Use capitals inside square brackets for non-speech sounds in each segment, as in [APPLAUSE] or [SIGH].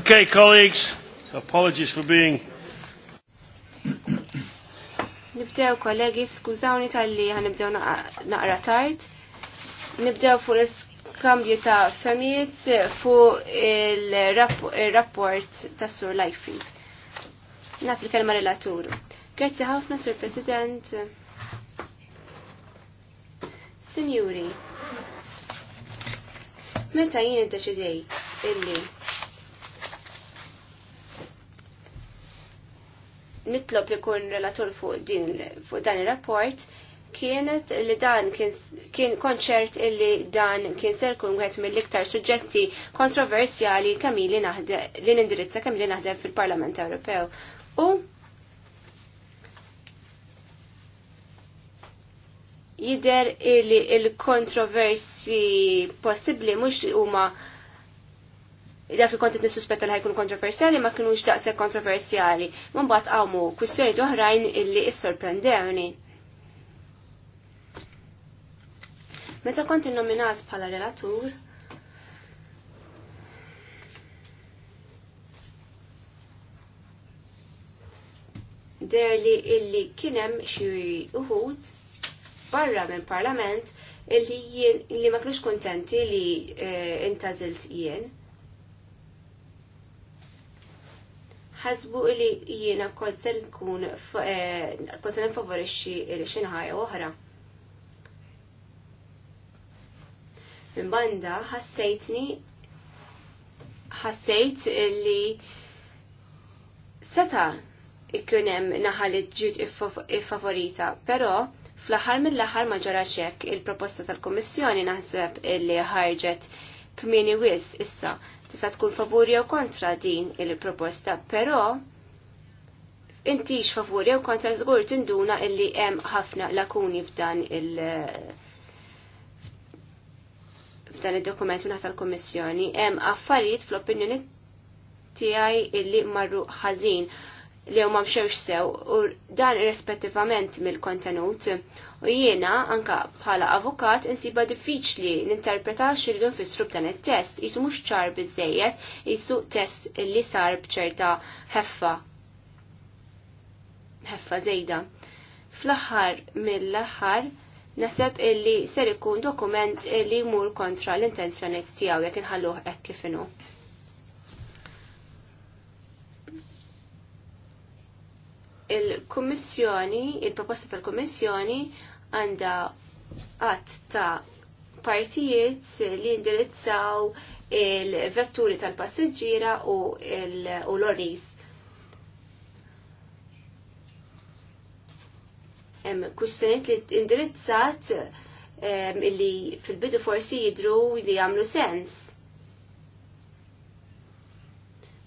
Okay, colleagues, apologies for being. Nibdew kollegi, skużawni tal-li nibdew naqra tard. Nibdew fuq l-iskambju ta' femijiet fuq il-rapport ta' Sur Lajfint. Nat il-kelma relaturu. Grazzi ħafna, Sur President. Signori, meta jien id-deċidejt illi nitlob ikun kun relatur fuq din fuq dan ir-rapport kienet li dan kien konċert illi dan kien ser kun wieħed mill-iktar suġġetti kontroversjali kemm li li nindirizza kemm li naħdem fil-Parlament Ewropew. U jider li il-kontroversi possibbli mhux huma dak li kontet nissuspetta li ħajkun kontroversjali ma kienux daqshekk kontroversjali. Mumbat bat għawmu kwistjoni oħrajn illi issorprendewni. Meta kont nominat bħala relatur, li illi kienem xi uħut barra minn parlament illi illi ma kienux kontenti li eh, intażilt jien ħasbu li jiena kont nkun eh, kont nfavorixxi xi ħajja oħra. Min banda ħassejtni ħassejt li seta ikkun hemm naħa li ġiet iffavorita, però fl-aħħar mill-aħħar ma ġarax il-proposta tal-Kummissjoni naħseb li ħarġet kmieni wis issa tista' tkun favur jew kontra din il-proposta, però intix favur jew kontra żgur tinduna illi hemm ħafna lakuni f'dan il- f'dan id-dokument minn tal-Kummissjoni hemm affarijiet fl-opinjoni tiegħi illi marru ħażin li huma mxewx sew u dan irrespettivament mill-kontenut u jiena anka bħala avukat insiba diffiċli ninterpreta xirridu nfissru b'dan it-test jisu mhux ċar biżejjed jisu test li sar bċerta heffa heffa zejda. Fl-aħħar mill-aħħar naseb illi ser ikun dokument illi jmur kontra l-intenzjoniet tiegħu jekk inħalluh hekk kif inhu. il-Kummissjoni, il-proposta tal-Kummissjoni għandha għat ta' partijiet li indirizzaw il-vetturi tal-passeġġiera u l-oris. Kustaniet li indirizzat ehm, li fil-bidu forsi jidru li għamlu sens.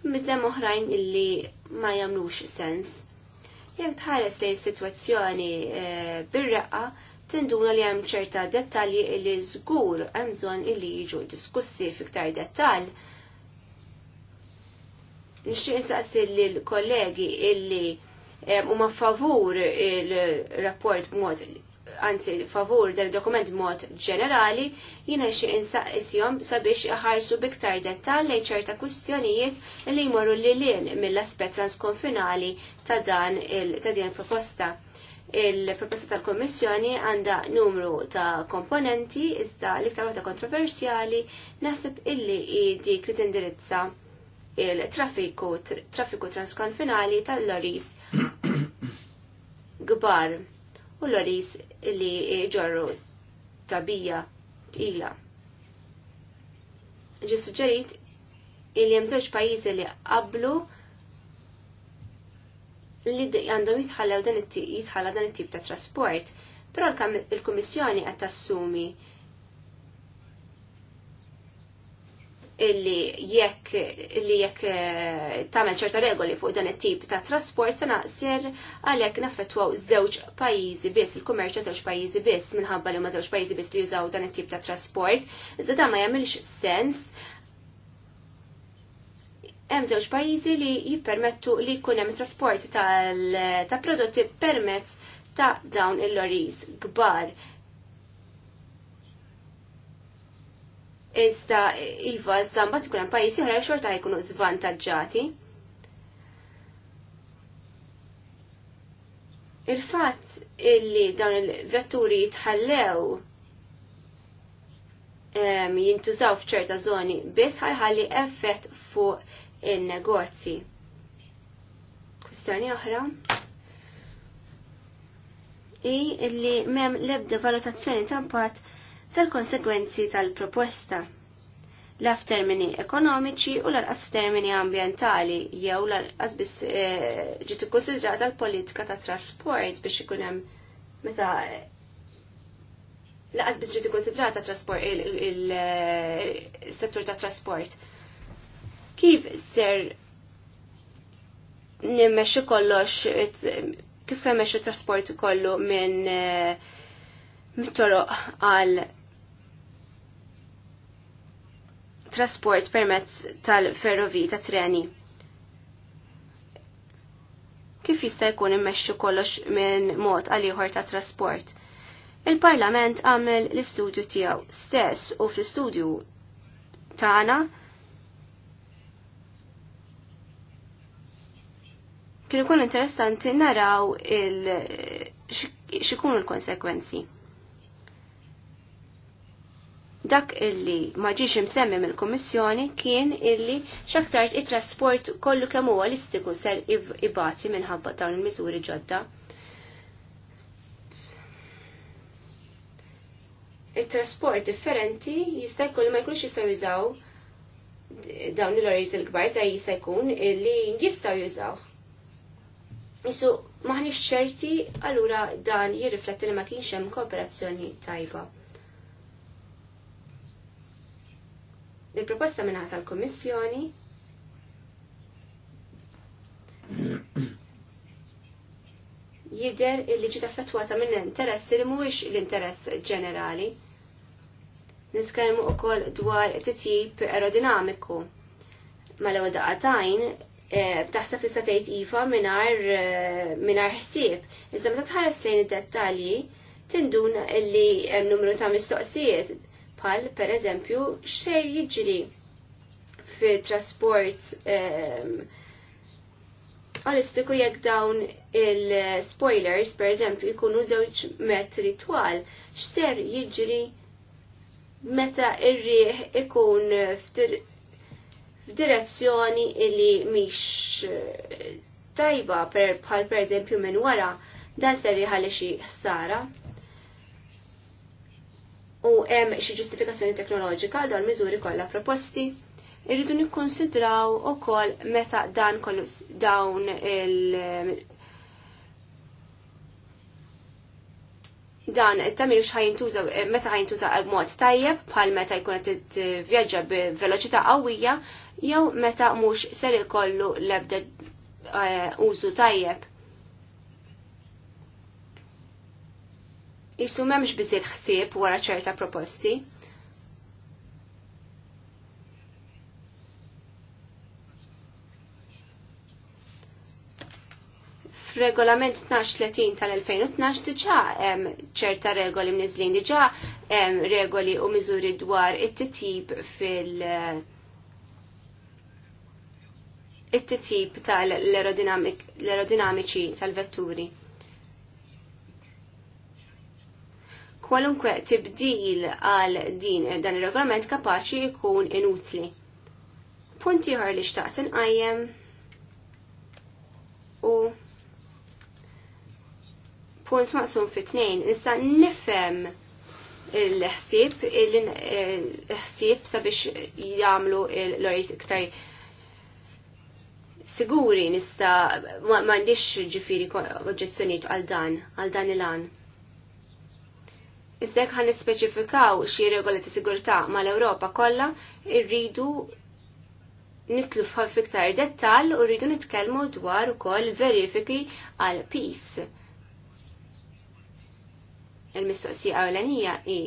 Mizzem oħrajn illi ma jamlux sens jekk tħares li s-sitwazzjoni eh, bir-raqqa tinduna li hemm ċerta dettalji li żgur hemm bżonn illi jiġu diskussi fiktar dettall. Nixtieq insaqsi lill-kollegi illi eh, huma favur il-rapport b'mod anzi favur dal dokument mod ġenerali, jina xi isjom sabiex iħarsu biktar dettal lejn ċerta kwistjonijiet li jmorru li lien mill-aspett transkonfinali ta' dan ta' din proposta. Il-proposta tal-Kommissjoni għandha numru ta' komponenti iżda l-iktar waħda kontroversjali naħseb illi dik li tindirizza il-traffiku transkonfinali tal-loris [COUGHS] gbar u l-oris li ġorru tabija tqila. Ġi suġġerit il hemm żewġ pajjiżi li qablu li għandhom jitħallew jitħalla dan it-tip ta' trasport, però l-Kummissjoni qed tassumi illi jekk li jekk eh, tagħmel ċerta regoli fuq dan it-tip ta' trasport se naqsir għalhekk naffettwaw żewġ pajjiżi biss, il-kummerċ żewġ pajjiżi biss minħabba li ma żewġ pajjiżi biss li jużaw dan it-tip ta' trasport, iżda dan ma jagħmilx sens hemm żewġ pajjiżi li jippermettu li jkun hemm trasport ta' prodotti permezz ta' dawn il-loris kbar Iżda iva iżda mbagħad ikun hemm pajjiżi oħra xorta jkunu żvantaġġati. Il-fatt illi dawn il-vetturi jitħallew jintużaw f'ċerta zoni biss ħajħalli effett fuq il-negozji. Kustjoni oħra? I li mem lebda valutazzjoni tampat tal-konsegwenzi tal-proposta laf termini ekonomiċi u larqas termini ambientali jew larqas biss eh, ġiet ikkonsidrata l-politika ta' trasport biex ikun hemm meta eh, laqas biss ġiet ikkonsidrata trasport il-settur eh, ta' trasport. Kif ser nimmexxi kollox kif kemm trasport kollu minn mit-toroq għal trasport permezz tal ferrovi ta' treni. Kif jista' jkun immexxu kollox minn mod għal ieħor ta' trasport? Il-Parlament għamel l-istudju tiegħu stess u fl-istudju tagħna kien ikun interessanti naraw il xikunu l-konsekwenzi dak illi ma ġiex mill-Kummissjoni kien illi xaktar it-trasport kollu kemm huwa listiku ser ibati minħabba dawn il-miżuri ġodda. Il-trasport differenti jista' jkun ma jkunx jistgħu jużaw dawn il-lorries il-kbar se jista' jkun illi jistgħu jużaw. Isu maħniex ċerti allura dan jirrifletti li ma kienx hemm kooperazzjoni tajba. Il-proposta minna tal-Komissjoni jider il-li ġita fetwata minn interess li mhuwiex l-interess ġenerali. u ukoll dwar titjib aerodinamiku. Mal-ewwel daqatajn btaħseb eh, li tgħid iva mingħajr eh, mingħajr ħsieb. Iżda meta tħares lejn id-dettalji tindun li numru ta' mistoqsijiet pal per eżempju xer jiġri fi trasport ehm, olistiku jekk dawn il-spoilers per eżempju jkunu żewġ metri twal x'ser jiġri meta ir-riħ ikun f'direzzjoni li mhix eh, tajba per bħal per eżempju minn wara dan ser jħalli xi ħsara u hemm xi ġustifikazzjoni teknoloġika dawn miżuri kollha proposti, irridu nikkonsidraw ukoll meta dan kollu dawn il- dan it-tamir xħajintuża meta ħajintuża b'mod tajjeb bħal meta jkun qed tivvjaġġa b'veloċità qawwija jew meta mhux ser ikollu l-ebda eh, użu tajjeb. jisu memx biżiet ħsieb wara ċerta proposti. F'regolament 30 tal-2012 diġà hemm ċerta regoli mniżlin, diġa' regoli u miżuri dwar it titib fil- it-titjib tal-aerodinamiċi tal-vetturi. kwalunkwe tibdil għal din dan ir-regolament kapaċi jkun inutli. Punti ħar li xtaqt inqajjem u punt maqsum fi tnejn, issa nifhem il-ħsieb il-ħsieb sabiex jagħmlu l-orit iktar siguri nista m'għandix ġifieri oġġezzjonijiet għal dan għal dan il-għan. Iżdek ħan nispeċifikaw xi regoli ta' sigurtà mal-Ewropa kollha irridu nitlu f'iktar dettal u rridu nitkellmu dwar ukoll verifiki għal peace. Il-mistoqsija ewlenija hi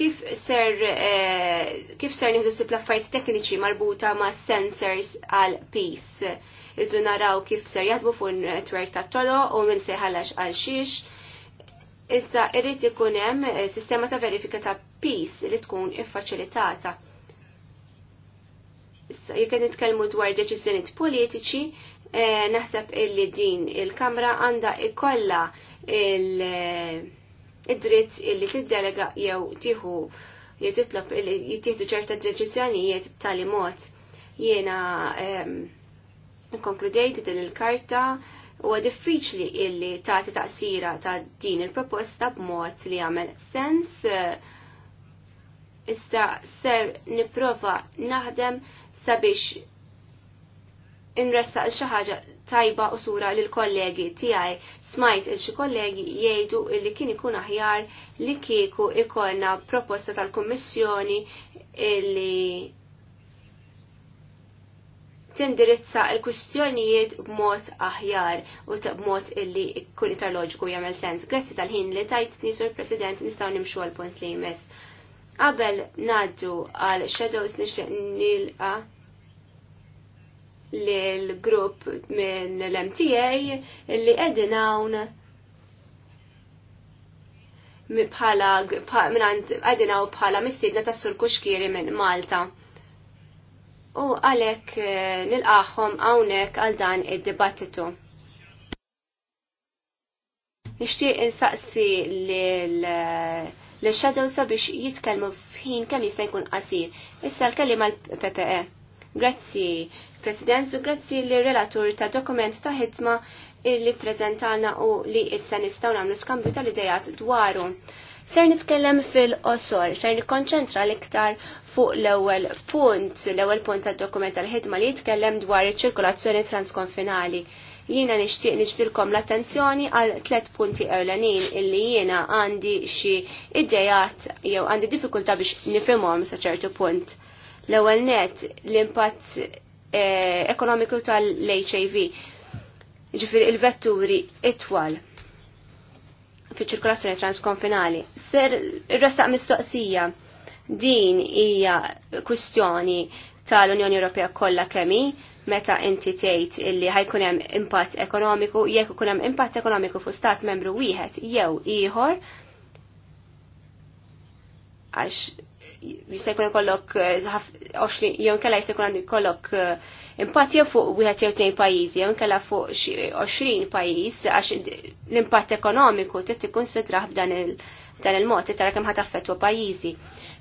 kif ser eh, kif ser nieħdu sib l tekniċi marbuta ma' sensors għal peace. irdu naraw kif ser jaħdmu fuq netwerk ta' toro u minn se ħallax għal xiex. Issa irrid ikun hemm eh, sistema ta' verifika ta' peace li tkun iffaċilitata. Issa jekk nitkellmu dwar deċiżjonijiet politiċi, eh, naħseb illi din il-Kamra għandha ikolla il-, -il id-dritt illi tiddelega jew tieħu jew titlob illi jittieħdu ċerta deċiżjonijiet b'tali mod. Jiena ehm, konkludejt din il-karta huwa diffiċli illi tagħti taqsira ta' din il-proposta b'mod li jagħmel sens iżda ser nipprova naħdem sabiex inressaq xi ħaġa tajba u sura lil kollegi tiegħi smajt il xi kollegi jgħidu li kien ikun aħjar li kieku ikollna proposta tal-Kummissjoni li tindirizza l-kustjonijiet b'mod aħjar u b'mod illi kun iktar loġiku jagħmel sens. Grazzi tal-ħin li tajtni sur President nistgħu nimxu għal punt li jmiss. Qabel ngħaddu għal shadows nixtieq nilqa' l-grupp minn l-MTA li edin hawn bħala għedin bħala mistiedna ta' sur kuxkiri minn Malta. U għalek eh, nilqaħħom hawnhekk għal dan id-dibattitu. Nixtieq insaqsi lil eh, l-shadow sabiex jitkellmu f'ħin kemm jista' jkun qasir. Issa l-kelima l-PPE. Grazzi, President, u grazzi li relatur ta' dokument ta' ħidma li prezentana u li issa nistaw namlu skambju tal-idejat dwaru. Ser nitkellem fil-qosor, ser nikkonċentra l-iktar fuq l-ewwel punt, l-ewwel punt tad-dokument tal-ħidma li jitkellem dwar iċ-ċirkolazzjoni transkonfinali. Jiena nixtieq niġbdilkom l-attenzjoni għal tliet punti ewlenin illi jiena għandi xi idejat jew għandi diffikultà biex nifhimhom sa ċertu punt. L-ewwel net l-impatt eh, ekonomiku tal-HIV. Ġifir il-vetturi itwal fi ċirkolazzjoni transkonfinali. Ser ir-restaq mistoqsija din hija kwistjoni tal-Unjoni Ewropea kollha kemmi meta inti tgħid illi ħajkun hemm impatt ekonomiku jekk ikun hemm impatt ekonomiku fuq stat membru wieħed jew ieħor għax jista' jkun ikollok eh, jew inkella jista' jkun għandu jkollok impatt eh, jew fuq wieħed jew tnejn pajjiżi jew inkella fuq 20 pajjiż għax l-impatt ekonomiku trid tikkunsidrah b'dan il-mod trid tara kemm ħadd affettwa pajjiżi.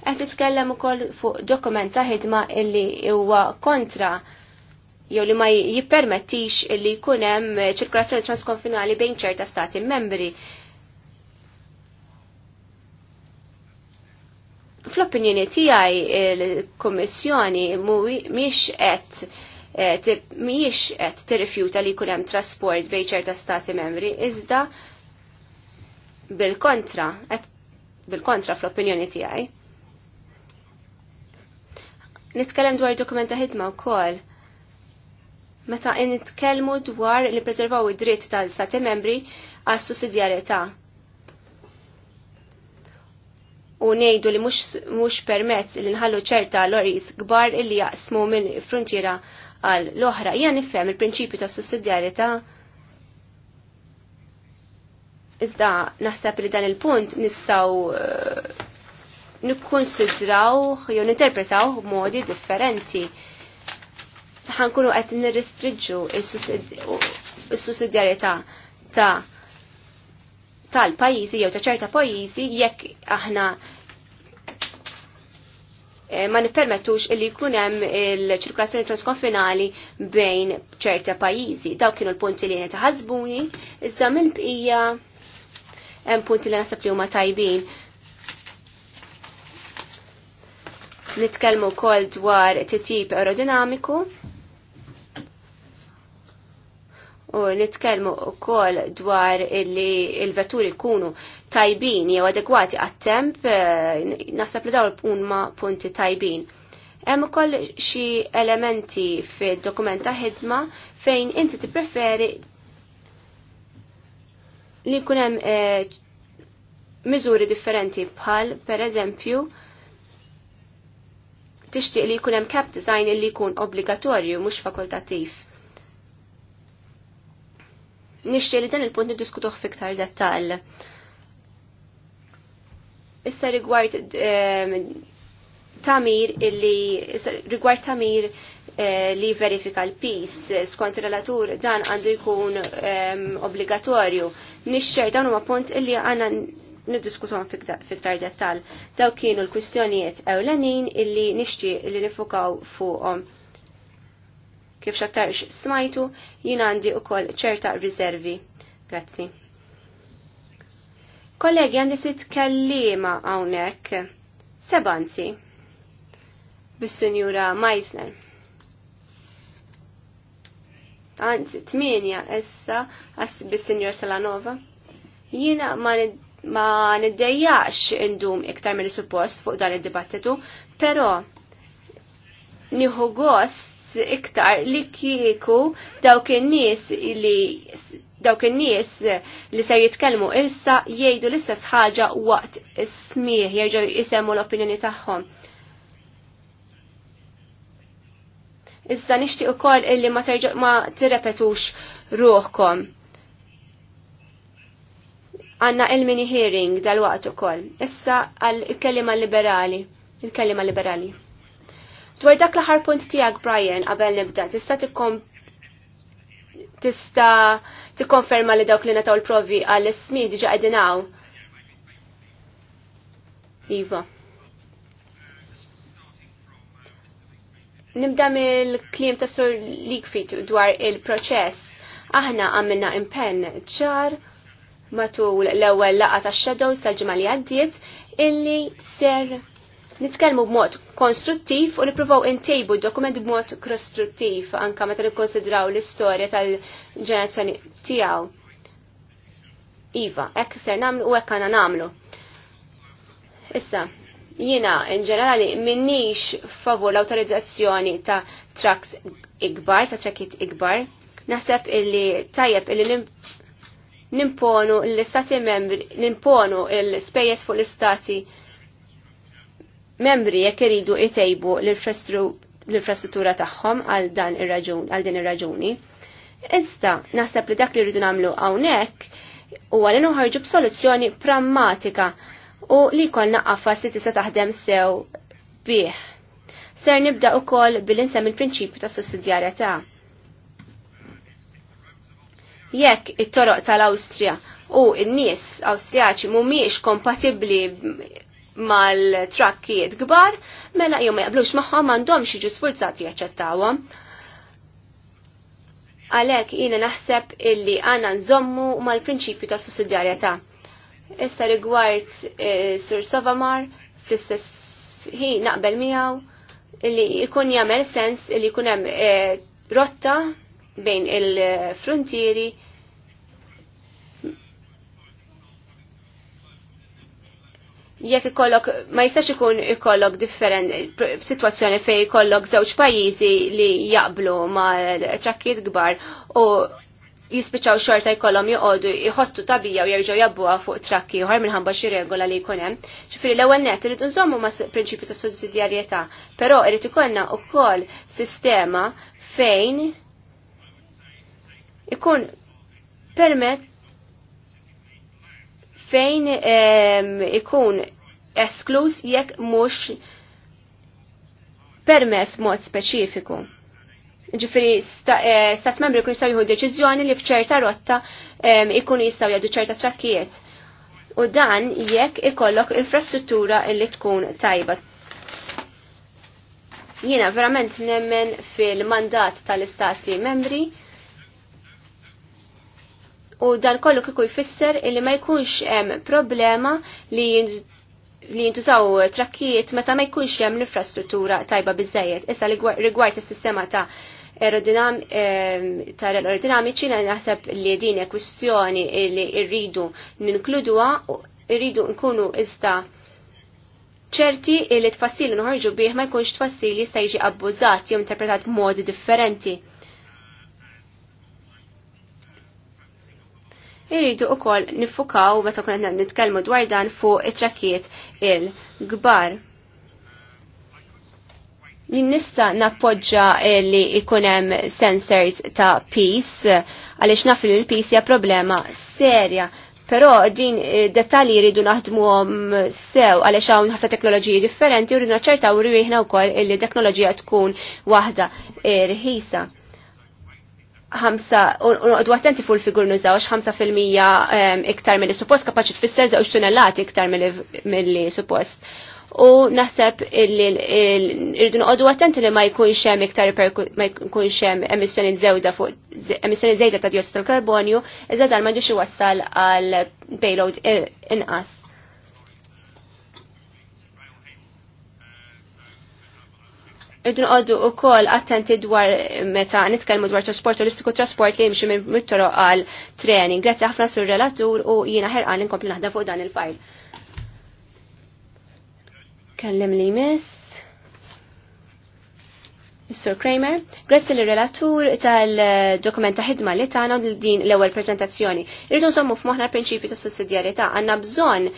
Qed titkellem ukoll fuq dokument ta' ħidma illi huwa kontra jew li ma jippermettix li jkun hemm ċirkolazzjoni transkonfinali bejn ċerta stati membri. Fl-opinjoni tiegħi il-Kummissjoni għet miex mhijiex qed tirrifjuta li jkun hemm trasport bejn ċerta stati membri, iżda bil-kontra, bil-kontra fl-opinjoni tiegħi. Nitkellem dwar dokumenta ħidma wkoll. Meta nitkellmu dwar li preservaw id-dritt tal-stati membri għas sussidjarjetà u nejdu li mux permezz li nħallu ċerta loris gbar illi jaqsmu minn frontiera għal l-oħra. Jien nifhem il-prinċipju ta' sussidjarita. iżda naħseb li dan il-punt nistgħu eh, nikkonsidrawh jew ninterpretaw b'modi differenti. Ħankunu qed nirristriġu is-sussidjarjetà ta' tal-pajjiżi jew ta' ċerta pajjiżi jekk aħna eh, ma nippermettux illi jkun hemm il-ċirkolazzjoni transkonfinali bejn ċerta pajjiżi. Dawk kienu l-punti li taħazbuni, iżda mill-bqija hemm punti li naħseb li huma tajbin. Nitkellmu wkoll dwar titjib aerodinamiku. u nitkellmu wkoll dwar illi il-vetturi jkunu tajbin jew adegwati għat-temp, eh, naħseb li dawn huma punti tajbin. Hemm ukoll xi elementi fid-dokument ta' ħidma fejn inti tippreferi li jkun hemm eh, miżuri differenti bħal pereżempju tixtieq li jkun hemm cap design li jkun obbligatorju mhux fakultattiv nixtieq li dan il-punt niddiskutuh fiktar dettall. Ehm, issa rigward tamir illi rigward tamir li verifika l-peace skont relatur dan għandu jkun ehm, obbligatorju. Nixxer dan huma punt illi għandna niddiskutuhom fiktar dettal. Daw kienu l-kwistjonijiet ewlenin illi nixtieq li nifukaw fuqhom kif xaktar smajtu jien għandi koll ċerta riservi. Grazzi. Kollegi għandi sitt kellima hawnhekk. Sebanzi. Bis-Sinjura Meisner. Anzi, tminja issa bis-Sinjura Salanova. Jiena ma ma niddejjax indum iktar mill suppost fuq dan id-dibattitu, però nieħu gost iktar li kieku dawk in-nies li dawk in-nies li se jitkellmu issa jgħidu l-istess ħaġa waqt smieħ jerġgħu jisemmu l-opinjoni tagħhom. Issa nixtieq ukoll illi ma terġa' ma tirrepetux ruħkom. Għanna il-mini hearing dal-waqt ukoll. Issa għal kellima liberali. il kellima liberali. Dwar dak l-ħar punt tiegħek Brian qabel nibda, tista' tikkom tista' tikkonferma li dawk li nataw l-provi għall ismi diġa għedinaw. Iva. Nibda mill-kliem ta' Sur Ligfrit dwar il-proċess. Aħna għamilna impenn ċar matul l-ewwel laqa ta' Shadows tal-ġimgħa li għaddiet illi ser nitkellmu b'mod konstruttiv u nippruvaw intejbu dokument b'mod kostruttiv anka meta nikkonsidraw l-istorja tal-ġenerazzjoni tiegħu. Iva, hekk ser nagħmlu u hekk għandna nagħmlu. Issa, jiena in ġenerali minnix favur l-awtorizzazzjoni ta' traks ikbar, ta' trakit ikbar. Naħseb illi tajjeb illi nimponu l-istati membri, nimponu l-spejjeż fuq l-istati membri jekk iridu jtejbu l-infrastruttura tagħhom għal dan ir-raġun għal din ir-raġuni. Iżda naħseb li dak li rridu nagħmlu hawnhekk huwa li noħarġu b'soluzzjoni prammatika u li jkollna qafas li tista' taħdem sew bih. Ser nibda wkoll bil-insem il-prinċipju ta' sussidjarjetà. Jekk it-toroq tal-Awstrija u n-nies Awstrijaċi mhumiex kompatibbli mal-trakkijiet kbar, mela jom ma jaqblux għandhom għandhomx jiġu sfurzati jaċċettawhom. Għalhekk jiena naħseb illi għandna nżommu mal-prinċipju ta' sussidjarjetà. Issa rigward eh, Sur Sovamar fl-istess ħin naqbel miegħu illi jkun jagħmel sens illi jkun hemm eh, rotta bejn il-frontieri jekk ikollok ma jistax ikun ikollok different situazzjoni fej ikollok żewġ pajjiżi li jaqblu ma trakkiet kbar u jispiċaw xorta jkollhom joqogħdu jħottu tabija u jerġgħu jabbuha fuq trakki oħar minħabba xi regola li jkun hemm. Ġifieri l-ewwel nett irid nżommu ma' prinċipju ta' sussidjarjetà, però irid ikollna wkoll sistema fejn ikun permett fejn ehm, ikun esklus jekk mhux permess mod speċifiku. Ġifiri, eh, stat membri kun jistaw jħu deċizjoni li fċerta rotta ehm, ikun jistaw jgħadu ċerta trakkijiet. U dan jekk ikollok infrastruttura illi tkun tajba. Jiena verament nemmen fil-mandat tal-istati membri u dan kollu kiku jfisser illi ma jkunx hemm problema li li jintużaw trakkijiet meta ma jkunx hemm l-infrastruttura tajba biżejjed. Issa li rigward is-sistema ta' aerodinamiċi na naħseb li din hija kwistjoni li rridu ninkluduha rridu nkunu iżda ċerti li tfassil nħorġu bih ma jkunx tfassil jista' jiġi abbużat jew interpretat b'modi differenti. irridu kol nifukaw meta kuna nitkellmu dwar dan fuq it-trakkiet il-gbar. Nista nappoġġa li ikunem sensors ta' peace għaliex naf li l-peace hija problema serja. Però din eh, dettalji jridu naħdmu sew għaliex hawn ħafna teknoloġiji differenti u rridu naċċertaw rriħna wkoll li teknoloġija tkun waħda rħisa ħamsa, u attenti fuq il-figur nużaw, ħamsa fil-mija iktar mill suppost kapaċi tfisser żewġ tunnellati iktar mill suppost. U naħseb irridu noqogħdu attenti li ma jkunx hemm iktar ma jkunx hemm emissjoni zewda fuq emissjoni zewda ta' dioss tal-karbonju, iżda dan ma ġiex iwassal għal payload inqas. Irdu nqoddu wkoll attenti dwar meta nitkellmu dwar trasport turistiku trasport li jimxi minn mittoro għal training. Grazie ħafna sur relatur u jiena ħerqan inkompli naħda fuq dan il-fajl. Kellem li miss. Sur Kramer, grazzi l-relatur tal-dokument ta' ħidma li tagħna din l-ewwel prezentazzjoni. Irridu nsommu f'moħħna l-prinċipju ta' sussidjarjetà għandna bżonn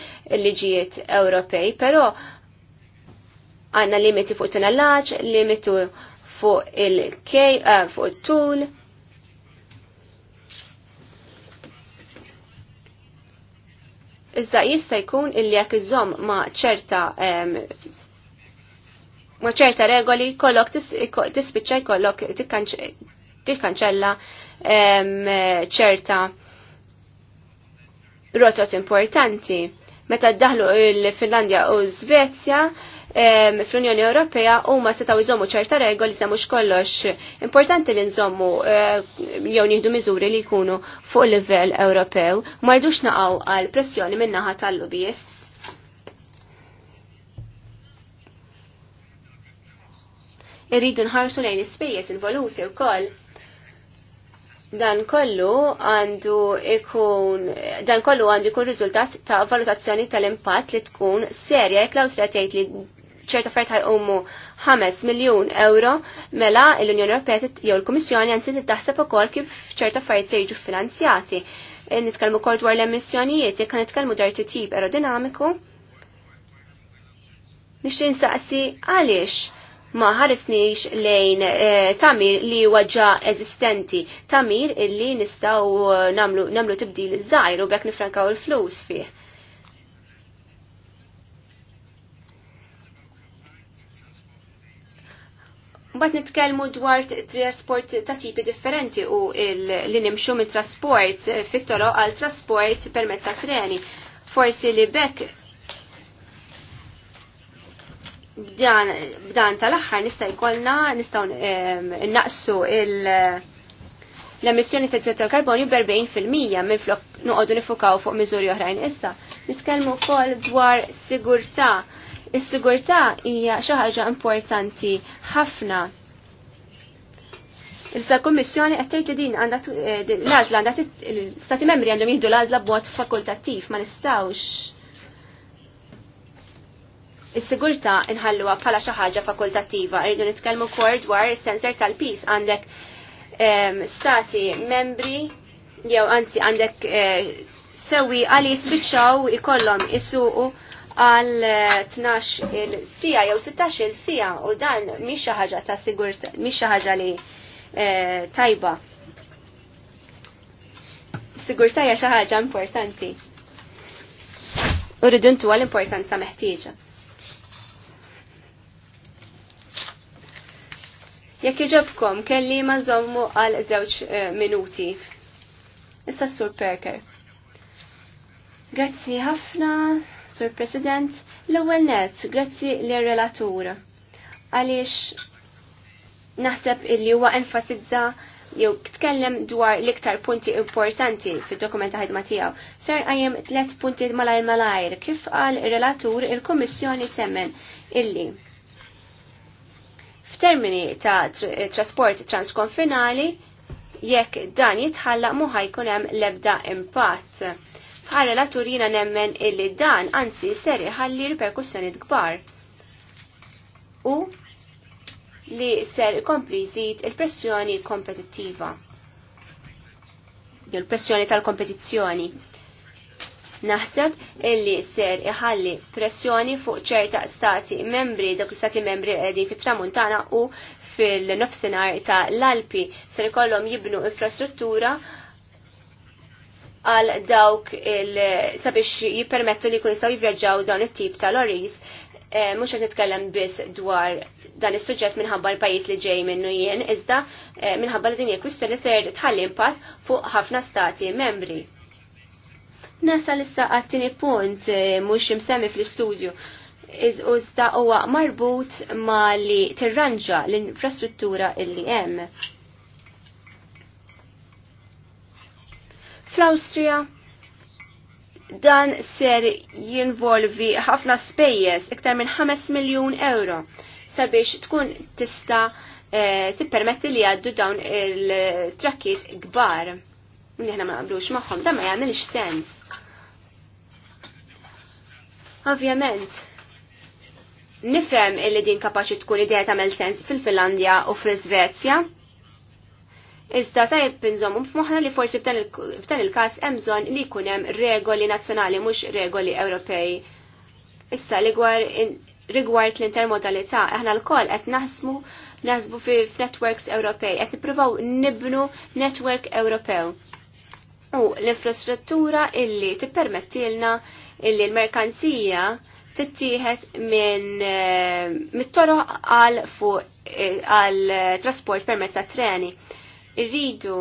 liġijiet Ewropej, però għanna limiti fuq it-tunellaġġ, limitu fuq il-kej, eh, fuq it-tul. Iżda jista' jkun illi jekk iżomm ma' ċerta ma' ċerta regoli kollok tispiċċa jkollok tikkanċella ċerta rotot importanti. Meta ddaħlu il-Finlandja u Svezja, fl-Unjoni Ewropea huma setgħu jżommu ċerta regoli sa mhux kollox importanti li nżommu eh, jew nieħdu miżuri li jkunu fuq livell Ewropew ma naqgħu għal pressjoni min-naħa tal-lobbyists. Irridu nħarsu lejn l-ispejjeż involuti wkoll dan kollu għandu ikun dan kollu għandu ikun riżultat ta' valutazzjoni tal-impatt li tkun serja jekk l-Awstrija tgħid li ċerta fert ummu 5 miljun euro mela l-Unjoni Ewropea jew l-Kummissjoni għanzi taħseb ukoll kif ċerta affarijiet se jiġu finanzjati. Eh, nitkellmu kol dwar l-emissjonijiet, jekk nitkellmu dwar tip aerodinamiku. Nixtieq insaqsi għaliex ma ħaresniex lejn eh, tamir li huwa ġa eżistenti, tamir illi nistgħu namlu tibdil iż-żgħir u bekk nifrankaw il-flus fih Bat nitkellmu dwar trasport ta' tipi differenti u li nimxu mit trasport eh, fit-toro għal trasport permezz ta' treni. Forsi li bekk b'dan tal-aħħar nista' jkollna nistgħu ehm, naqsu il- l-emissjoni ta' dioxide tal-karbonju b'40% minn flok noqogħdu nifukaw fuq miżuri oħrajn issa. Nitkellmu wkoll dwar sigurtà Is-sigurtà hija xi ħaġa importanti ħafna. Issa l kummissjoni qed tgħid li din eh, l-għażla għandha l-Stati Membri għandhom jieħdu l-għażla b'mod fakultattiv ma nistgħux Is-sigurtà inħalluha bħala xi ħaġa fakultattiva, rridu nitkellmu wkoll dwar is-sensor tal peace għandek ehm, stati membri jew anzi għandek eh, sewi għali jispiċċaw ikollhom isuqu għal 12 il-sija jew 16 il-sija u dan mhix xi ħaġa ta' sigur mhix xi ħaġa li eh, tajba. Sigurtaj xi ħaġa importanti. U ntu għall l-importanza meħtieġa. Jekk iġobkom kelli ma żommu għal żewġ eh, minuti. Issa Sur Perker. Grazzi ħafna, Sur President, l-ewwel net, grazzi lir-relatur. Għaliex naħseb illi huwa enfasizza jew tkellem dwar l-iktar punti importanti fid-dokumenta ħidma tiegħu. Ser qajjem tliet punti malajr malajr kif qal ir-relatur il-Kummissjoni temmen illi f'termini ta' trasport transkonfinali jekk dan jitħallaq mu ħajkun hemm l-ebda impatt Għara la turina nemmen illi dan, anzi, seri ħalli riperkussjoni kbar. U li ser ikompli jżid il-pressjoni kompetittiva. Il-pressjoni tal-kompetizzjoni. Naħseb illi ser iħalli pressjoni fuq ċerta stati membri, dak stati membri qegħdin fit-Tramuntana u fil-nofsinhar ta' l-Alpi ser ikollhom jibnu infrastruttura għal dawk sabiex jippermettu li kun jistgħu jivvjaġġaw dawn it-tip ta' oris eh, mux għet nitkellem biss dwar dan is suġġett minħabba l-pajis li ġej minnu jien, iżda eh, minħabba li dinja kwistja li ser tħalli impatt fuq ħafna stati membri. Nasa issa għattini punt e, eh, mux imsemmi fl-istudju. Iżda huwa marbut ma li tirranġa l-infrastruttura illi hemm. Fl-Awstrija dan ser jinvolvi ħafna spejjeż iktar minn 5 miljun euro sabiex tkun tista e, tippermetti li għaddu dawn il-trakkis kbar. Nihna ma naqblux magħhom, dan ma jagħmilx sens. Ovvjament, nifhem illi din kapaċi tkun idea tagħmel sens fil-Finlandja u fl-Iżvezja, Iżda tajb nżommu f'moħħna li forsi f'dan il-każ hemm bżonn li jkun hemm regoli nazzjonali mhux regoli Ewropej. Issa rigward l-intermodalità, aħna l-koll qed naħsmu naħsbu f'networks Ewropej, qed nippruvaw nibnu network Ewropew. U l-infrastruttura illi tippermettilna illi l-merkanzija tittieħed minn eh, mit-toroq għal fuq eh, għal trasport permezz ta' treni irridu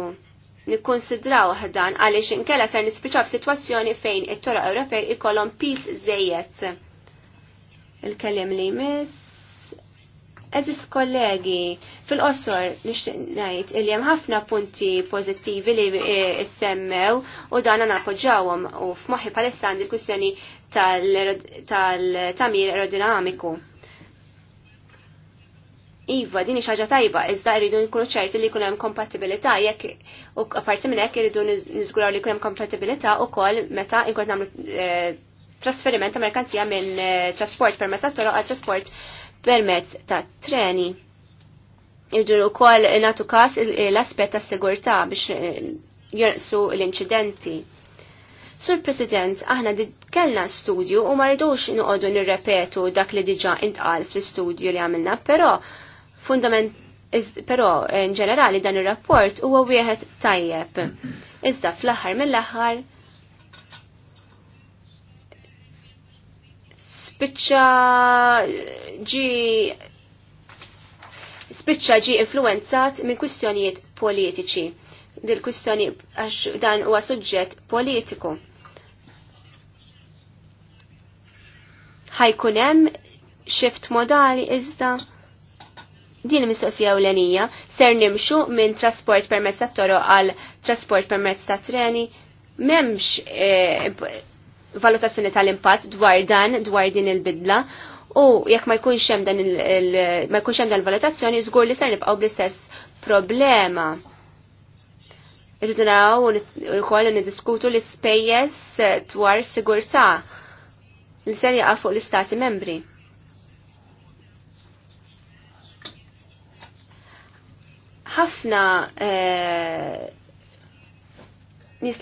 nikkonsidraw ħdan għaliex inkella ser nispiċaw f'sitwazzjoni fejn it-toroq Ewropej ikollhom pis żejjed. Il-kellem li jmiss. Eżis kollegi, fil-qosor nixtieq ngħid li hemm ħafna punti pożittivi li eh, issemmew u dan nappoġġawhom u f'moħħi palissa għandi l-kwistjoni tal-tamir aerodinamiku. Iva, din xaġa tajba, iżda rridu nkunu ċerti li jkun hemm kompatibilità jekk u apparti minn hekk irridu niżguraw li jkun hemm kompatibilità wkoll meta nkun nagħmlu eh, trasferiment ta' merkanzija minn eh, trasport permezz ta' toroq għal trasport permezz ta' treni. Irridu wkoll nagħtu każ l-aspett ta' sigurtà biex eh, jonqsu l-inċidenti. Sur President, aħna kellna studju u ma rridux noqogħdu nirrepetu dak li diġà intqal fl-istudju li għamilna, però fundament però in ġenerali dan ir-rapport huwa wieħed tajjeb. Iżda fl-aħħar mill-aħħar spiċċa ġi spiċċa ġi influenzat minn kwistjonijiet politiċi. Dil kwistjoni għax dan huwa suġġett politiku. Ħajkun hemm xift modali iżda din mistoqsija ewlenija ser nimxu minn trasport permezz ta' toro għal trasport permezz ta' treni memx eh, valutazzjoni tal-impatt dwar dan dwar din il-bidla u jekk ma jkunx hemm dan il, ma jkunx hemm dan valutazzjoni żgur li ser nibqgħu bl-istess problema. Irridu naraw ukoll niddiskutu l-ispejjeż dwar sigurtà li ser jaqa' fuq l-istati membri. ħafna eh, nis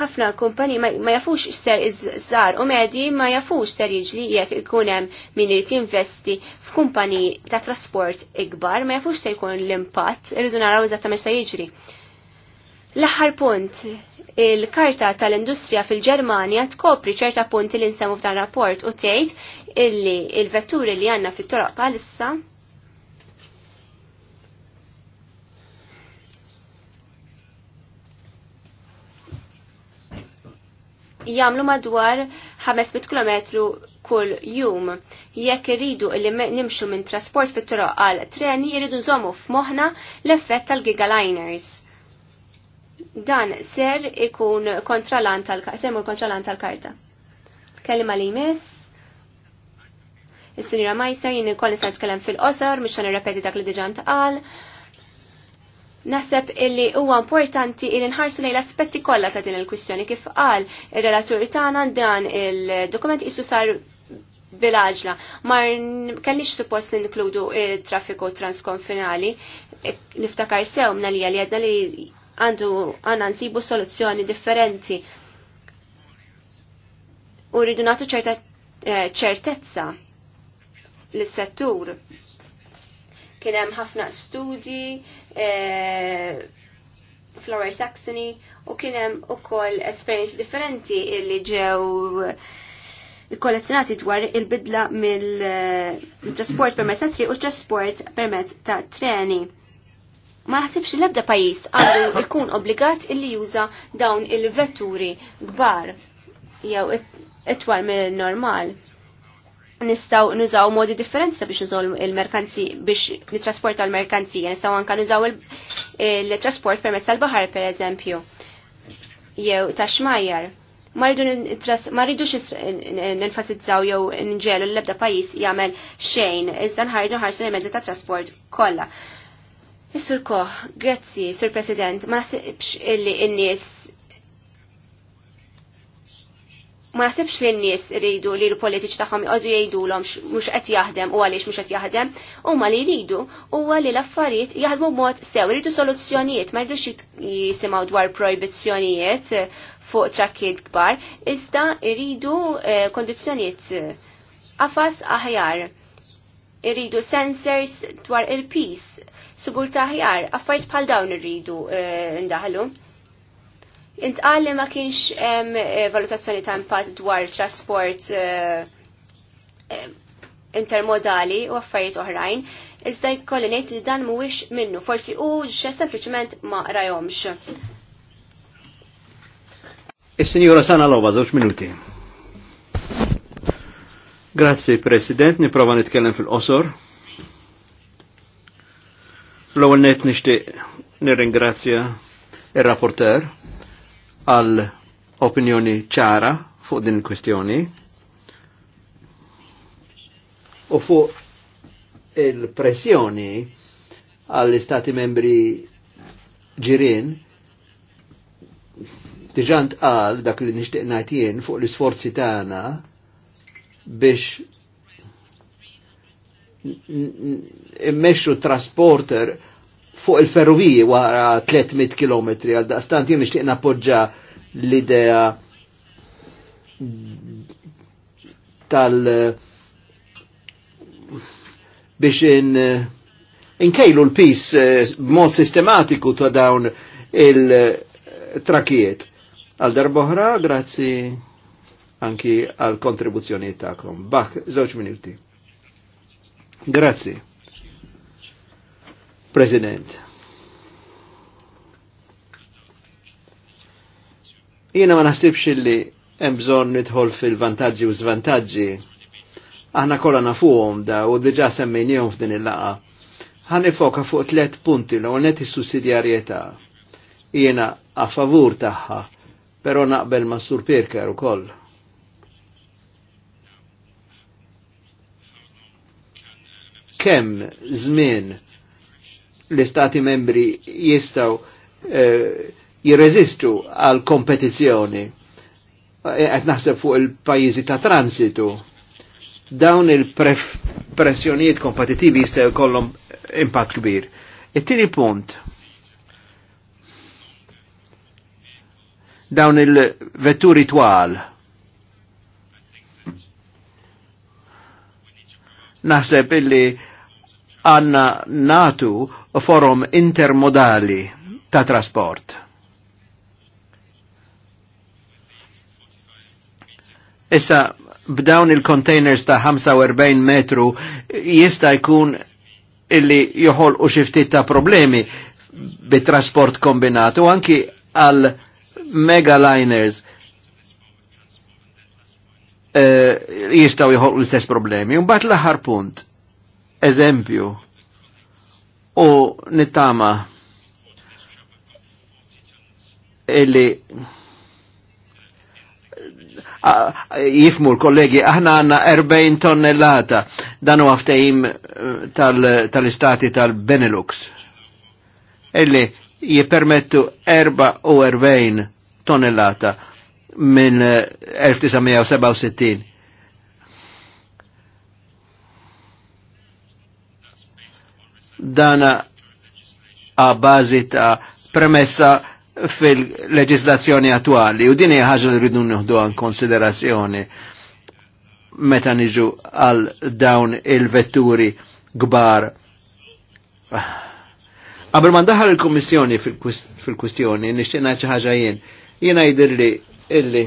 ħafna kumpani ma jafux ser iż-żar u medji ma jafux ser jiġli jekk ikun hemm min irid jinvesti f'kumpani ta' trasport ikbar, ma jafux se jkun l-impatt, irridu naraw eżattament se jiġri. L-aħħar punt, il-karta tal-industrija fil-Ġermanja tkopri ċerta punti li nsemmu f'dan rapport u tgħid illi il-vetturi li għandna fit-toroq bħalissa jamlu madwar 500 km kull jum. Jekk irridu li nimxu minn trasport fit toroq għal treni, irridu nżommu f'moħna l-effett tal-gigaliners. Dan ser ikun kontralan tal-karta. kontralan tal-karta. Kelima li jmiss. Is-sinjura Majster jien ikolli se nitkellem fil-qosor, mhux se nirrepeti dak li diġà ntqal. Naħseb illi huwa importanti il nħarsu lejn l-aspetti kollha ta' din il-kwistjoni kif qal ir-relatur tagħna dan il-dokument issu sar bil-għaġla. Mar kellix suppost ninkludu traffiku transkonfinali. Niftakar sew mna li għedna li għandu għanna nsibu soluzzjoni differenti. U rridu nagħtu eh, ċertezza l-settur kien hemm ħafna studji eh, fl Saxony u kien hemm ukoll esperjenzi differenti li ġew kollezzjonati dwar il-bidla mill-trasport eh, permezz ta' triq u trasport permezz ta' treni. Ma naħsibx l-ebda pajis għandu jkun obbligat illi juża dawn il-vetturi kbar jew itwal mill-normal nistaw nużaw modi differenti biex nużaw il-merkanzi biex nitrasporta l-merkanzija, nistaw anka nużaw il-trasport permezz tal-bahar per eżempju, jew ta' xmajjar. Ma rridux nenfasizzaw jew nġelu l-ebda pajis jagħmel xejn, iżda nħarġu ħarsu l-mezzi ta' trasport kollha. Is-Sur Koh, grazzi, Sur President, ma naħsibx illi n-nies ma jasibx li n-nies rridu li l-politiċi tagħhom jgħodu jgħidulhom mhux qed jaħdem u għaliex mhux qed jaħdem, huma li jridu huwa li l-affarijiet jaħdmu mod sew, jridu soluzzjonijiet, ma rridux jisimgħu dwar projbizzjonijiet fuq trakkiet kbar, iżda jridu eh, kondizzjonijiet għafas eh, aħjar. Irridu sensors dwar il-peace, sigurta aħjar, affarijiet bħal dawn irridu eh, ndaħlu. Intqal li ma kienx eh, valutazzjoni ta' impatt dwar trasport eh, eh, intermodali u affarijiet oħrajn, iżda jkolli ngħid li dan mhuwiex minnu, forsi u xe sempliċement ma rajomx. Is-Sinjura Sana Lova, żewġ minuti. Grazzi, President, niprofa nitkellem fil-qosor. L-ewwel net nixtieq nirringrazzja ir-rapporter għal opinjoni ċara fuq din il-kwestjoni u fuq il-pressjoni għall-istati membri ġirin diġant għal dak li nishtiq najtien fuq l-sforzi tagħna biex immexxu trasporter fuq il-ferroviji wara 300 km għal daqstant jien nixtieq nappoġġa l-idea tal biex in inkejlu l-pis eh, b'mod sistematiku ta' dawn il-trakijiet. Għal darboħra, grazzi anki għal kontribuzzjoni ta'kom. Bak, żewġ minuti. Grazzi. President. Jiena ma naħsibx li hemm bżonn nidħol fil-vantaġġi u żvantaġġi. Aħna kollha nafuhom da u diġà semmejniehom f'din il-laqa. Ħan foka fuq tliet punti l ewwel is-sussidjarjetà. Jiena a favur tagħha, però naqbel ma' Sur Pirker ukoll. Kemm żmien l-istati membri jistaw eh, jirreżistu għal kompetizzjoni qed naħseb fuq il pajizi ta' transitu dawn il-pressjonijiet kompetitivi jistaw jkollhom impatt kbir. It-tieni punt dawn il-vetturi twal naħseb illi għanna natu forum intermodali ta' trasport. Issa b'dawn il-containers ta' 45 metru jista' jkun illi joħol u xiftit ta' problemi bit-trasport kombinatu anki għal megaliners e, jistaw jħol l-istess problemi. Un bat l-ħar punt eżempju u nittama illi jifmu l-kollegi, aħna għanna 40 tonnellata Danu għaftajim eh, tal tal-Benelux. Illi jipermettu 44 tonnellata minn 1967. Eh, dana a bazi ta' premessa fil-leġislazzjoni attuali u din hija ħaġa li rridu nieħdu konsiderazzjoni meta niġu għal dawn il-vetturi gbar. Għabel ma ndaħal il-Kummissjoni fil-kwistjoni, nixtieq xi ħaġa jien. Jiena li illi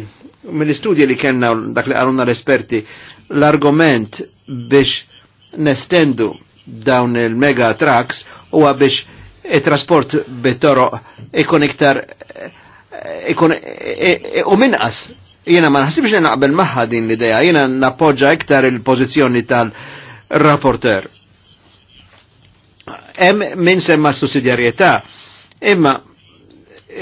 mill-istudji li kellna dak li qarunna l-esperti l-argument biex nestendu dawn il-mega trucks u biex il trasport bit-toro ikun iktar eh, ikun eh, eh, u minqas. jena ma naħsibx li naqbel maħħa din l-idea, jiena nappoġġa iktar il-pożizzjoni tal-rapporter. Hemm min semma sussidjarjetà, imma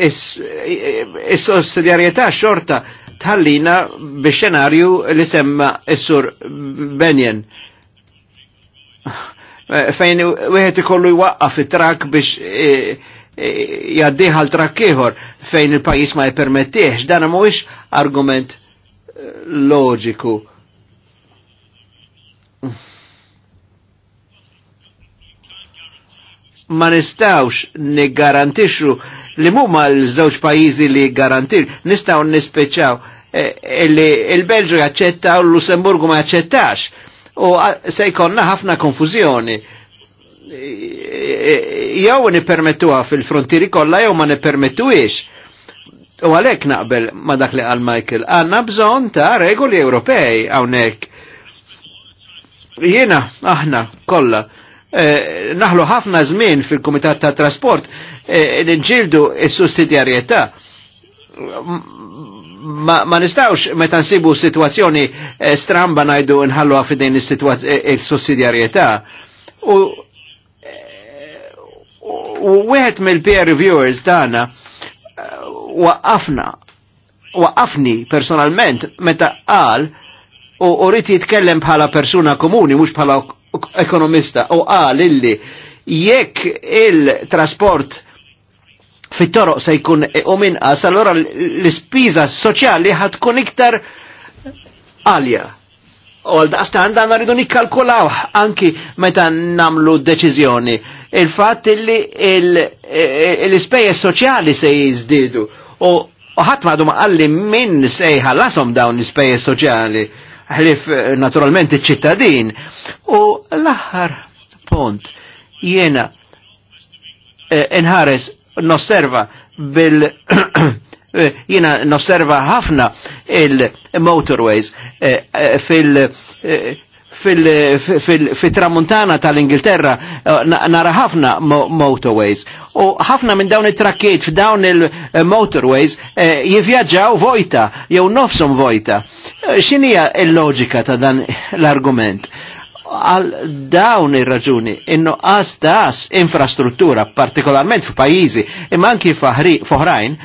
is-sussidjarjetà xorta tħallina bi xenarju li semma is-sur Benjen. Eh, fejn wieħed ikollu jwaqqa fit-trak biex eh, eh, jaddiħal trak ieħor fejn il-pajjiż ma jippermettiex, dan mhuwiex argument loġiku. Ma nistawx niggarantixxu li mhuma l-żewġ pajjiżi li garantir, nistgħu nispeċaw illi il-Belġu jaċċetta u l-Lussemburgu ma jaċċettax u se jkollna ħafna konfużjoni. Jew nippermettuha fil-frontieri kollha jew ma nippermettuhiex. U għalhekk naqbel ma dak li qal Michael, għandna bżonn ta' regoli Ewropej hawnhekk. Jiena aħna kollha eh, naħlu ħafna żmien fil-Kumitat ta' Trasport eh, nġildu s-sussidjarjetà ma, ma nistawx meta nsibu situazzjoni eh, stramba najdu nħallu għafidin il eh, sussidjarieta U eh, u wieħed mill-peer reviewers tagħna waqqafna waqqafni personalment meta qal u rrid jitkellem bħala persuna komuni mhux bħala ekonomista u qal illi jekk il-trasport fit-toroq se jkun u minqas, allora l-ispiża soċjali ħad tkun iktar għalja. U għal daqsta dan rridu nikkalkulaw anki meta namlu deċiżjoni. Il-fatt li l-ispejjeż soċjali se jiżdiedu u ħadd m'għadu ma qalli min se jħallasom dawn l-ispejjeż soċjali ħlif naturalment iċ-ċittadin. U l-aħħar punt jiena eh, inħares nosserva bil [CLEARS THROAT] jina nosserva ħafna il-motorways eh, eh, fil- eh, fil-tramuntana tal-Ingilterra nara ħafna motorways u ħafna minn dawn it-trakkiet f'dawn il-motorways jivjaġġaw vojta jew nofsom vojta. X'inija l-loġika ta' dan l-argument? għal dawn ir-raġuni innu għas tas infrastruttura partikolarment f'pajjiżi imma anki f'oħrajn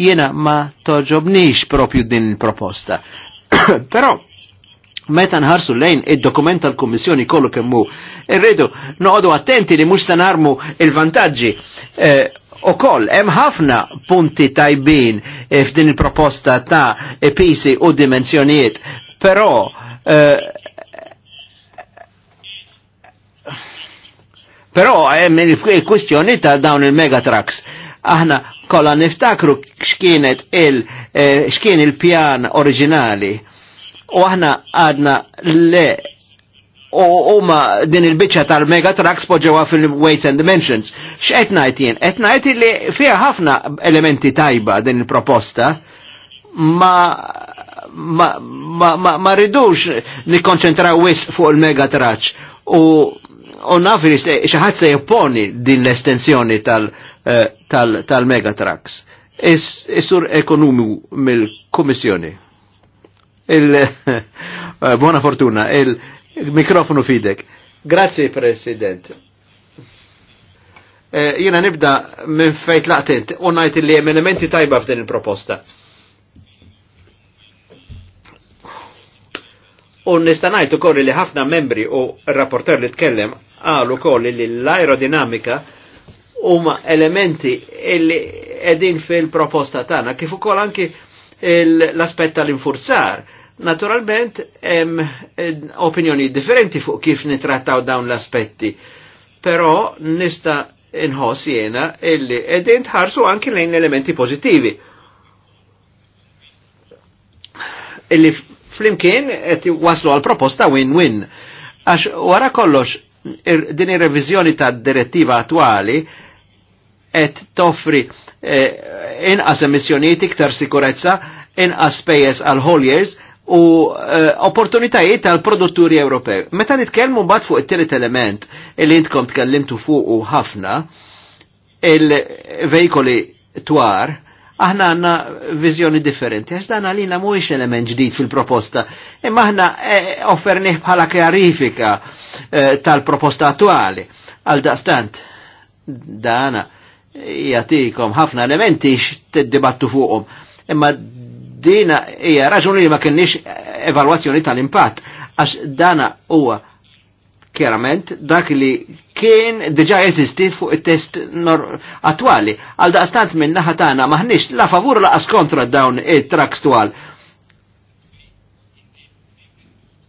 jiena ma toġobnix propju din il-proposta. [COUGHS] Però meta nħarsu lejn id-dokument tal-Kummissjoni kollu kemm hu, irridu noqogħdu attenti li mhux se narmu il-vantaġġi eh, u koll, hem ħafna punti tajbin eh, f'din il-proposta ta' e pisi u dimensjoniet, però eh, Però hemm eh, il-kwistjoni ta' dawn il-megatrucks. Aħna kolla niftakru x'kienet il eh, x'kien il-pjan oriġinali. U aħna għadna le u huma din il-biċċa tal-megatrucks poġġewha fil-weights and dimensions. X'qed ngħid jien? Qed ngħid li fiha ħafna elementi tajba din il-proposta ma ma, ma, ma, ma ridux nikkonċentraw wis fuq il-megatrucks u on nafri xaħat se jopponi din l-estensjoni tal-megatrax. Eh, is-sur ekonomu mill-komissjoni. [LAUGHS] Eh, buona fortuna, il-mikrofonu fidek. Grazie, President. Eh, Jena nibda minn fejt laqtint, unajt li jem elementi tajba f'din il-proposta. Un nistanajt u korri li ħafna membri u rapporter li tkellem għalu koll li l-aerodinamika huma elementi illi edin fil-proposta tana, kif ukoll anki l-aspetta l-infurzar. Naturalment, hemm eh, opinjoni differenti fuq kif nitrattaw dawn l-aspetti, però nista inħoss jena illi edin tħarsu anki lejn elementi pozittivi. Illi flimkien qed waslu għal proposta win-win. Għax wara kollox din ir-reviżjoni tad-direttiva attwali qed toffri eh, inqas emissjonijiet iktar sikurezza, inqas pejjeż għal hauliers u eh, opportunitajiet għal produtturi Ewropew. Meta nitkellmu mbagħad fuq it-tielet element li intkom tkellimtu fuq ħafna, il-vejkoli twar, aħna għanna vizjoni differenti, għax dan għalina mhuwiex element ġdid fil-proposta, imma aħna eh, eh, offernih bħala kjarifika eh, tal-proposta attuali. Għal daqstant, dana jatikom ħafna elementi x-dibattu fuqhom, imma dina hija raġuni li ma kienniex evalwazzjoni tal-impatt, għax dana huwa Kjerament, dak li kien diġa jeżisti fuq il-test attuali. Għal daqstant minn naħatana maħnix la favur la kontra dawn il-traks twal.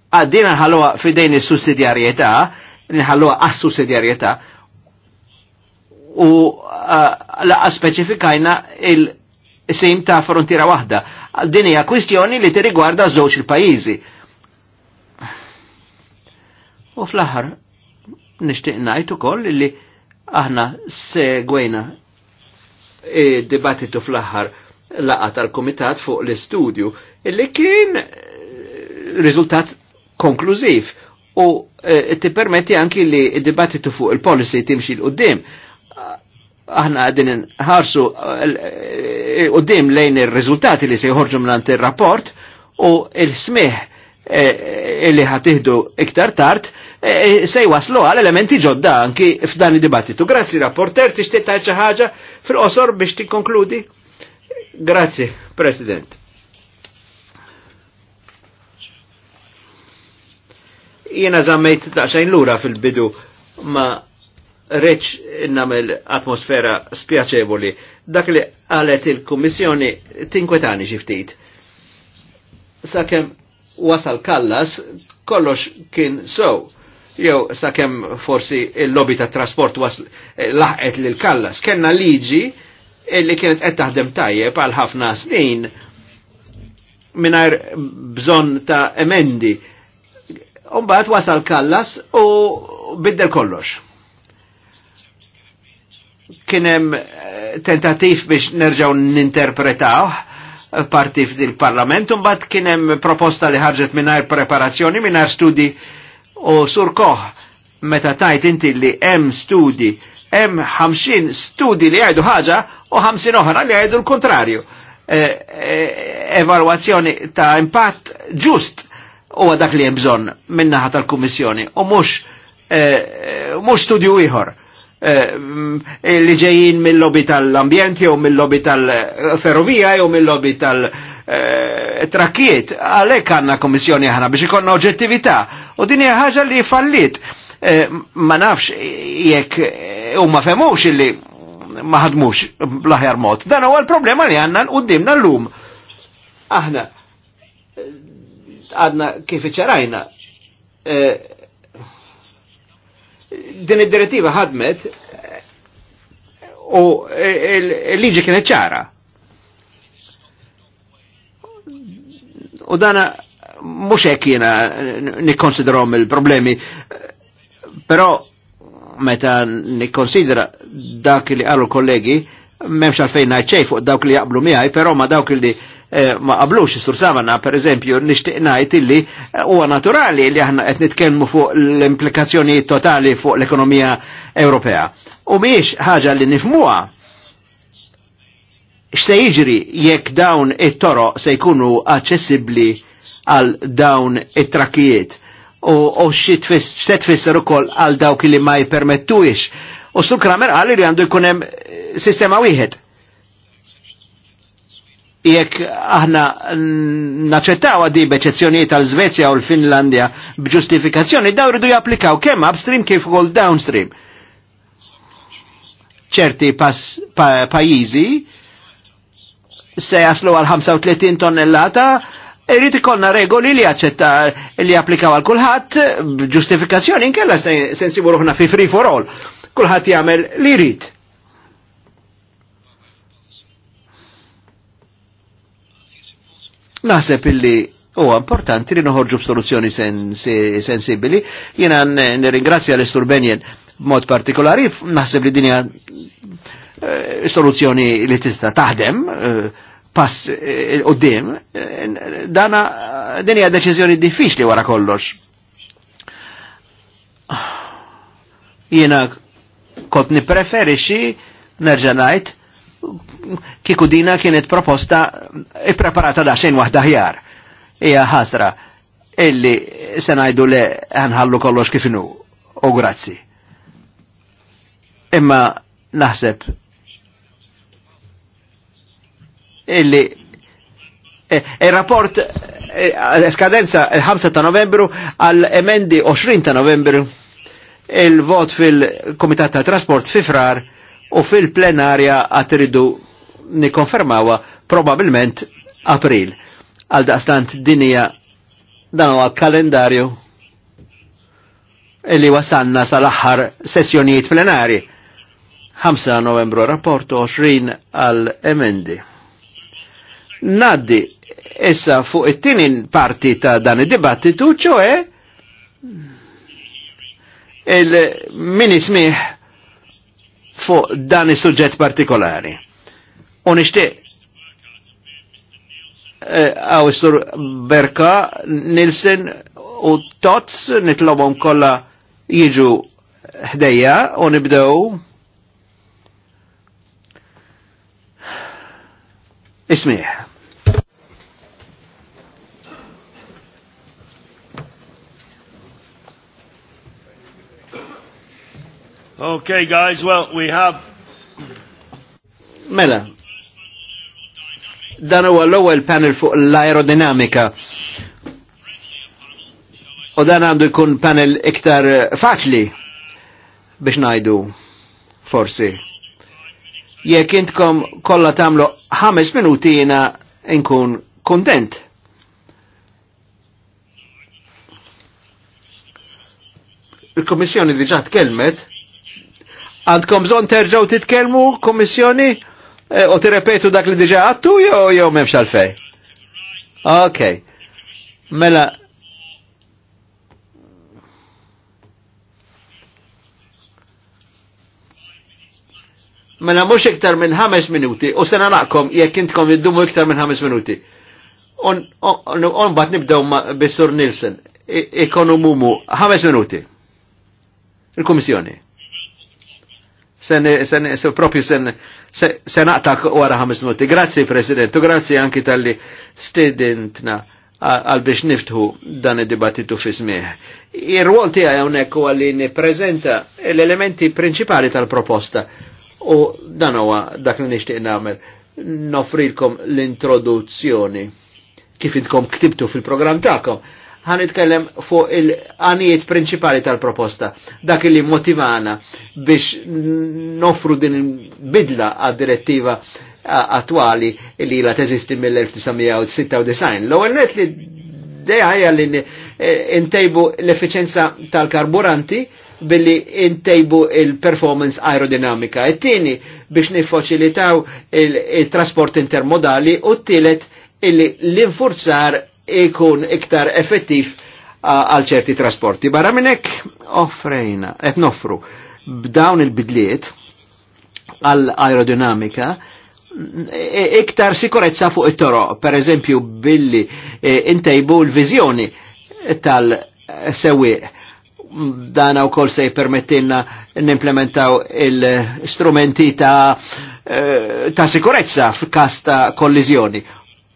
Għaddina nħalluha fidejn is-sussidjarjetà, nħalluha għas-sussidjarjetà u laqqa speċifikajna il-sejm ta' frontiera waħda. Din hija kwistjoni li tirigwarda żewġ il-pajjiżi U fl-aħħar nixtieq ngħid ukoll li aħna segwejna dibattitu fl-aħħar laqa tal-Kumitat fuq l-istudju illi kien eh, riżultat konklużiv u eh, tippermetti anki li dibattitu fuq il-policy timxi l-qoddim aħna għadin nħarsu eh, qoddim lejn ir-riżultati li se jħorġu mlant ir-rapport u il-smih li ħatiħdu iktar tard Eh, eh, sej se waslu għal elementi ġodda anki f'dan id-dibattitu. Grazzi rapporter, tixtieq tgħid xi ħaġa fil-qosor biex tikkonkludi. Grazzi, President. Jiena żammejt daqsxejn lura fil-bidu ma reċ namel atmosfera spjaċevoli. Dak li għalet il-Kommissjoni tinkwetani xiftit. Sakem wasal kallas, kollox kien sow jew sakemm forsi il-lobby tat trasport was eh, laħqet lil kallas. Kenna liġi illi kienet qed taħdem tajjeb għal ħafna snin mingħajr bżonn ta' emendi. Umbagħad wasal kallas u biddel kollox. Kien hemm eh, tentattiv biex nerġgħu ninterpretaw eh, parti fil-parlament, un bat kienem proposta li ħarġet minar preparazzjoni, minar studi U sur koħ, meta tajt inti li m studi, hemm 50 studi li għajdu ħaġa u 50 oħra li għajdu l-kontrarju. E, e, evalwazzjoni ta' impatt ġust u dak li hemm bżonn minnaħa tal-Kummissjoni u mhux e, mhux studju ieħor e, mm, li ġejjin mill-lobby tal-ambjent jew mill-lobby tal-ferrovija jew mill-lobby tal-, ambjenti u mill lobby tal ferrovija u mill lobby tal ambjent mill lobby tal Eh, trakiet, għalek għanna komissjoni ħana biex ikonna oġettivita. U din hija ħaġa li fallit. Eh, ma nafx jekk eh, u ma femux illi ma ħadmux bl-aħjar mod. Dan huwa l-problema li għanna l dimna l-lum. Aħna għadna kif iċarajna din id-direttiva ħadmet u l-liġi kienet ċara. U dana mux hekk jiena il-problemi, però meta nikkonsidra dak li għallu kollegi, memx għalfejn ngħid fuq dawk li jaqblu miħaj, però ma dawk li eh, ma qablux sur savana pereżempju nixtieq ngħid illi eh, huwa naturali li aħna qed nitkellmu fuq l implikazzjoni totali fuq l-ekonomija Ewropea. U mhijiex ħaġa li nifmuha x'se jiġri jekk dawn it-toroq se jkunu aċċessibbli għal dawn it-trakijiet u se tfisser ukoll għal dawk li ma jpermettuhiex. U Sur Kramer għalli li għandu jkun hemm eh, sistema wieħed. Jekk aħna naċċettaw għaddi b'eċezzjonijiet għal Svezja u l-Finlandja b'ġustifikazzjoni, daw ridu japplikaw kemm upstream kif ukoll downstream ċerti pa, se jaslu għal 35 tonnellata, irrit ikonna regoli li jaċċetta li applikaw għal kulħadd ġustifikazzjoni inkella se nsibu ruħna fi free for all. Kulħadd jagħmel li rrit. Naħseb illi huwa importanti li noħorġu b'soluzzjoni sensibbli. Jiena nirringrazzja l-Istur Benjen mod partikolari, naħseb li dinja Eh, soluzzjoni li tista' taħdem eh, pass eh, qudiem, dana din hija deċiżjoni diffiċli wara kollox. Jiena kont nippreferixxi nerġa' ngħid kieku dina kienet proposta ippreparata daqsxejn waħda ħjar. Hija ħasra illi se ngħidu le ħanħallu kollox kif inhu u grazzi. Imma naħseb illi eh, il-rapport eh, l-eskadenza il-5 ta' novembru għal emendi 20 ta' novembru il-vot fil-Komitat ta' Trasport fifrar u fil-plenarja għat iridu nikonfermawa probabilment april. Għal daqstant dinija dan huwa kalendarju illi e wasanna sal-aħħar sessjonijiet plenari. 5 novembru rapport 20 għal emendi. Naddi essa fuq it-tieni parti ta' dan id-dibattitu, ċoe il-min ismiħ fuq dan il suġġett partikolari. U nixtieq eh, għaw istur Berka, Nilsen u Tots nitlobom kolla jiġu ħdejja u nibdew ismiħ. Okay, guys, well, we have... Mela, dan huwa l-ewwel panel fuq l-aerodinamika. U dan għandu jkun panel iktar eh, faċli biex najdu, forsi. Jekk intkom kollha tagħmlu ħames minuti jiena nkun kontent. Il-Kommissjoni diġà tkellmet Għandkom bżon terġaw titkelmu, kommissjoni, eh, u tirrepetu dak li diġa għattu, jew memx għalfej? Ok. Mela, Mela mux iktar minn 5 minuti u sena naqkom jek intkom iddumu iktar minn 5 minuti. On, bat nibdew ma bissur Nilsen, ikonu mumu, ħames minuti. il komissjoni sen propju sen sen naqtak wara ħames minuti. Grazzi President, u grazzi anki tal-li stedentna għal biex niftħu dan id-dibattitu fi smieħ. Ir-rwol tiegħi hawnhekk huwa li nippreżenta l-elementi principali tal-proposta u dan huwa dak li nixtieq nagħmel nofrilkom l-introduzzjoni kif intkom ktibtu fil-programm tagħkom ħan kellem fuq il-għanijiet prinċipali tal-proposta, dak li motivana biex nofru din bidla għad-direttiva attuali li la teżisti mill-1996. l għol net li dejja li eh, intejbu l-efficienza tal-karburanti billi intejbu il-performance aerodinamika. It-tieni e biex nifoċilitaw il-trasport intermodali u t-tielet illi l-infurzar ikun iktar effettiv għal ċerti trasporti. Barra minnek offrejna, et noffru, b'dawn il-bidliet għal aerodinamika e, iktar sikurezza fuq it-toro, per eżempju billi e, intejbu l-vizjoni tal-sewiq dana u kol se permettinna n-implementaw il-strumenti ta' e, ta' sikurezza f'kas ta' kollizjoni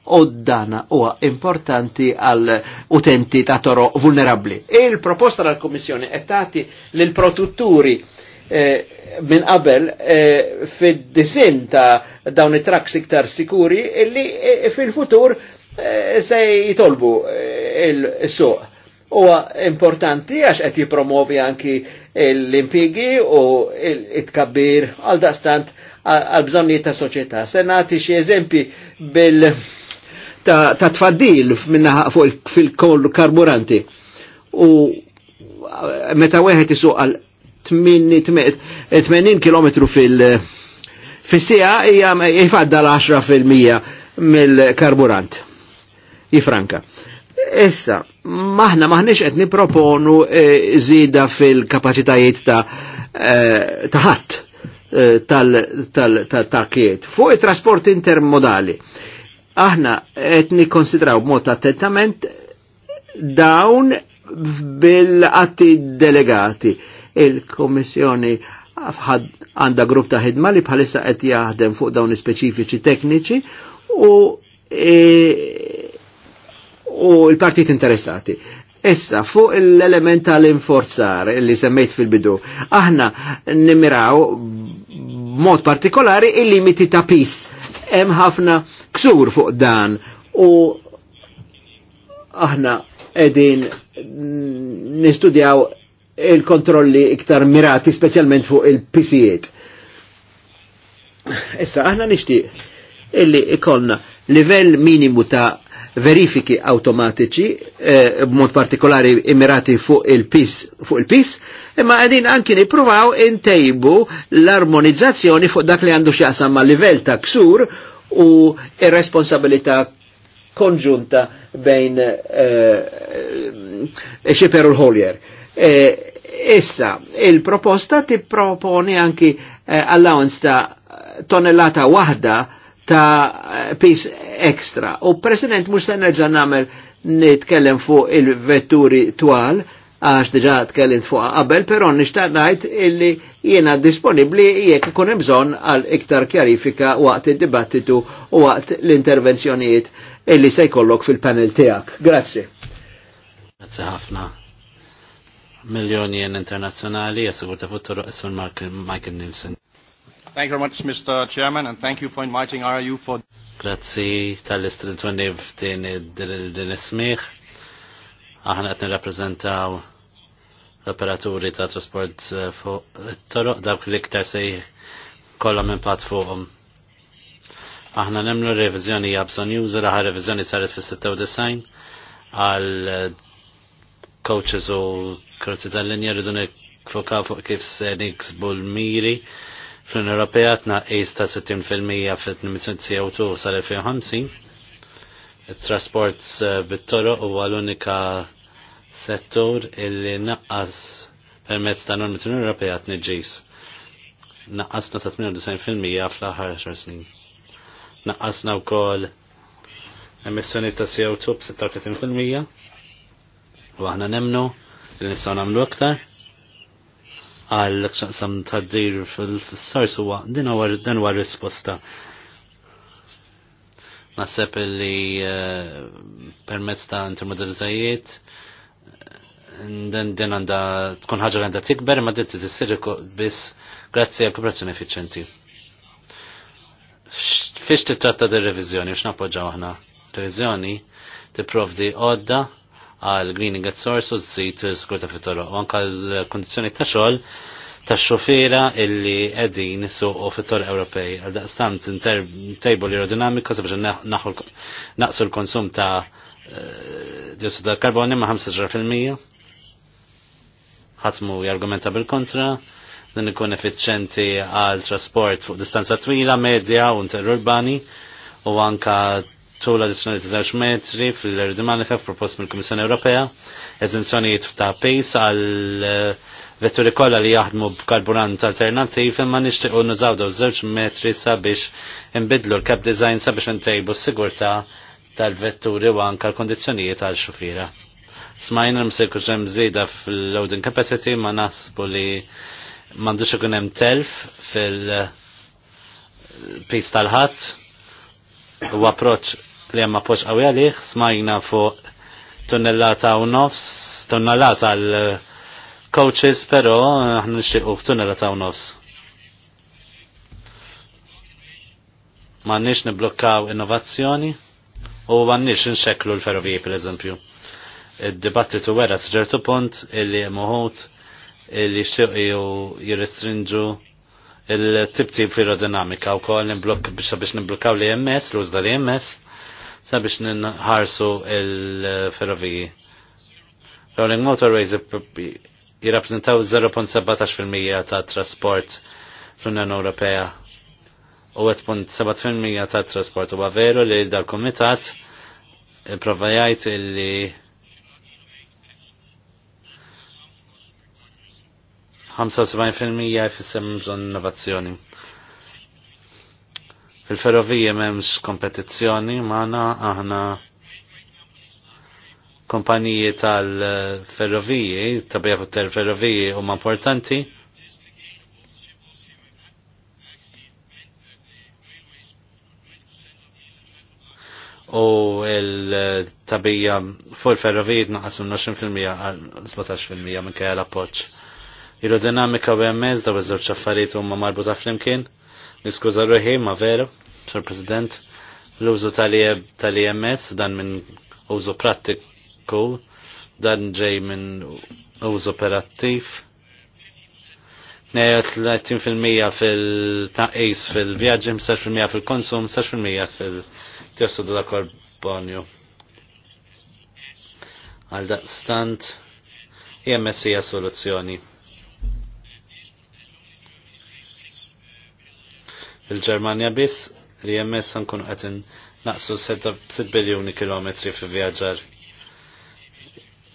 u dana huwa importanti għal utenti ta' toro vulnerabli. Il-proposta tal-Kommissjoni qed tagħti lil produtturi eh, minn qabel eh, fid-disin ta' dawn it-traks iktar sikuri illi eh, fil-futur eh, se jitolbu eh, il-suq. Huwa importanti għax qed jipromovi anki l-impigi u it-kabbir għal dastant għal bżonni ta' soċieta. Se nagħti xi eżempi bil- ta', ta tfaddil minna fuq fil kollu karburanti. U eh, meta wieħed jisuq għal 80 km fil- fis-sija hija jfadda l-10% mill-karburant. Jifranka. Issa, maħna maħniex qed niproponu żieda eh, fil-kapaċitajiet eh, ta' ta' ħadd tal-takiet. Fuq it-trasport intermodali aħna qed nikkonsidraw b'mod attentament dawn bil-atti delegati. Il-Kommissjoni għanda grupp ta' ħidma li bħalissa qed jaħdem fuq dawn speċifiċi tekniċi u e, u l-partit interessati. Issa, fuq l-element tal-inforzar li semmejt fil-bidu, aħna nimiraw mod partikolari il-limiti ta' pis hemm ħafna ksur fuq dan u aħna edin nistudjaw il-kontrolli iktar mirati specialment fuq il-pisijiet. Issa, aħna nishtiq illi ikolna livell minimu ta' verifiki automatiċi, eh, b'mod partikolari immirati fuq il-pis, fuq il-pis, imma għedin anki nipruvaw intejbu l-armonizzazzjoni fuq dak li għandu xjaqsam ma' livell ta' ksur u ir-responsabilità konġunta bejn xiper eh, u l-ħoljer. Eh, issa, il-proposta ti proponi anki allowance ta' tonnellata wahda ta' pis ekstra. U President mux se nerġa' nagħmel nitkellem fuq il-vetturi twal, għax diġa tkellem fuq qabel, però nishtaq najt illi jiena disponibbli jekk ikun hemm bżonn għal iktar kjarifika waqt id-dibattitu u waqt l-intervenzjonijiet illi se jkollok fil-panel tiegħek. Grazzi. Grazzi ħafna. Miljoni internazzjonali, jassigurta fuq Sur Michael Nielsen. Thank you very much, Mr. Chairman, and thank you for inviting RIU for... Grazzi tal-istituzzjoni f'din din ismiħ. Aħna qed rappresentaw l-operaturi ta' trasport eh, fuq toroq dawk li fuqhom. Aħna nemmnu reviżjoni hija user, jużur reviżjoni saret fis-96 għal eh, coaches u tal-linja rridu nifokaw fuq kif se niksbu l-miri fl-Unjoni Ewropea ta' 60% fil-emissjoni CO2 sal-2050. Il-trasport eh, bit-toro huwa l-unika settur illi naqqas permezz ta' normi tal-Unjoni Ewropea tniġġis. Naqqasna sa' 98% fl-aħħar 10 snin. Naqqasna wkoll emissjoni ta' CO2 b-36% u aħna nemnu li nistgħu nagħmlu aktar għal xaqsam taddir fil-sars huwa din huwa dan risposta. Naħseb li eh, permezz ta' intermodalitajiet din għandha tkun ħaġa għandha tikber ma t tissir biss grazzi għal kooperazzjoni effiċenti. Fiex titratta dir-reviżjoni, x'nappoġġaw aħna? t tipprovdi għodda għal greening at source u tzit skurta fit U għanka l-kondizjoni ta' xogħol tax xofira illi għedin su u fit-tor Ewropej. Għal daqstant tejbu l-aerodinamika sabiex naqsu l-konsum ta' eh, dioxid ta' karboni ma' 15%. Ħatmu jargumenta bil-kontra, din ikun effiċenti għal trasport fuq distanza twila, medja u interurbani u anka tul addizzjonali ta' żewġ metri fil-erdimanika f'propost mill-Kummissjoni Ewropea, eżenzjonijiet ta' pejs għal eh, vetturi kollha li jaħdmu b'karburant alternattiv imma nixtiequ nużaw żewġ metri sabiex inbidlu l-cap design sabiex intejbu s-sigurtà tal-vetturi u anke l-kondizzjonijiet għal xufiera. Smajna msejku ġem zida fil-loading capacity ma nasbu li mandux ikun hemm telf fil-pis eh, tal-ħadd u approċċ li hemm poċ qawwi għalih smajna fuq tunnellata u nofs, tunnellata l eh, coaches, però eh, aħna nixtiequ tunnellata u nofs. M'għandniex niblokkaw innovazzjoni u m'għandniex nxekklu l-ferroviji pereżempju. Id-dibattitu wera sġertu punt illi muħut illi xieqju jirrestrinġu il-tip tip fil-aerodinamika u kol biex biex li jemmes, l-użda li jemmes sabiex ninħarsu il-ferroviji. Rolling Motorways jirrappreżentaw 0.17% ta' trasport fl-Unjoni Ewropea u 8.7% ta' trasport huwa veru li dal-Kumitat prova illi li fil-mija jfissem bżon innovazzjoni. Fil-ferrovija memx kompetizzjoni maħna aħna kompaniji tal-ferroviji, tabija tal-ferroviji huma importanti. u il-tabija fuq il ferrovija naqas minn 20% għal 17% minn kajja l-appoċ. Il-dinamika u għemmez da' iż-żewġ affarijiet huma marbuta flimkien. Niskuża ruħi ma veru, Sir President, l-użu tal-IMS dan minn użu prattiku, dan ġej minn użu operattiv. 30% fil-taqis fil-vjaġġim, 6% fil-konsum, 6% fil-tiossidu ta' karbonju. Għal daqstant, IMS hija soluzzjoni. Il-Ġermanja biss li jemmess nkun qed naqsu 6 biljuni kilometri fi vjaġġar.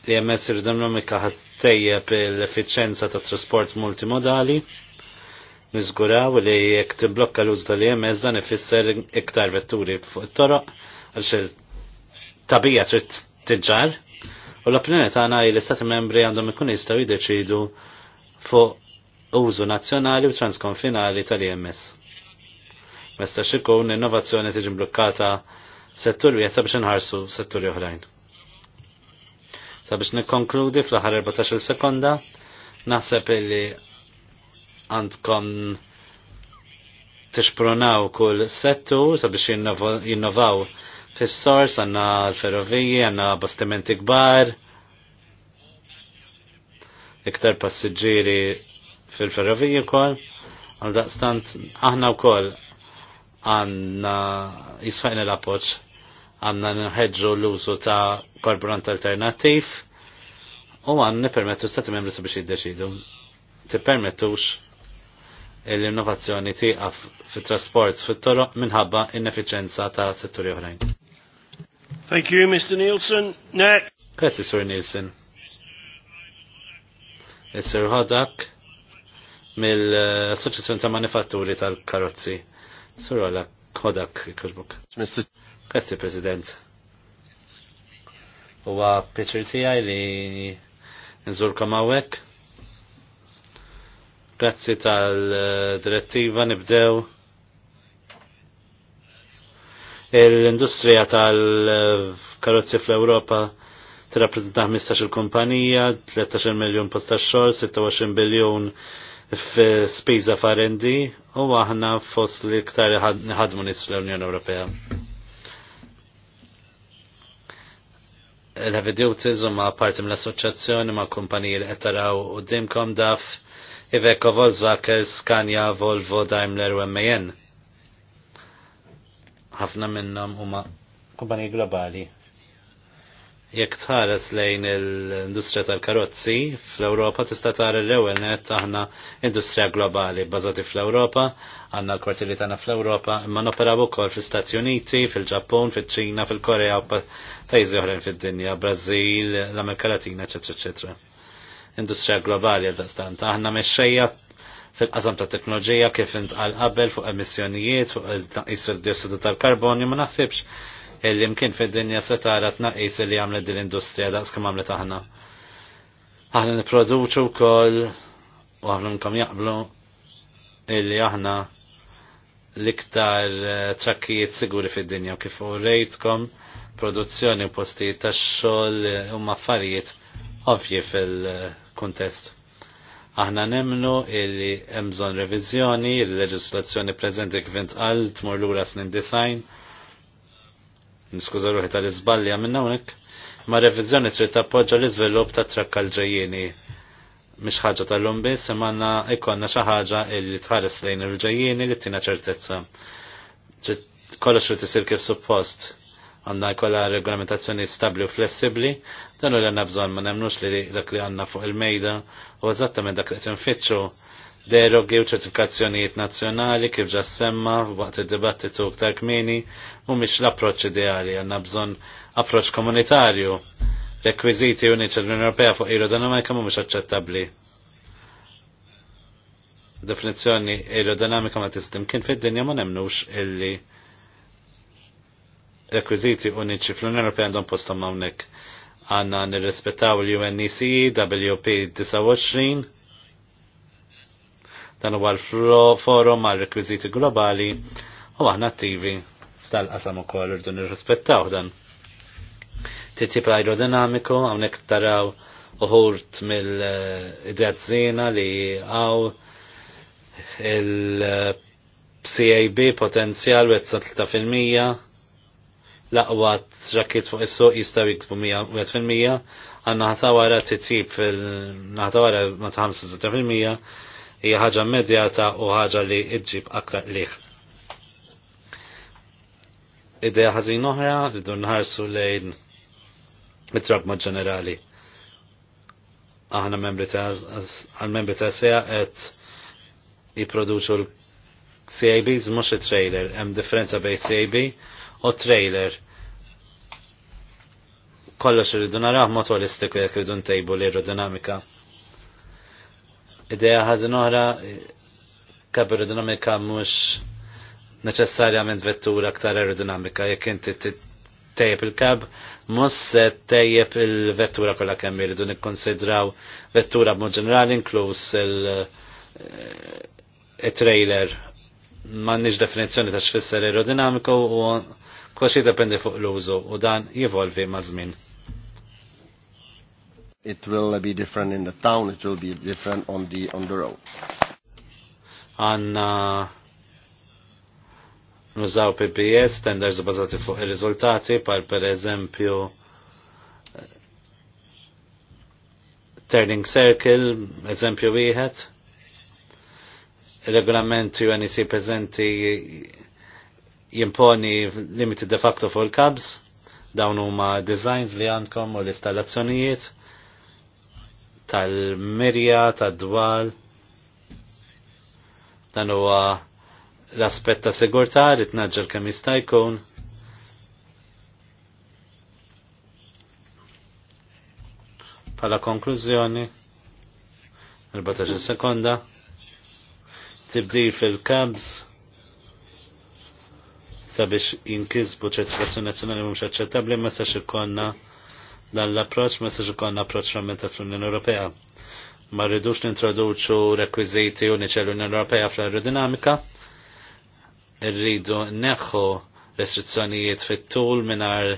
Li jemmess il-dinamika ħadd tejjeb l effiċjenza ta' trasport multimodali Nizguraw li jek tiblokka l-uż tal EMS dan ifisser iktar vetturi fuq it-toroq għax il-tabija trid tiġġar u l-opinjoni tagħna li l-istati membri għandhom ikun jistgħu jiddeċidu fuq użu nazzjonali u transkonfinali tal-EMS. Mesta x'ikun innovazzjoni tiġi mblukkata settur wieħed sabiex inħarsu setturi oħrajn. Sabiex nikkonkludi fl-aħħar 14 sekonda, naħseb illi għandkom tixpronaw kull settur sabiex jinnovaw fis-sors għandna l-ferroviji, għandna bastimenti kbar, iktar passiġġieri fil-ferroviji wkoll, għal daqstant aħna wkoll għanna jisfajna l-appoċ għanna nħedġu l-użu ta' korburant alternativ u għanna nipermettu stati membri sabiex jiddeċidu. Tippermettux l-innovazzjoni għaf fit trasport fit toroq minħabba inefficienza ta' setturi oħrajn. Thank you, Mr. Nielsen. Next. Grazie, Sir Nielsen. Sir Hodak mill-Assoċjazzjoni ta' Manifatturi tal-Karozzi. Surola Kodak Kurbuk. Grazie, President. Uwa pieċir tijaj li nżurkom għawek. Grazzi tal-direttiva nibdew l-industrija tal-karozzi fl-Europa tirrappreżenta 15 il-kumpanija, 13 miljon posta xogħol, 26 biljun f-spiza f'arendi u aħna fost li ktar ħadmu nis fl-Unjoni Ewropea. Il-Heavy u ma parti mill-assoċjazzjoni ma kumpaniji li qettaraw u dimkom daf Iveco Volkswagen, Scania, Volvo, Daimler u MAN. ħafna minnhom huma kumpaniji globali jekk tħares lejn l-industrija tal-karozzi fl-Ewropa tista' tara l-ewwel net aħna industrija globali bbażati fl-Ewropa, għandna l-kwartieri tagħna fl-Ewropa, imma noperaw ukoll fl-Istati Uniti, fil-Ġappun, fiċ-Ċina, fil-Korea u pajjiżi oħrajn fid-dinja, Brażil, l-Amerika Latina, eċetera, eċetera. Industrija globali għal aħna mexxejja fil-qasam ta' teknoloġija kif intqal qabel fuq emissjonijiet, fuq il-tnaqqis diossidu tal-karbonju, ma naħsibx illi mkien fid-dinja se tara tnaqis li għamlet din l-industrija daqs kemm għamlet aħna. Aħna nipproduċu wkoll u aħna nkom jaqblu illi aħna l-iktar eh, trakkijiet siguri fid-dinja kif u rejtkom produzzjoni u postijiet ta' xogħol eh, u affarijiet ovvji fil-kuntest. Aħna nemnu illi hemm bżonn reviżjoni, il-leġislazzjoni preżenti kif intqal tmur lura snin design niskuza ruħi tal-izballja minn hawnhekk ma' reviżjoni trid tappoġġa l-iżvilupp ta' trakkal ġejjini mhix ħaġa tal-lum biss imma għandna ikonna xi ħaġa li tħares lejn il ġejjini li tina ċertezza. Kollox trid isir kif suppost għandna jkollha regolamentazzjoni stabbli u flessibbli, dan u l-għanna bżonn ma nemnux li dak li għandna fuq il-mejda u eżattament dak li qed infittxu derogi u ċertifikazzjonijiet nazzjonali kif ġa semma waqt id-dibattitu ktar kmini u miex l-approċċ ideali għandna bżonn approċċ komunitarju. Rekwiżiti uniċi l-Unjoni Ewropea fuq iru dinamika mhumiex aċċettabbli. Definizzjoni aerodinamika ma tistim kien fid-dinja ma nemnux illi rekwiziti uniċi fl-Unjoni Ewropea għandhom postom hawnhekk. Għandna nirrispettaw l-UNEC WP 29 dan huwa l forum għal rekwiżiti globali u aħna attivi f'tal-qasam ukoll irdu nirrispettaw dan. Titjib aerodinamiku hawnhekk taraw uħurt mill-idejat żina li għaw il-CAB potenzjal wetsa 3% laqwa t rakiet fuq is-suq jistgħu jiksbu 100% għanna ħata wara t fil-naħta wara ma ta' 5% hija ħaġa immedjata u ħaġa li iġġib aktar liħ. Idea ħażin oħra li dun nħarsu lejn it-trab ma' ġenerali. Aħna membri għal-membri ta' seja e qed jipproduċu l cab mhux it-trailer, hemm differenza bejn CAB u trailer kollox irridu naraħ motoristiku jekk irridu ntejbu l-aerodinamika. Ideja ħażin oħra kab aerodinamika mhux neċessarjament vettura aktar aerodinamika jekk inti tejjeb il-kab mhux se tejjeb il-vettura kollha kemm iridu nikkonsidraw vettura b'mod ġenerali inkluż il-trailer eh, m'għandniex definizzjoni ta' x'fisser aerodinamiku u kwaxi dependi fuq l-użu u dan jivolvi ma' żmien it will be different in the town, it will be different on the, on the road. Għanna nużaw PPS, standards bazati fuq il-rizultati, par per eżempju Turning Circle, eżempju wieħed, regolamenti UNC e prezenti jimponi limiti de facto fuq il dawn huma designs li għandkom u l-installazzjonijiet, tal-mirja, tad-dwal. Dan huwa l-aspett ta' sigurtà li tnaġġel kemm jista' jkun. Pala konklużjoni, 14 sekonda, tibdil fil-kabs sabiex jinkizbu ċertifikazzjoni nazzjonali mhux aċċettabbli ma sax ikonna Dan l-approċ ma seġu konna approċ ramment fl unjoni Ewropea. Ma rridux nintroduċu rekwiziti uniċi l-Unjoni Ewropea fl-aerodinamika, rridu neħu restrizzjonijiet fit-tul minar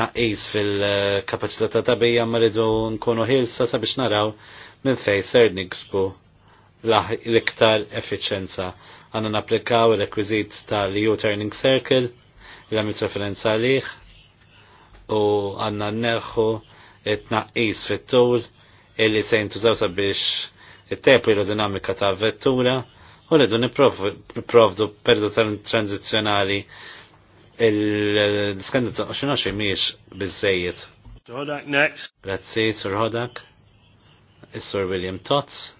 naqis fil-kapacità ta' tabija ma rridu nkunu ħilsa sabiex naraw minn fej ser niksbu l-iktar effiċenza. Għanna naplikaw il-rekwizit tal-U-turning circle, il-għamil referenza għalih, u għanna neħu it-naqis fit illi se jintużaw sabiex it-tepu il-dinamika ta' vettura u rridu niprovdu perdu tranzizjonali il-diskandizza 2020 miex bizzejiet. Hodak next. Grazzi, Sir Hodak. sir William Tots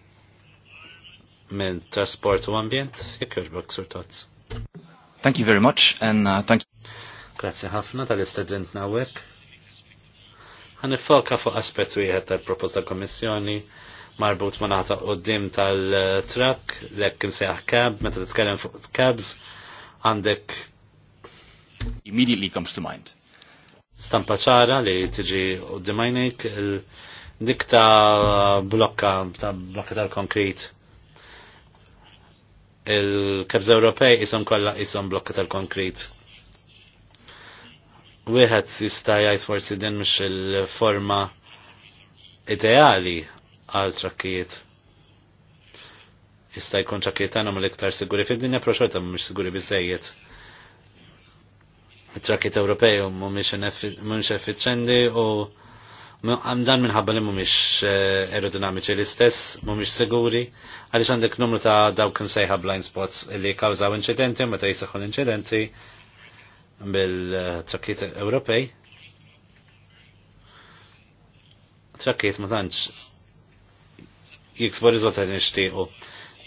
Min Trasport u Ambient, jekk Sir Tots. Thank you very much and uh, thank you. Grazzi ħafna tal-istudent nawek. Għan ifoka fuq aspet wieħed tal-proposta kommissjoni marbut ma naħta dim tal-trak, lekk imsejħ kab, meta tkellem fuq kabs għandek. Immediately comes to mind. Stampa ċara li tiġi qoddim għajnejk, dik ta' blokka, ta' blokka tal-konkret il-kabs Ewropej isom kolla isom blokka tal-konkret wieħed jista' jgħid forsi din mhux il-forma ideali għal trakkijiet. Jista' jkun trakkijiet għandhom mill-iktar siguri fid-dinja pro xorta mhumiex siguri biżejjed. It-trakkijiet Ewropej mhumiex effiċjenti u dan minħabba li mhumiex eh, aerodinamiċi l-istess, mhumiex siguri, għaliex għandek numru ta' dawk insejħa blind spots li kawżaw u meta jisaxħu l inċidenti bil-trakkiet Ewropej. Trakkiet ma tantx jiksbu riżultati nixtiequ.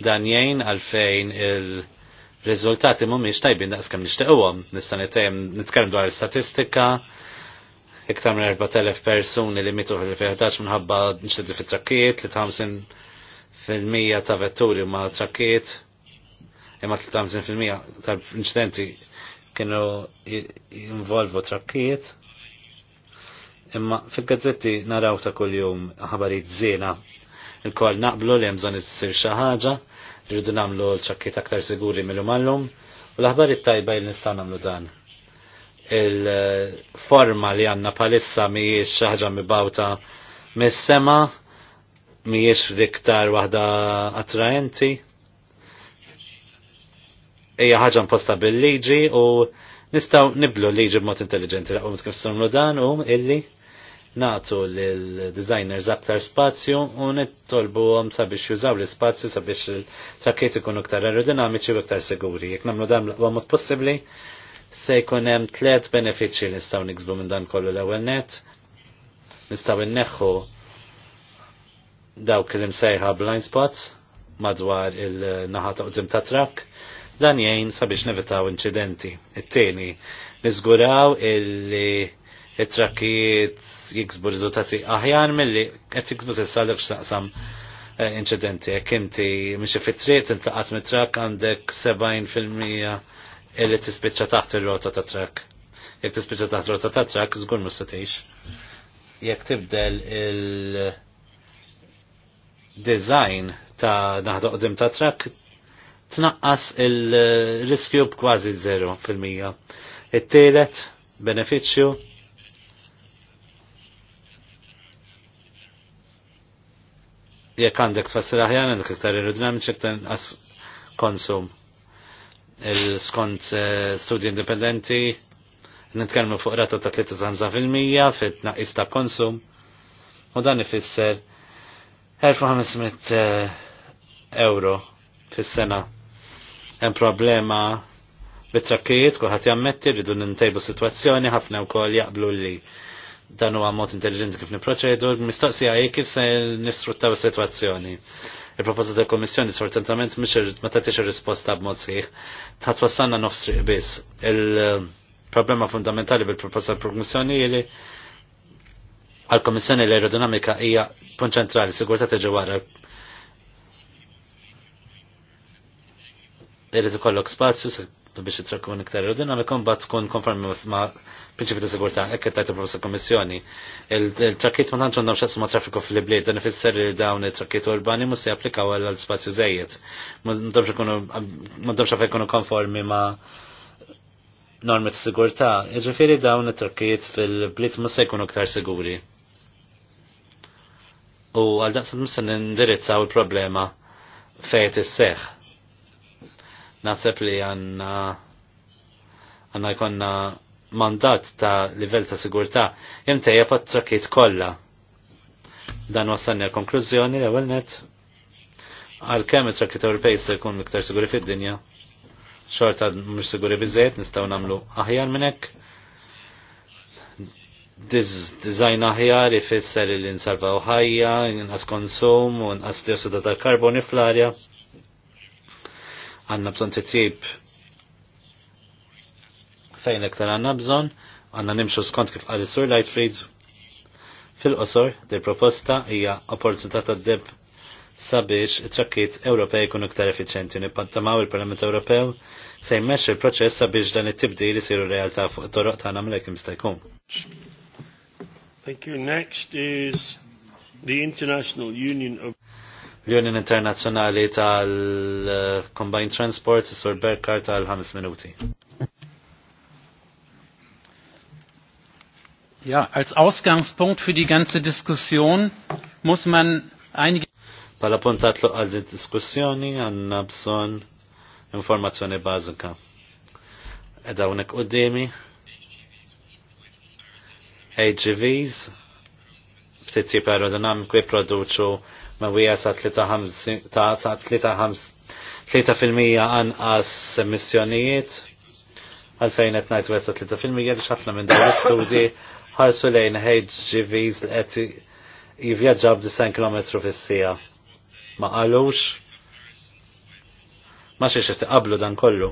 Dan jgħin għalfejn il-riżultati mhumiex tajbin daqs kemm nixtiequhom. Nista' nitkellem dwar statistika, iktar minn 4,000 persuni li mitu fil-2011 minħabba nxteddi fit-trakkiet, li 50% ta' vetturi ma' trakkiet, imma 53% tal-inċidenti kienu involvu trakkiet. Imma fil-gazzetti naraw ta' kull-jum ħabarit zina. Il-kol naqblu li jemżon issir xi ħaġa, rridu nagħmlu l-trakkiet aktar siguri mill-lum għallum, u l ħabarit tajba li nistan nagħmlu dan il-forma li għanna palissa miex xaħġa mibawta mis-sema miex riktar wahda attraenti hija ħaġa imposta bil-liġi u nistgħu niblu liġi b'mod intelligenti raqgħu kif sumlu dan u illi natu l-designers aktar spazju u nittolbu għom sabiex jużaw l-spazju sabiex l-trakkiet ikun aktar aerodinamiċi u aktar siguri. Jek namlu dan l-għamot possibli, se jkun hemm tliet benefiċċji li nistgħu niksbu minn dan kollu l-ewwel net. Nistgħu inneħħu dawk li msejħa blind spots madwar il-naħa ta' qudiem ta' trakk dan jgħin sabiex nevitaw incidenti, It-tieni, niżguraw illi it-trakkijiet jiksbu riżultati aħjar mill-li qed jiksbu s'issa l saqsam eh, inċidenti. Jekk inti mixi fit-triq intlaqat mit-trakk għandek 70% illi tispiċċa taħt ir-rota ta' trakk. Jekk tispiċċa taħt rota ta' trakk, żgur ma setgħix. Jekk tibdel il- design ta' naħdoqdim ta' trak tnaqqas il-riskju b'kważi 0%. It-tielet benefiċċju jekk għandek tfassir aħjar għandek iktar aerodinamiċi iktar as konsum. Il-skont eh, studji indipendenti nitkellmu fuq rata ta' 35% fit-naqis ta' konsum u dan ifisser 1500 eh, euro fis-sena hemm problema bit-trakkijiet, kulħadd jammetti, rridu nintejbu sitwazzjoni, ħafna wkoll jaqblu li dan huwa mod intelligenti kif niproċedu, mistoqsija hi kif se nisfruttaw is-sitwazzjoni. Il-proposta tal kommissjoni sfortunatament mhix ma tagħtix ir-risposta b'mod sieħ. Ta' twassalna nofs biss. Il-problema fundamentali bil-proposta tal-Kommissjoni li għal-Kommissjoni l-aerodinamika hija punt ċentrali, sigurtà tiġi wara irrid ikollok spazju biex it-trakkun iktar din għal kombat tkun konformi ma' prinċipi ta' sigurtà hekk qed tajtu proposta kommissjoni. il trakkit ma tantx għandhom x'aqsmu ma' traffiku fil-bliet dan ifisser li dawn it-trakkiet urbani mhux se japplikaw għal spazju żejjed. M'għandhomx ikunu m'għandhomx għaf konformi ma' normi ta' sigurtà. Jiġifieri dawn it-trakkiet fil-bliet mhux se jkunu iktar siguri. U għal daqs mistenni indirizzaw il-problema fejn isseħħ Naħseb li għanna għanna jkonna mandat ta' livell ta' sigurta' jemtejja pat trakkiet kolla. Dan wasanni konklużjoni l ewwel net għal kem it-trakkiet Ewropej se jkun iktar siguri fid-dinja. Xorta mhux siguri bizzejt nistgħu nagħmlu aħjar minn hekk. Dizajn aħjar ifisser li nsalvaw ħajja, nqas konsum u nqas dioxida tal-karboni fl-arja għanna bżon titjib fejn l-ektar għanna bżon, għanna nimxu skont kif għal sur Lightfried. Fil-qosor, di proposta hija opportunità ta' deb sabiex it-trakkiet Ewropej kun iktar effiċenti nippantamaw il-Parlament Ewropew se jmexxi il-proċess sabiex dan it li siru realtà fuq it-toroq tagħna mlek stajkum. Thank you. Next is the International Union of l-Union Internazzjonali tal-Combined Transport, Sur Berkar tal-5 minuti. Ja, als Ausgangspunkt für die ganze Diskussion muss man einige... Pala puntat luq għal diskussjoni għanna bżon informazzjoni bazika. Edha unek u demi, AGVs, ftit tip aerodinamiku jipproduċu ma wija sa 3% anqas missjonijiet, għalfejn qed ngħid wesa 3% biex ħafna minn dawn l-istudji ħarsu lejn HGVs li qed jivvjaġġaw b'90 km fis-sija. Ma qalux ma xiex qed iqablu dan kollu.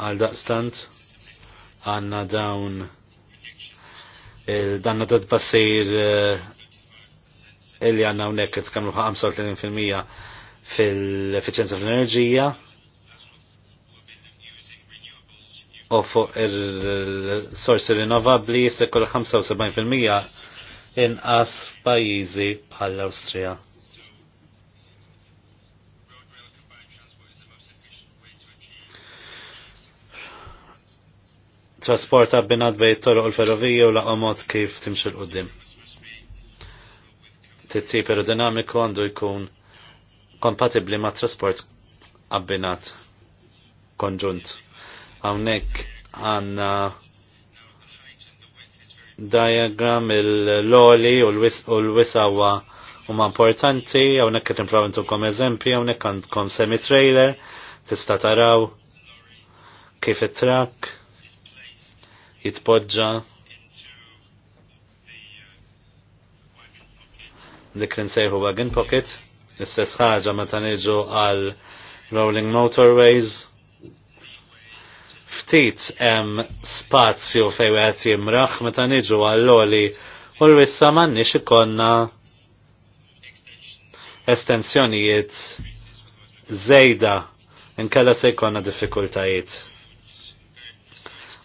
Għal daqstant għandna dawn danna dad bassir eh, illi għanna unnek t-kamlu 35% fil-efficienza fil-enerġija u fuq il-sorsi rinnovabli jistek kol 75% inqas pajizi bħall-Austria. trasport abbinat bej it u l-ferrovija u laqgħa mod kif timxil qudiem. Tittib aerodinamiku għandu jkun kompatibbli ma' trasport abbinat konġunt. Hawnhekk għandna diagram il-loli u l-wisawa huma importanti, hawnhekk qed kom eżempji, hawnhekk għandkom semi-trailer, tista' taraw kif it-trakk, jitpoġġa dik li sejħu wagon pocket, istess ħaġa meta niġu għal rolling motorways. Ftit hemm spazju fejn wieħed jimraħ meta niġu għal oli u l-wissa m'għandniex ikollna estensjonijiet zejda inkella se jkollna diffikultajiet.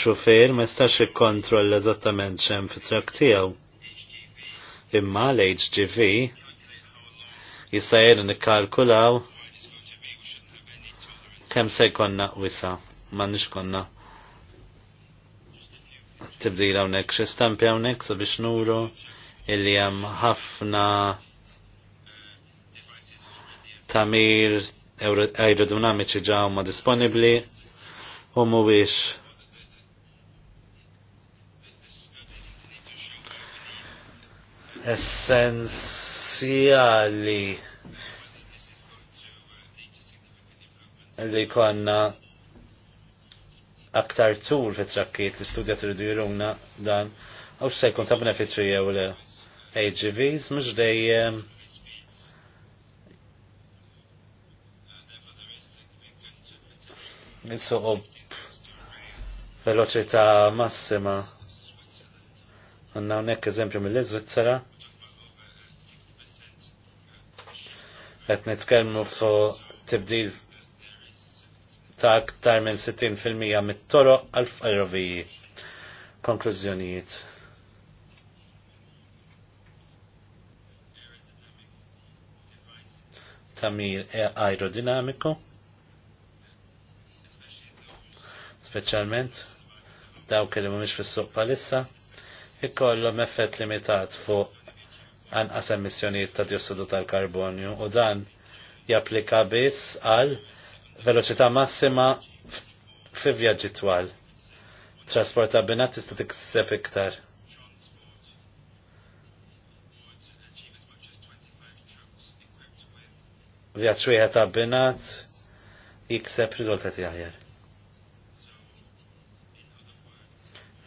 xufier ma jistax ikkontroll eżattament xem fit-trak tiegħu. Imma l-HGV jisajr nikkalkulaw kemm se jkollna wisa, ma nix konna tibdil hawnhekk xi stampi hawnhekk sabiex nuru illi hemm ħafna tamir aerodinamiċi ġa huma disponibbli u mhuwiex essenzjali li konna aktar tul fit trakkiet li studja tridu jiruna dan u se jkun ta' benefitri jew le AGVs mux dejjem nisuqob veloċità massima. Għanna unnek eżempju mill izvizzera qed nitkellmu fuq tibdil ta' aktar minn 60% mit-toroq għal ferroviji. Konklużjonijiet. Tamir e aerodinamiku. Speċjalment dawk li mhumiex fis-suq palissa ikollhom effett limitat fuq anqas emissjonijiet ta' diossidu tal-karbonju u dan japplika biss għal veloċità massima fi vjaġġi twal. Trasporta binat tista' tikseb iktar. Vjaġġ wieħed ta' binat jikseb riżultati aħjar.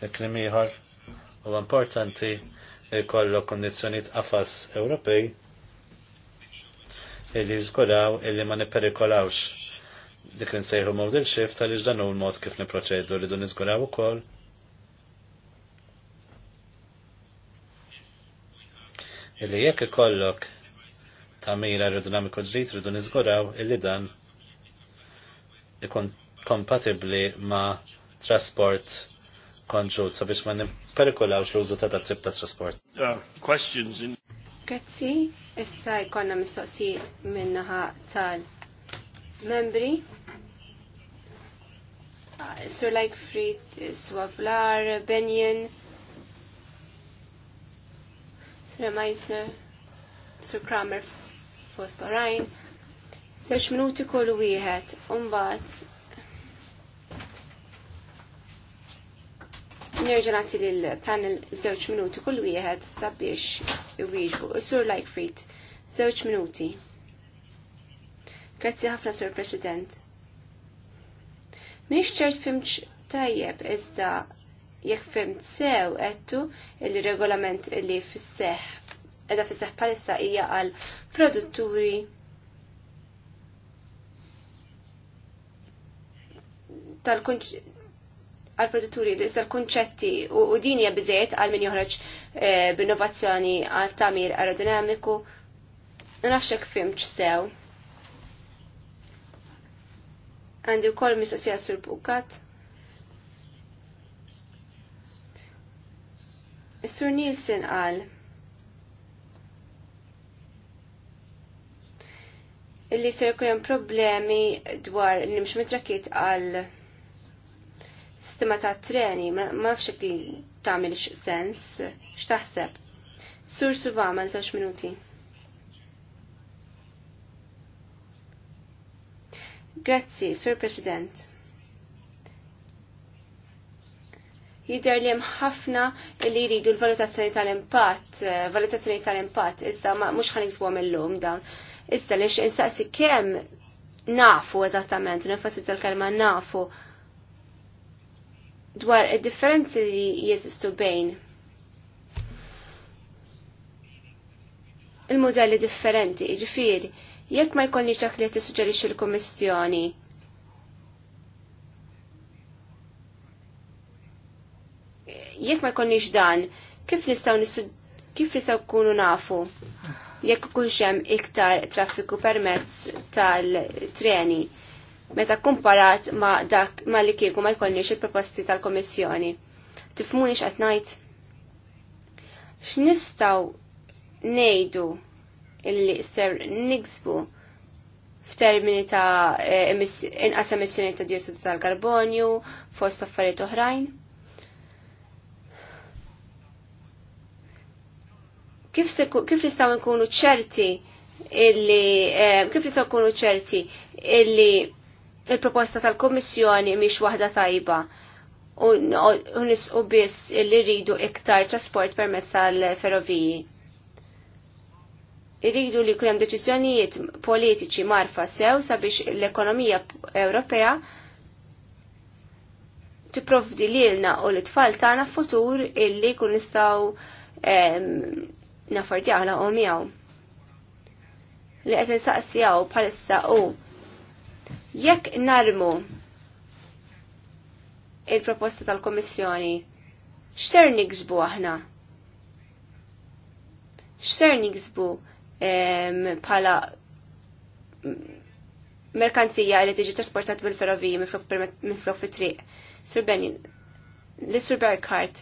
Eklim ieħor huwa importanti ikollok kondizjoniet qafas Ewropej illi żguraw illi ma nipperikolawx dik li nsejħu model shift għaliex dan hu l-mod kif niproċedu li dun niżguraw ukoll illi jekk ikollok tamira aerodinamiku ġdid rridu niżguraw illi dan ikun kompatibbli ma' trasport konġut sabiex ma nipperikolawx l-użu ta' dat ta' trasport. Uh, Grazzi, issa jkollna mistoqsijiet minnaħa tal-membri. Ah, Sur Lajkfried, Swavlar, Benjen, Sir Meisner, Sir Kramer fost orajn. Sex minuti kull wieħed, umbat Nerġa' nagħti lill-panel żewġ minuti kull wieħed sabiex iwieġbu. Sur Fried żewġ minuti. Grazzi ħafna Sur President. Minix ċert fimċ tajjeb iżda jekk fimt sew għettu il-regolament li fisseħ edha fisseħ palissa hija għal produtturi tal-kunċ għal produtturi li iżda kunċetti u din hija biżejjed għal min joħroġ eh, b'innovazzjoni għal tamir aerodinamiku. Naxxek fimx sew. Għandi wkoll mistoqsija sur bukat. Is-Sur Nielsen għal. illi ser jkun problemi dwar li mhux mitrakit għal sistema ta' treni, ma' fxek li tamil sens, xtaħseb. Sur suva ma' zax minuti. Grazzi, Sur President. Jider li hemm ħafna li jridu l-valutazzjoni tal-impatt, eh, valutazzjoni tal-impatt, iżda mhux ħanisbu mill-lum dawn. Iżda li insaqsi kem nafu eżattament, nifassi tal-kelma nafu dwar id-differenzi li jeżistu bejn il-modelli differenti, ġifiri, jekk ma jkollni dak li tissuġġerixxi l-Kummissjoni. Jekk ma jkollniex dan, kif nistgħu kif nistgħu kunu nafu jekk kunxem hemm iktar traffiku permezz tal-treni meta kumparat ma dak ma li kieku ma jkollniex il-proposti tal-Komissjoni. Tifmuni x'qed ngħid? X'nistgħu ngħidu illi ser niksbu f'termini ta' eh, inqas emissjoni ta' dioxidu tal-karbonju fost affarijiet oħrajn? Kif, kif nistgħu nkunu ċerti illi eh, kif nistgħu nkunu ċerti illi il-proposta tal kommissjoni miex waħda tajba u nisqu biss li rridu iktar trasport permezz tal-ferroviji. Irridu li kunem deċiżjonijiet politiċi marfa sew sabiex l-ekonomija Ewropea tipprovdi na u l-tfal tagħna futur illi kun nistgħu nafordjaħla u miegħu. Li qed saqsijaw palissa u Jekk narmu il-proposta tal-Komissjoni, x'ser niksbu aħna? X'ser niksbu bħala merkanzija li tiġi trasportat bil-ferroviji minn flok fit-triq. Sir Benin, li Sir Berkart,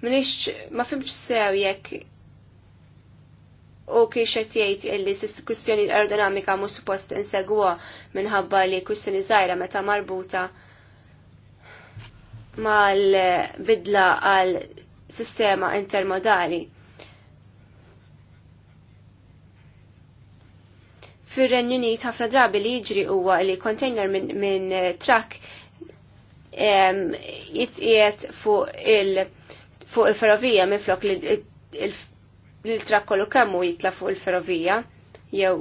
minix ma fimx sew jekk u kif qed jgħid illi kwistjoni aerodinamika mhux suppost insegwa minħabba li kwistjoni żgħira meta marbuta mal-bidla għal sistema intermodali. Fir-Renju Unit ħafna drabi li jiġri huwa li container minn min jitqiet fuq il- fuq il-ferrovija minn flok li l-trak kollu kemmu jitla fuq il-ferrovija, jew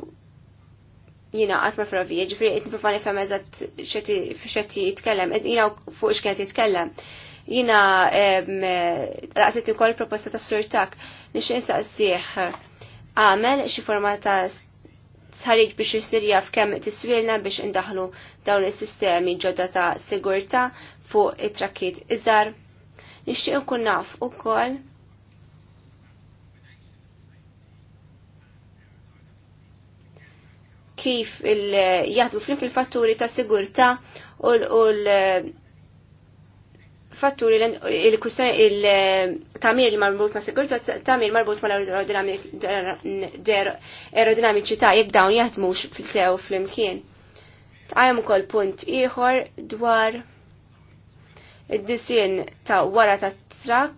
jina għatma ferrovija, ġifri jitni niprofa nifhem eżatt x'qed jitkellem, jina fuq x'kien jitkellem. Jina u ukoll proposta ta' surtak nix insaqsih għamel xi forma ta' sħarriġ biex jisir jaf kemm tiswilna biex indaħlu dawn is-sistemi ġodda ta' sigurta fuq it-trakkiet iżar. Nixtieq nkun naf ukoll kif jaħdmu flimk il-fatturi ta' sigurta u l-fatturi il-tamir li marbut ma' sigurta, tamir marbut ma' l-aerodinamiċi ta' jek dawn jaħdmux fil-sew flimkien. Għajem u kol punt iħor dwar id-disin ta' wara ta' trak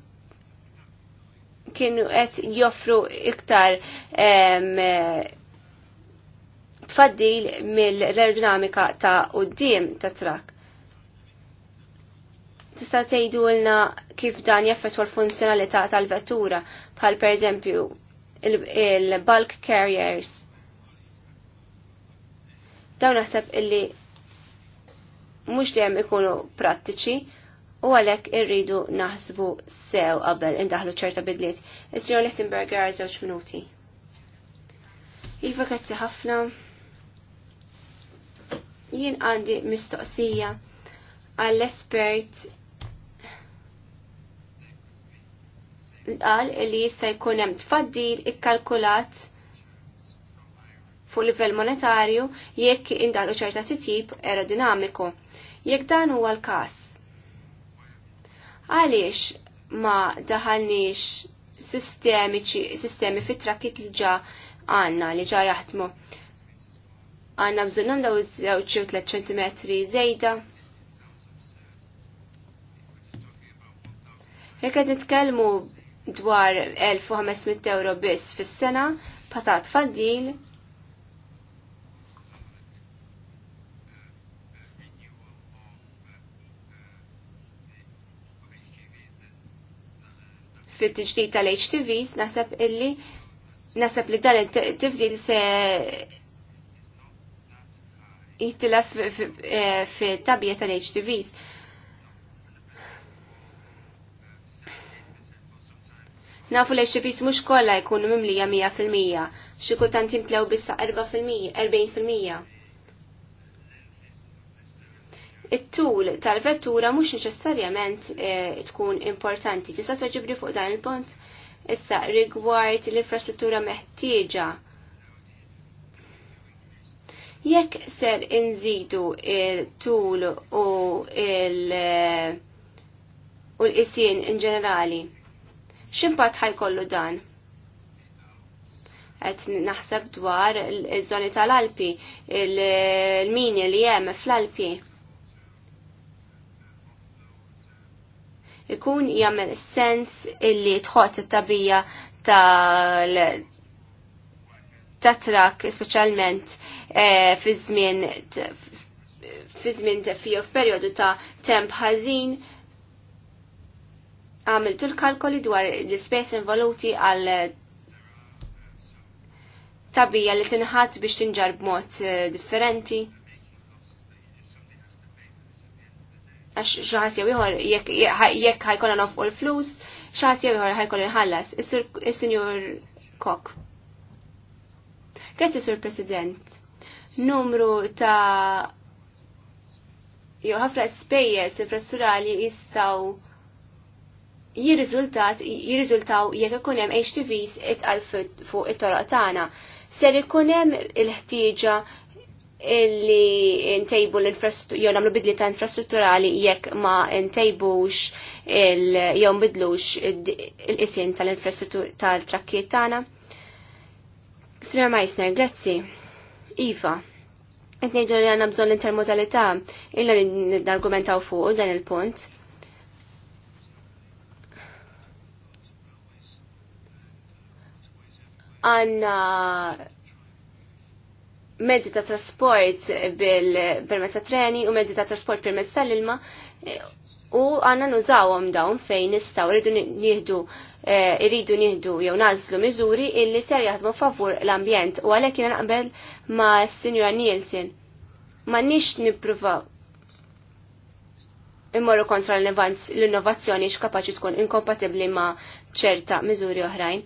kienu qed joffru iktar tfaddil mill-aerodinamika ta' qudiem ta' trak. Tista' tgħidulna kif dan jaffettwa l-funzjonalità tal-vettura bħal pereżempju il-bulk carriers. Dawn naħseb illi mhux dejjem ikunu prattiċi u għalhekk irridu naħsbu sew qabel indaħlu ċerta bidliet. Is-Sir Lichtenberger żewġ minuti. Iva grazzi ħafna jien għandi mistoqsija għall-espert qal li jista' jkun hemm tfaddil ikkalkulat fuq livell monetarju jekk indalu ċerta titjib aerodinamiku. Jekk dan huwa l-każ. Għaliex ma daħalniex sistemi fit trakkit li ġa għanna li ġa jaħdmu għanna bżonnum daw iż-żewġ 3 cm zejda. Jekk qed nitkellmu dwar 1500 euro biss fis-sena patat faddil fit-tiġdid tal-HTVs naħseb illi naħseb li dan it-tifdil se jittilef fi e, tabija tal-HTVs. Nafu l-HTVs mux kolla jkunu mimlija 100%, xie kultant jimtlew bissa 4%, 40%. It-tul tal-vettura mux neċessarjament e, tkun importanti, tista' tweġibri fuq dan il-pont issa rigward l-infrastruttura meħtieġa Jekk ser inżidu il-tul u il- u l isin in ġenerali, ximpat ħajkollu dan? qed naħseb dwar iż-żoni tal-Alpi, il-mini li hemm fl-Alpi. Ikun jagħmel sens illi tħot it-tabija tal tatrak speċjalment eh, fi żmien fi żmien fih f'perjodu ta' temp ħażin għamiltu l-kalkoli dwar l-ispejs involuti għal tabija li tinħat biex tinġar b'mod eh, differenti. Għax xaħat jew ieħor jekk ħajkollha nofqu l-flus, xaħat jew ieħor ħajkoll inħallas. Is-Sinjur Kok. Grazie, Sur President. Numru ta' jew ħafna spejjeż infrastrutturali jistgħu jirriżultat jirriżultaw jekk ikun hemm HTVs itqal fuq it-toroq tagħna. Ser ikun hemm il-ħtieġa illi ntejbu l-infrastruttura, jew nagħmlu bidli ta' infrastrutturali jekk ma ntejbux jew nbidlux il-qisien tal-infrastruttura tal-trakkiet tagħna. Sra Meissner, grazzi. Iva, qed ngħidu li għandna bżonn l-intermodalità illa li nargumentaw fuq dan il-punt. Għanna mezzi ta' trasport bil-permezz ta' treni u mezzi ta' trasport permezz tal-ilma e, u għanna nużawhom dawn fejn nistgħu rridu nieħdu Eh, iridu nieħdu jew nażlu miżuri illi ser jaħdmu favur l-ambjent u għalhekk jiena naqbel ma' Sinjura Nielsen. M'għandniex nippruvaw immorru kontra l-innovazzjoni x'kapaċi tkun inkompatibbli ma' ċerta miżuri oħrajn.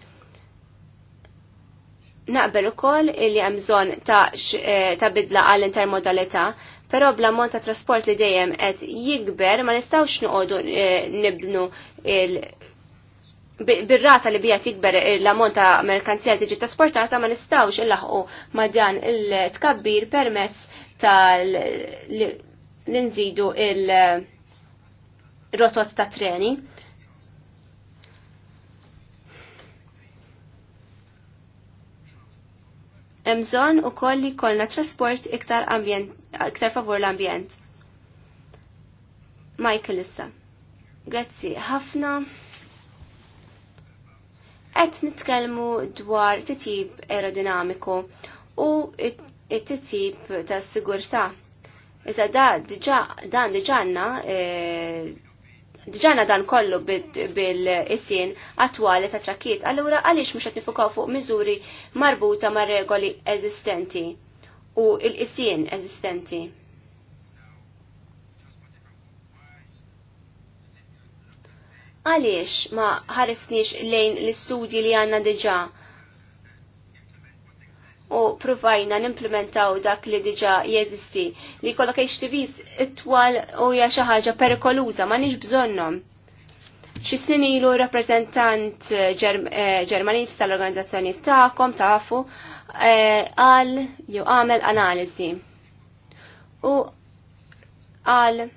Naqbel ukoll illi hemm bżonn ta', eh, ta bidla għall intermodalità però bla mont ta' trasport li dejjem qed jikber ma nistgħux noqogħdu eh, nibnu il- bir-rata li bija tikber l-ammont ta' merkanzija tiġi trasportata ma nistawx il-laħqu ma' dan il-tkabbir permezz tal l-inżidu il-rotot ta' treni. Emżon u koll li kollna trasport iktar, ambient, iktar favor l-ambjent. Michael issa. Grazzi ħafna qed nitkellmu dwar titjib aerodinamiku u it-titjib ta' sigurtà. Iżda da diġa dan diġanna e, diġanna dan kollu bil-issin attwali ta' trakkiet, allura għaliex mhux qed nifukaw fuq miżuri marbuta ma' regoli eżistenti u l-isien eżistenti. għaliex ma ħaresniex lejn l-istudji li għanna diġa u provajna nimplementaw dak li diġa jeżisti li kollok HTVs it-twal u hija xi ħaġa perikoluża ma nix bżonnhom. Xi snin ilu rappreżentant eh, eh, Ġermaniż tal-organizzazzjoni tagħkom tafu eh, għal jew għamel analiżi. U għal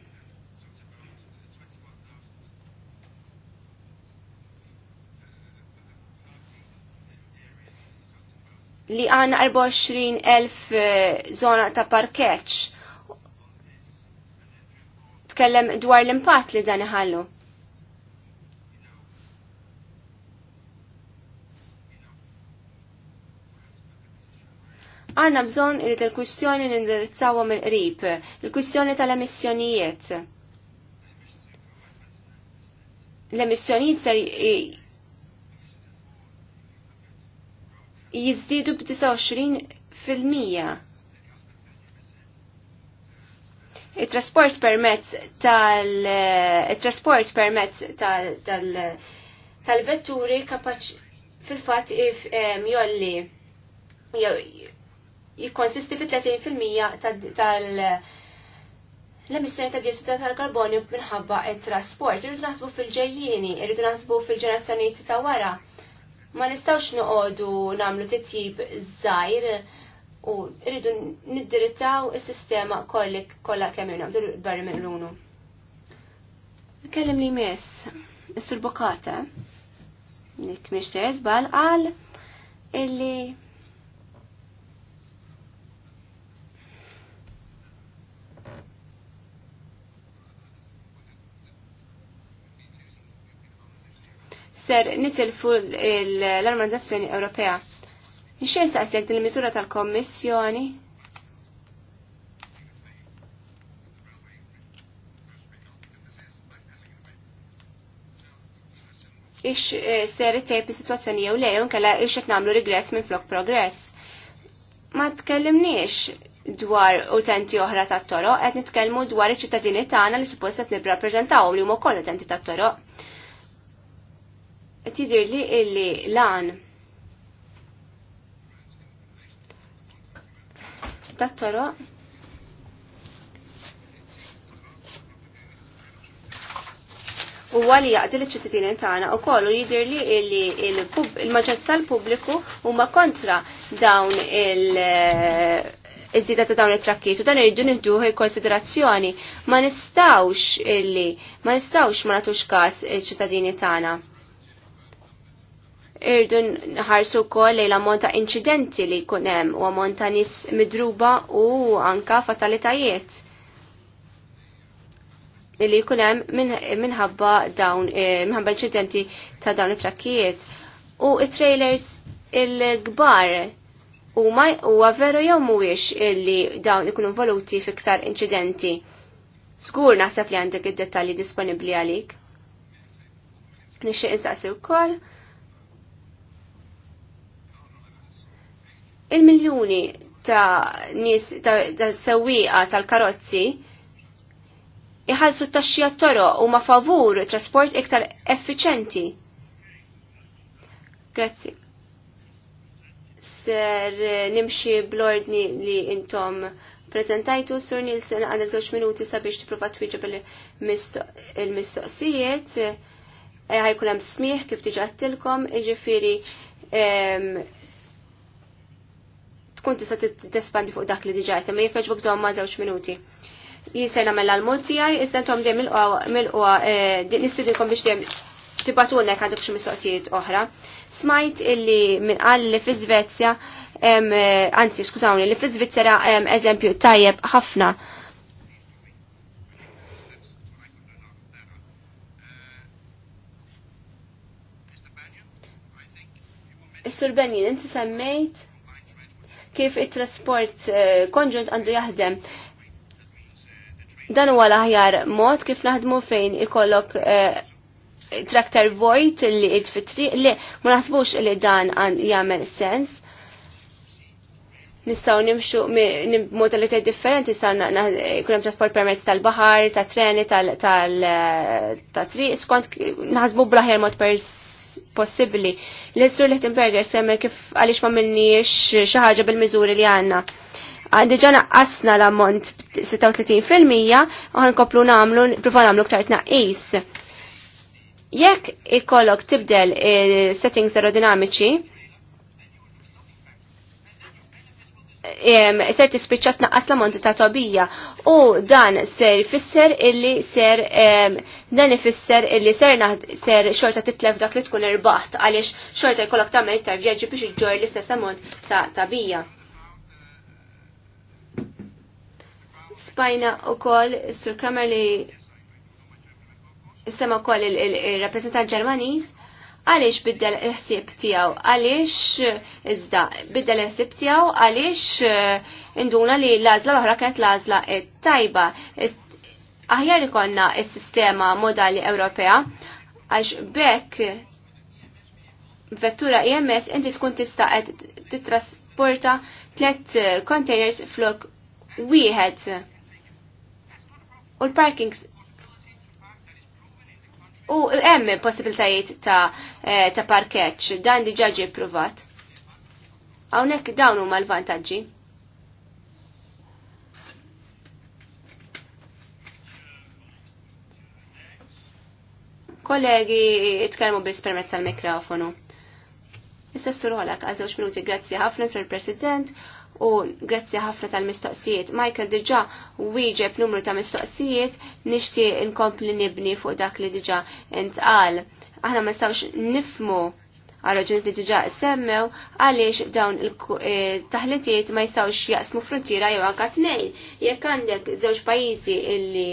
li għanna 24.000 eh, zona ta' parkeċ. Tkellem dwar l-impatt li dan iħallu. Għanna bżon li tal-kwistjoni nindirizzawa minn qrib il-kwistjoni tal-emissjonijiet. L-emissjonijiet ser jizdidu b-29%. Il-trasport permezz tal il-trasport permezz tal tal-vetturi kapaċ fil-fatt if um, jolli jikonsisti fit-30% tal-, tal l-emissjoni ta' diossidu tal-karbonju minħabba il trasport Irridu naħsbu fil-ġejjieni, irridu naħsbu fil-ġenerazzjonijiet ta' wara. Ma nistawx noqogħdu nagħmlu titjib żgħir u rridu niddirittaw is-sistema kollik kollha kemm hemm nagħmlu barri minn lunu. Kellim li miss, is-surbokata, nik miex ser qal illi ser nitilfu l-armonizzazzjoni Ewropea. Nixxen saqsek din il-miżura tal-Kommissjoni ix eh, ser tejp situazzjoni jew le, unkella ix qed nagħmlu regress minn flok progress. Ma tkellimniex dwar utenti oħra tat-toroq, qed nitkellmu dwar iċ-ċittadini tagħna li suppost qed nippreżentawhom li huma wkoll utenti tat-toroq tidir li illi lan tattoro u għali jaqdi l-ċittadini tagħna u kollu jidir li il-maġġoranza tal-pubbliku huma kontra dawn il- iż ta' dawn it-trakkiet u dan irridu nieħduh konsiderazzjoni ma nistgħux illi ma nistgħux ma nagħtux każ iċ-ċittadini tagħna irdu nħarsu kol li l-ammont ta' incidenti li kunem u ammonta' nis midruba u anka fatalitajiet li kunem minħabba min dawn eh, minħabba incidenti ta' dawn it-trakkijiet u it-trailers il-gbar u ma u veru jew mhuwiex illi dawn ikunu voluti fiktar incidenti. Skur naħseb li għandek id-dettalji disponibbli għalik. Nixtieq insaqsi wkoll. il miljoni ta' nis ta', ta sewwieqa tal-karozzi iħallsu t-taxxija toro u ma' favur trasport iktar effiċenti. Grazzi. Ser eh, nimxi blordni li intom prezentajtu Sur Nilsen għal żewġ minuti sabiex t twieġeb il-mistoqsijiet eh, ħajkun hemm smieħ kif ġattilkom jiġifieri tkun tista' tespandi fuq dak li diġà qed ma jekk jogħġbok żomm ma' żewġ minuti. Jisir nagħmel l-mod tiegħi, iżda intom dejjem milqwa eh, nistidilkom biex dejjem tibatulna jekk għandek xi mistoqsijiet oħra. Smajt illi min qal li fi Svezja eh, anzi skużawni li fi Svizzera eżempju tajjeb ħafna. Is-Sur Benjin, inti semmejt kif it-trasport eh, konġunt għandu jaħdem. Dan huwa l-aħjar mod kif naħdmu fejn ikollok eh, traktar vojt li id fitri li ma naħsbux li dan jagħmel sens. Nistgħu nimxu modalità differenti sa jkun hemm trasport permezz tal-baħar, tal treni, eh, tal-triq skont naħsbu b'laħjar mod pers possibbli. L-Sur Lichtenberger semmer kif għaliex ma minniex xi ħaġa bil-miżuri li għandna. Għandi ah, ġana qasna l-ammont 36% u koplu namlu, prifan namlu ktar tnaqis. Jekk ikollok tibdel eh, settings aerodinamiċi, ser tispiċċa tnaqqas la monti ta' tobija u dan ser fisser illi ser dan ifisser illi ser ser xorta titlef dak li tkun irbaħt għaliex xorta jkollok tagħmel iktar vjaġġi biex iġġor l-istess ammont ta' tobija. Spajna u koll Sur Kramer li sema wkoll il-rappreżentant Ġermaniż Għaliex biddel il-ħsieb tiegħu? Għaliex iżda biddel il-ħsieb tiegħu għaliex eh, induna li l-għażla l-oħra kienet l-għażla tajba. Aħjar ikonna s-sistema modali Ewropea għax bekk vettura IMS e inti tkun tista' qed titrasporta tlet eh, containers flok wieħed. U l-parkings U hemm possibiltajiet ta', eh, ta parkeċ, dan diġa ġi provat. Hawnhekk dawn huma l-vantaġġi. Kollegi itkellmu biss permezz tal-mikrofonu. Issa s-surħolak għal żewġ minuti, grazzi ħafna, Sur President u grazzi ħafna tal-mistoqsijiet. Michael diġa wieġeb numru ta' mistoqsijiet nixtieq inkompli nibni fuq dak li diġa intqal. Aħna ma nistgħux nifmu għal-raġuni li diġa semmew għaliex dawn il-taħlitiet eh, ma jistawx jaqsmu frontiera jew anka tnejn. Jekk għandek żewġ pajjiżi illi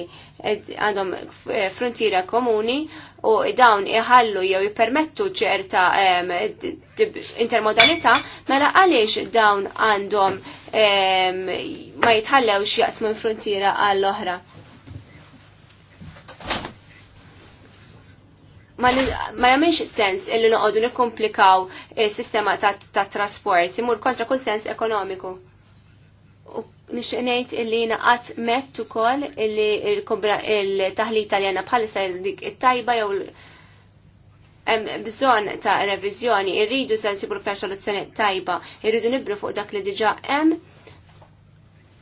għandhom eh, frontiera komuni u dawn iħallu jew jippermettu ċerta intermodalità, mela għaliex dawn għandhom ma jitħallewx jaqsmu frontiera għall-oħra. ma jamilx sens illi noqogħdu nikkomplikaw is-sistema ta' trasport, imur kontra kull sens ekonomiku. U nixtieq ngħid illi naqat mett ukoll illi il-taħlit italjana bħalissa dik it-tajba jew bżonn ta' reviżjoni, irridu sensibu l soluzzjoni tajba, irridu nibru fuq dak li diġà hemm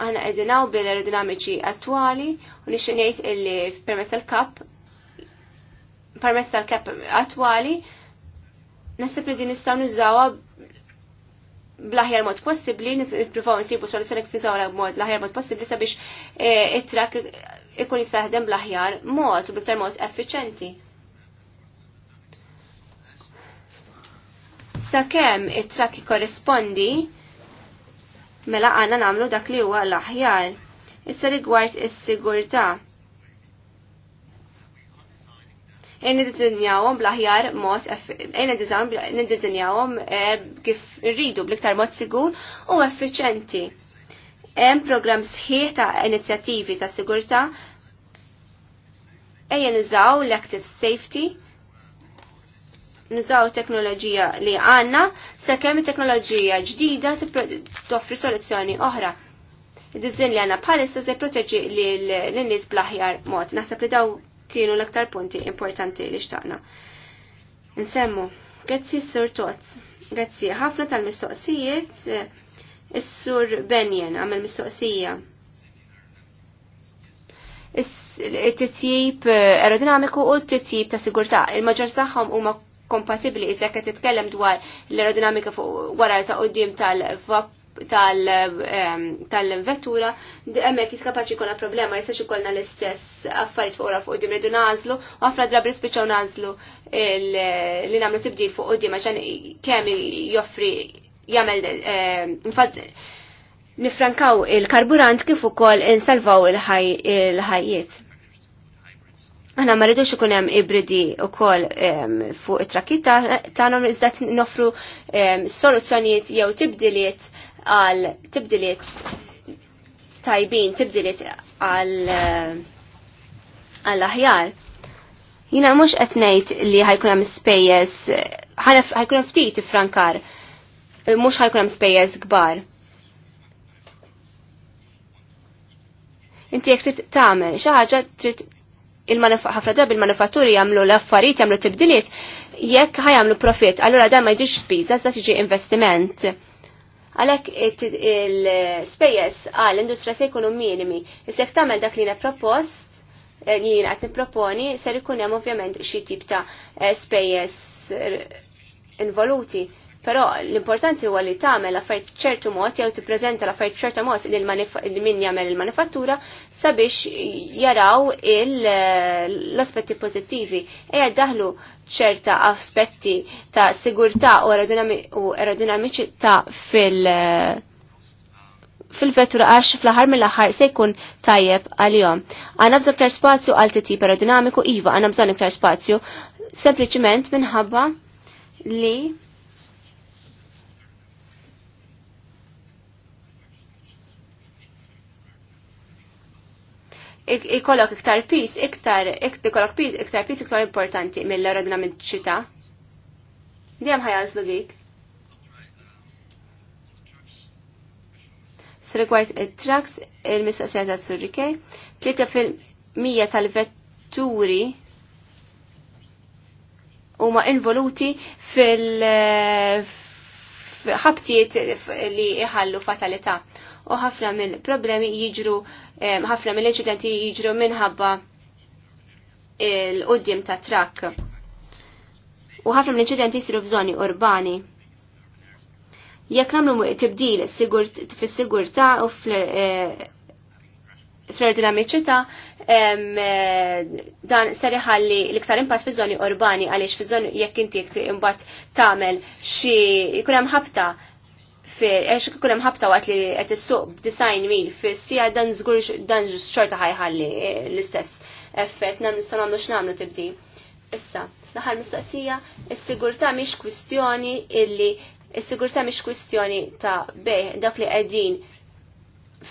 għana edinaw bil aerodinamiċi attuali u nixinejt illi permess tal-kap permezz tal kep attwali nasib li din nistgħu nizzawa bl-aħjar mod possibbli, nifrifaw nsibu soluzjoni kif nizzawa l-aħjar mod possibbli sabiex e, it-trak ikun jista'ħdem bl-aħjar mod u biktar mod effiċenti. Sakemm it-trak korrispondi mela għandna nagħmlu dak li huwa l-aħjar. Issa rigward is-sigurtà. nidizinjawhom bl mod eh, kif rridu bl-iktar mod sigur u effiċenti. Hemm programm sħiħ ta' inizjattivi ta' sigurtà ejja nużaw l-active safety nużaw teknoloġija li għanna sakemm teknoloġija ġdida toffri soluzzjoni oħra. Id-dizzin li għanna bħalissa se proteġi li l-nis blaħjar mod. Naħseb li daw kienu l-aktar punti importanti li xtaqna. Nsemmu, grazzi s-sur Tots, grazzi ħafna tal-mistoqsijiet, eh, s-sur Benjen għamil mistoqsija. Is-titjib eh, aerodinamiku u t-titjib ta' sigurtà, il-maġġor tagħhom huma kompatibli iżda qed titkellem dwar l-aerodinamika fuq wara ta' qudiem tal vap tal-vettura, emmek jiskapaxi kolla problema, jistax ikollna l-istess affarijiet fuq fuq qudiem rridu nażlu, u ħafna drabi nispiċċaw nazlu li nagħmlu tibdil fuq qudiem għaxan kemm joffri jagħmel nifrankaw il-karburant kif ukoll insalvaw il-ħajjiet. Aħna ma rridux ikun hemm ibridi wkoll fuq it-trakkiet tagħhom iżda nofru soluzzjonijiet jew tibdiliet għal tibdiliet tajbin, tibdiliet għal aħjar. Jina mux etnejt li ħajkun għam spejjeż ħajkun għam ftit frankar, mhux ħajkun għam spejjes kbar. Inti jekk trid tagħmel xi ħaġa trid ħafna drabi il-manufatturi jagħmlu l-affarijiet jagħmlu tibdiliet jekk ħajamlu profit, allura dan ma jiġix spiża, sa tiġi investiment. Għalek il-spejjes għal-industrija se jkunu minimi. Issek tagħmel dak li propost eh, li jien qed nipproponi ser ikun hemm ovvjament xi tip ta' eh, spejjeż involuti. Però l-importanti huwa li tagħmel affarijiet ċertu mod jew tippreżenta l-affarijiet ċertu mod lil min jagħmel il-manifattura sabiex jaraw eh, l-aspetti pożittivi. Ejja daħlu ċerta aspetti ta' sigurtà u aerodinamiċità fil- eh, fil-vettura għax fl-ħar mill-ħar se jkun tajjeb għal-jom. Għanna bżon iktar spazju għal titip aerodinamiku, iva, għanna bżon iktar spazju, sempliċement minħabba li ikollok iktar pis, iktar, ikollok iktar pis iktar importanti mill-aerodinamiċità. Dejjem ħajazlu dik. Sregwart il traks il-mistoqsija ta' surrike, 3% tal-vetturi huma involuti fil- ħabtiet li iħallu fatalità u ħafna mill-problemi jiġru, eh, ħafna mill-inċidenti jiġru minħabba l-qoddim ta' trakk. U ħafna mill-inċidenti jisiru f'żoni urbani. Jekk nagħmlu tibdil fis-sigurtà u eh, fl-aerodinamiċità, eh, dan ser iħalli l-iktar impatt fi żoni urbani għaliex fi żoni jekk inti imbagħad tagħmel xi jkun hemm ħabta fil għax kullem ħabta waqt li qed issuq design mil fis-sija dan żgur dan xorta ħajħalli e, l-istess effett nam nista' nagħmlu x'nagħmlu tibdil. Issa, naħal mistoqsija, is-sigurtà mhix kwistjoni illi s sigurtà mhix kwistjoni ta' beħ dak li qegħdin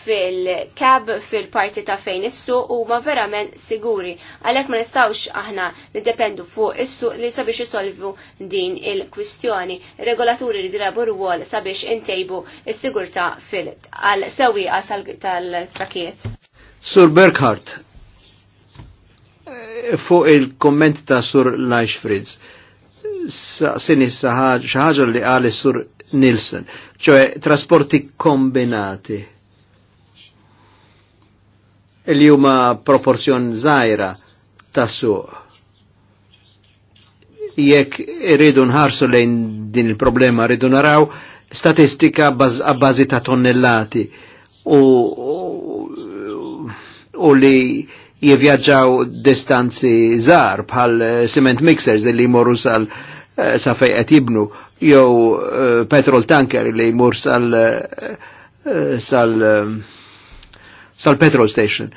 fil-kab fil-parti ta' fejn issu u ma verament siguri. Għalek ma nistawx aħna nidependu fuq issu li sabiex jisolvu din il-kwistjoni. Regolaturi li drabu rwol sabiex intejbu il sigurta fil-sewija tal-trakiet. Sur Berghardt, eh, fuq il-komment ta' Sur Leichfrieds, sini xaħġa li għali Sur Nilsen, ċoħe trasporti kombinati li huma proporzjon żgħira tas-suq. Jekk irridu nħarsu lejn din il-problema rridu naraw statistika bazi ta' tonnellati u, u li jivjaġġaw distanzi żgħar bħal cement mixers li jmorru sal eh, sa fejqet jibnu jew eh, petrol tanker li jmur sal eh, sal, sal sal-petrol station.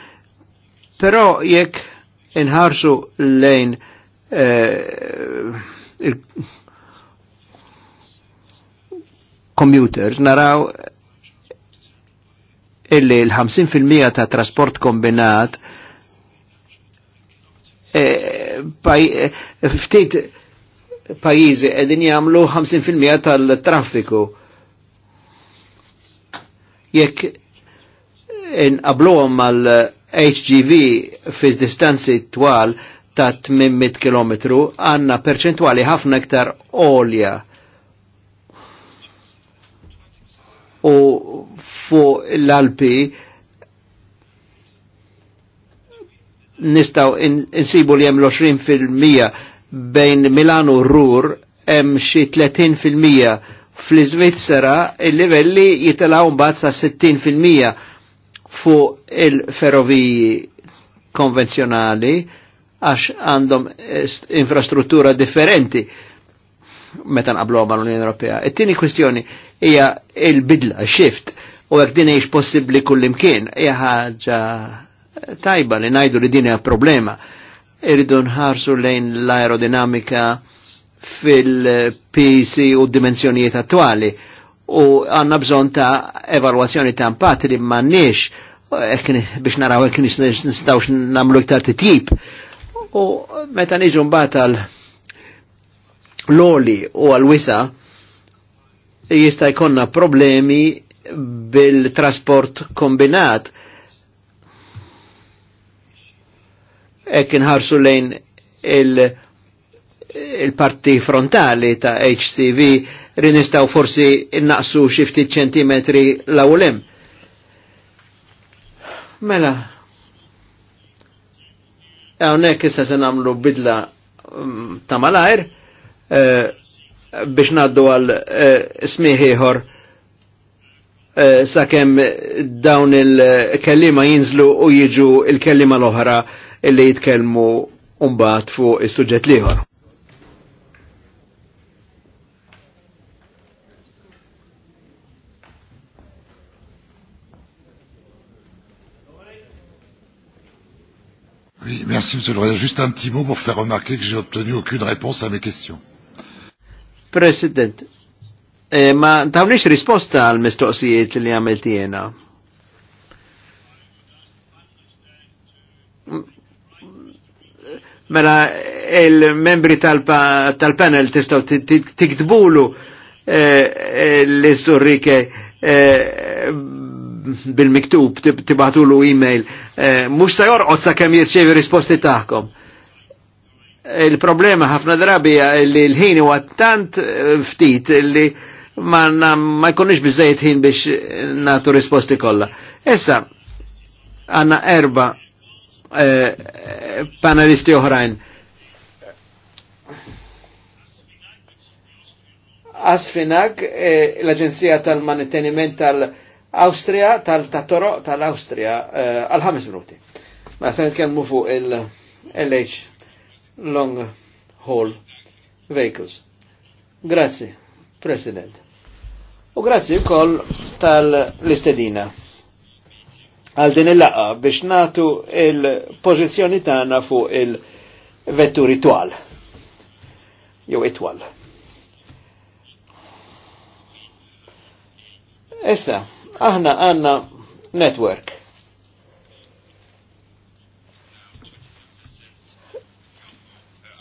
Però jekk inħarsu lejn eh, commuters naraw illi l-50% ta' trasport kombinat eh, eh, ftit pajizi edin jamlu 50% tal-traffiku. Jekk inqabluhom mal-HGV eh, fi distanzi twal ta' 800 km għanna perċentwali ħafna iktar olja. U fuq l-Alpi nistaw insibu li hemm l-20% bejn Milano u Rur hemm xi 30% fl-Iżvizzera il-livelli jitilgħu mbagħad sa 60% fuq il-ferroviji konvenzjonali għax għandhom infrastruttura differenti meta nqablu għamal l-Unjoni Ewropea. It-tieni kwestjoni hija il-bidla, shift, u għak din eħx possibbli kullimkien, hija ħaġa tajba li najdu li din hija problema. Irridu nħarsu lejn l-aerodinamika fil-PC u d-dimensjonijiet attwali u għanna bżon ta' evalwazzjoni ta' impatt li m'għandniex eh, biex naraw hekk nistawx nagħmlu iktar titjib. U meta niġu mbagħad għal oli u għal wisa jista' jkollna problemi bil-trasport kombinat. Hekk inħarsu lejn il- il-parti frontali ta' HCV rinistaw forsi innaqsu xifti ċentimetri l-awlem. Mela, għonek issa se namlu bidla mm, ta' malajr eh, biex naddu għal eh, smiħiħor eh, sakemm dawn il-kellima jinżlu u jiġu il-kellima l-oħra illi jitkellmu umbat fuq is-suġġett liħor. Oui, merci Monsieur le Président. Juste un petit mot pour faire remarquer que j'ai obtenu aucune réponse à mes questions. Président, eh, ma tawniex risposta għal mistoqsijiet li għamilt jena. Mela il-membri tal-panel testaw tiktbulu eh, eh, l-surrike bil-miktub tibatulu e-mail, eh, mux sa jorqot sa kem jirċevi risposti taħkom. Il-problema ħafna drabi li l-ħin huwa tant eh, ftit li ma, ma jkunniex bizzejt ħin biex natu risposti kollha. Issa, għanna erba eh, panelisti oħrajn. Asfinak, l-Aġenzija tal-Manteniment tal-, -manteniment tal Austria tal tattoro tal-Austria eh, għal ħames minuti. Ma se nitkellmu fuq il-LH Long Haul Vehicles. Grazzi, President. U grazzi wkoll tal listedina għal din il laqqa biex natu il pozizjoni tana fuq il-vetturi twal. Jew itwal. Issa, Aħna għanna network.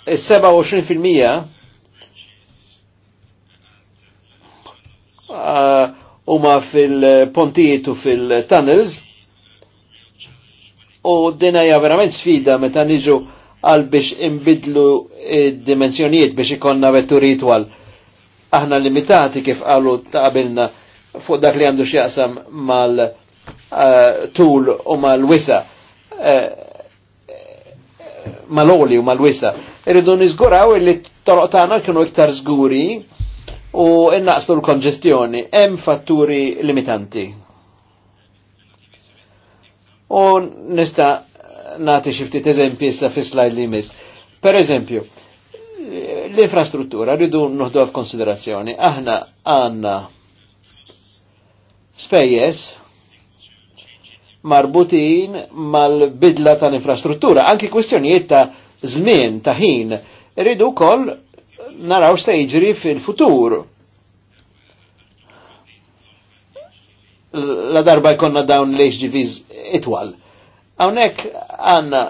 Is-27% uh, huma fil-pontijiet u fil-tunnels u dinajja verament sfida meta niġu għal biex imbidlu dimensjonijiet biex ikonna vetturi twal. Aħna limitati kif qalu ta' qabilna fuq dak li għandu xieqsam mal-tul eh, u mal-wisa, eh, mal-oli u mal-wisa. Irridu nizguraw li toroq tagħna kienu iktar żguri u innaqslu l-konġestjoni, hemm fatturi limitanti. U nista' nagħti xi ftit eżempji issa fi slide li miss. Per eżempju, l-infrastruttura rridu noħdu f'konsiderazzjoni. Aħna għandna spejjes marbutin mal-bidla tal-infrastruttura, anki kwistjonijiet ta' żmien ta' ħin. Rridu wkoll naraw se jiġri fil-futur. La darba jkonna dawn l-HGVs itwal. Hawnhekk għandna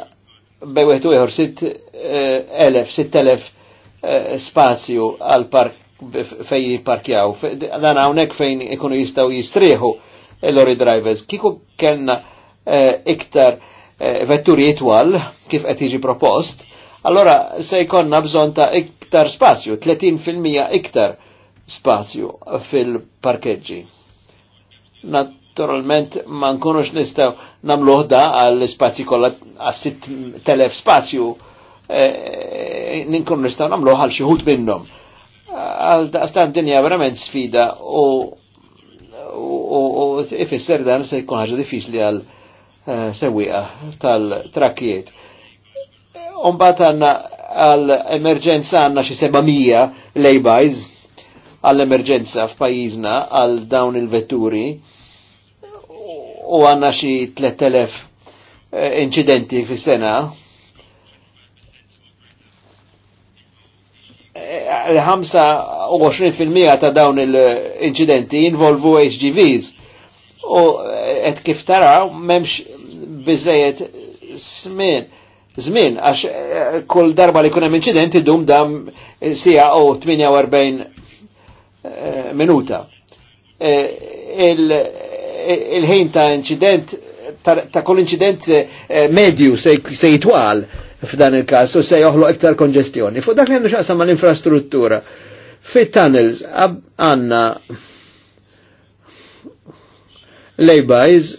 bej wieħed sit 6,000 eh, eh, spazju għal park fej jipparkjaw, dan hawnhekk fejn ikunu jistgħu jistrieħu lorry drivers. Kiku kellna eh, iktar eh, vetturi itwal kif qed jiġi propost, allora se jkollna bżonn ta' iktar spazju, 30% iktar spazju fil-parkeġġi. Naturalment ma nkunux nistgħu namluħ da għall spazju kollha għas 6000 spazju ninkun eh, nistgħu namluħ għal xi ħut minnhom għal daqstan dinja verament sfida u u ifisser dan se jkun ħaġa diffiċli għal eh, sewwieqa tal-trakkijiet. Umbat għanna għal emerġenza għanna xi seba' mija lejbajs għall emerġenza f'pajjiżna għal dawn il-vetturi u għanna xi 3000 eh, incidenti fis-sena 25% ta' dawn il-incidenti involvu HGVs u eh, et kif taraw memx bizzejet smin zmin għax eh, kull darba li kunem incidenti dum dam sija u 48 eh, minuta il-ħin ta' incident ta' kull incident medju se jitwal f'dan il-kas u se joħlu iktar konġestjoni. Fuq dak li għandu xaqsam mal infrastruttura Fit-tunnels għanna lejbajz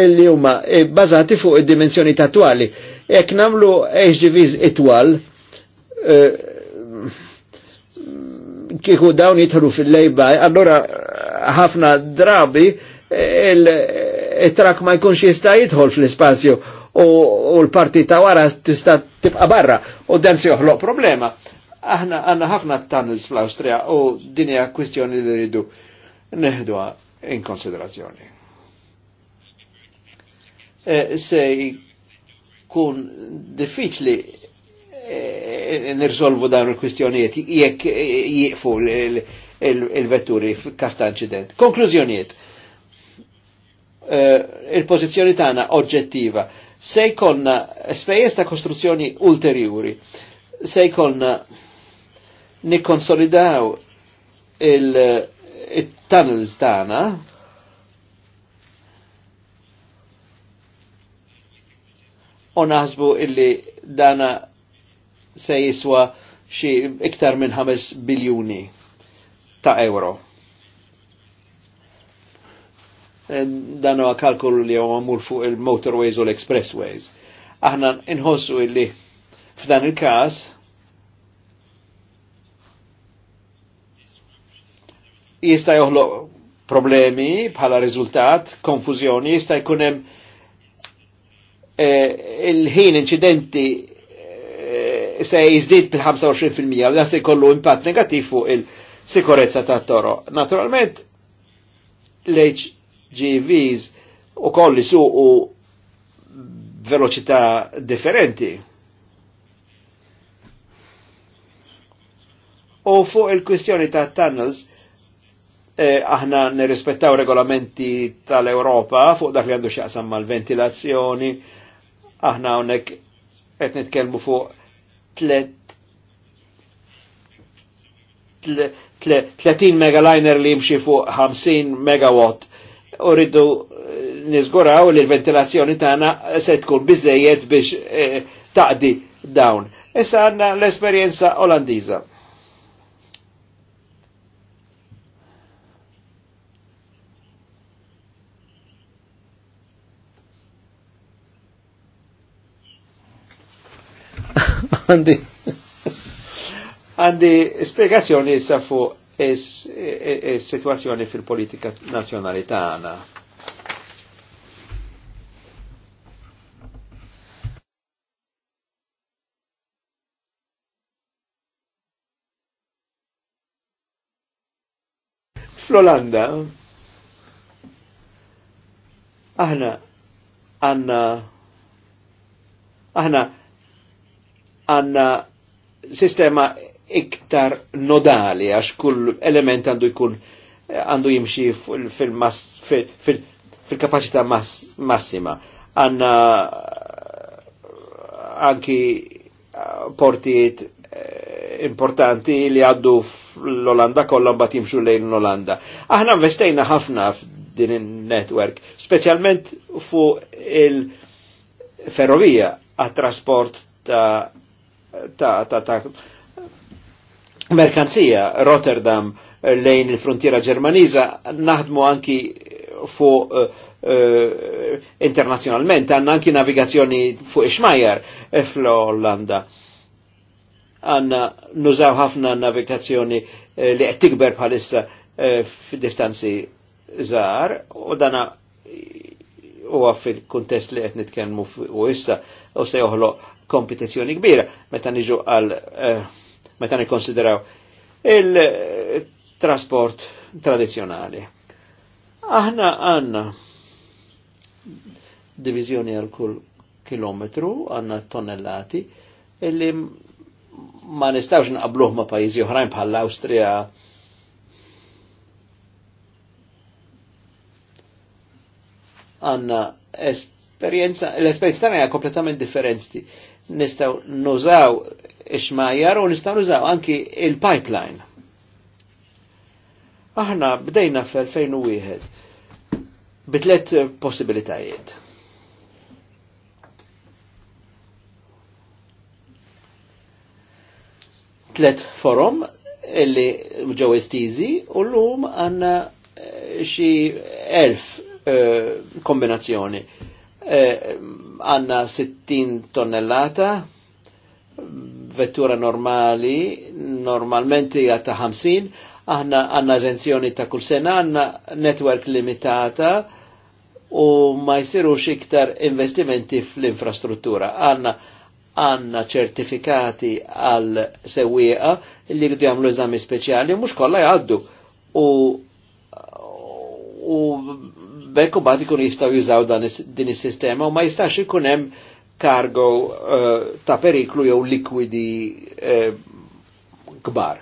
illi huma e eh, bazati fuq id-dimensjoni tatwali. Jekk namlu HGVs itwal, eh, kieku dawn jitħru fil-lejbaj, allora ħafna drabi eh, il-trak ma jkunx jista' jidħol fl-ispazju u l-parti ta' wara tista' tibqa' barra u dan se joħloq problema. Aħna għandna ħafna tunnels fl-Awstrija u din hija kwistjoni li rridu neħduha in konsiderazzjoni. E, se jkun diffiċli e, e dawn dan il-kwistjonijiet jekk jieqfu il-vetturi il il ta' incident. Konklużjonijiet Eh, il-pozizjoni tagħna oġġettiva. Se jkollna spejjeż ta' kostruzzjoni ulterjuri, se jkollna nikkonsolidaw il-tunnels tagħna u naħsbu illi dana se jiswa xi iktar minn 5 biljuni ta' euro. Eh, dan huwa kalkulu li huwa mamur fuq il-motorways u l-expressways. Aħna nħossu illi f'dan il-każ jista' joħloq problemi bħala riżultat, konfużjoni, jista' jkun hemm eh, il-ħin inċidenti eh, se jiżdied bil-25% u dan se jkollu impatt negattiv fuq il-sikurezza tat-toro. Naturalment, l GVs u kolli suqu veloċità differenti. U fuq il-kwistjoni ta' tunnels, eh, aħna nirrispettaw regolamenti tal-Europa fuq dak li għandu xaqsam mal-ventilazzjoni, aħna hawnhekk qed nitkellmu fuq tlet 30 megaliner li jimxi fuq 50 megawatt Uridu eh, nizguraw li l-ventilazzjoni tagħna se tkun biżejjed biex eh, taqdi dawn. Issa għandna l-esperjenza Olandiża. għandi spiegazzjoni issa fuq is-sitwazzjoni fil-politika nazjonali tagħna. Fl-Olanda, aħna għanna aħna għanna sistema iktar nodali għax kull element għandu jkun għandu jimxi fil kapacita massima. Għanna eh, anki eh, portiet eh, importanti li għaddu l-Olanda kollha mbagħad jimxu lejn l-Olanda. Aħna investejna ħafna f'din il network speċjalment fu il-ferrovija għat-trasport ta' ta' ta' ta' merkanzija Rotterdam eh, lejn il-frontiera ġermaniza naħdmu anki fuq uh, eh, uh, eh, internazjonalment, għanna anki navigazzjoni fuq Ixmajer fl-Ollanda. Għanna nużaw ħafna navigazzjoni eh, li qed tikber bħalissa eh, f'distanzi żgħar u dana huwa fil-kuntest li qed nitkellmu u issa u se joħloq kompetizzjoni kbira meta niġu għal eh, meta nikkonsideraw il-trasport tradizjonali. Aħna għanna divizjoni għal kull kilometru, għanna tonnellati, illi ma nistawx naqbluħ ma pajizi oħrajn bħal awstrija għanna esperienza, l-esperienza tana hija kompletament differenti nistaw nużaw ixmajjar u nistaw nużaw anki il-pipeline. Aħna bdejna fl-2001 bitlet possibilitajiet. Tlet forum illi ġew estizi u l-lum għanna xi elf eh, kombinazzjoni. Uh, Eh, għanna 60 tonnellata, vettura normali, normalment hija ta' 50, aħna għanna eżenzjoni ta' kull sena, għanna network limitata u ma jsirux iktar investimenti fl-infrastruttura. Għanna għanna ċertifikati għal sewieqa li jridu jagħmlu eżami speċjali mhux kollha jgħaddu. U u bekk u bat ikun jistaw jizaw din is-sistema u ma jistax ikun hemm kargo uh, ta' periklu jew likwidi uh, kbar.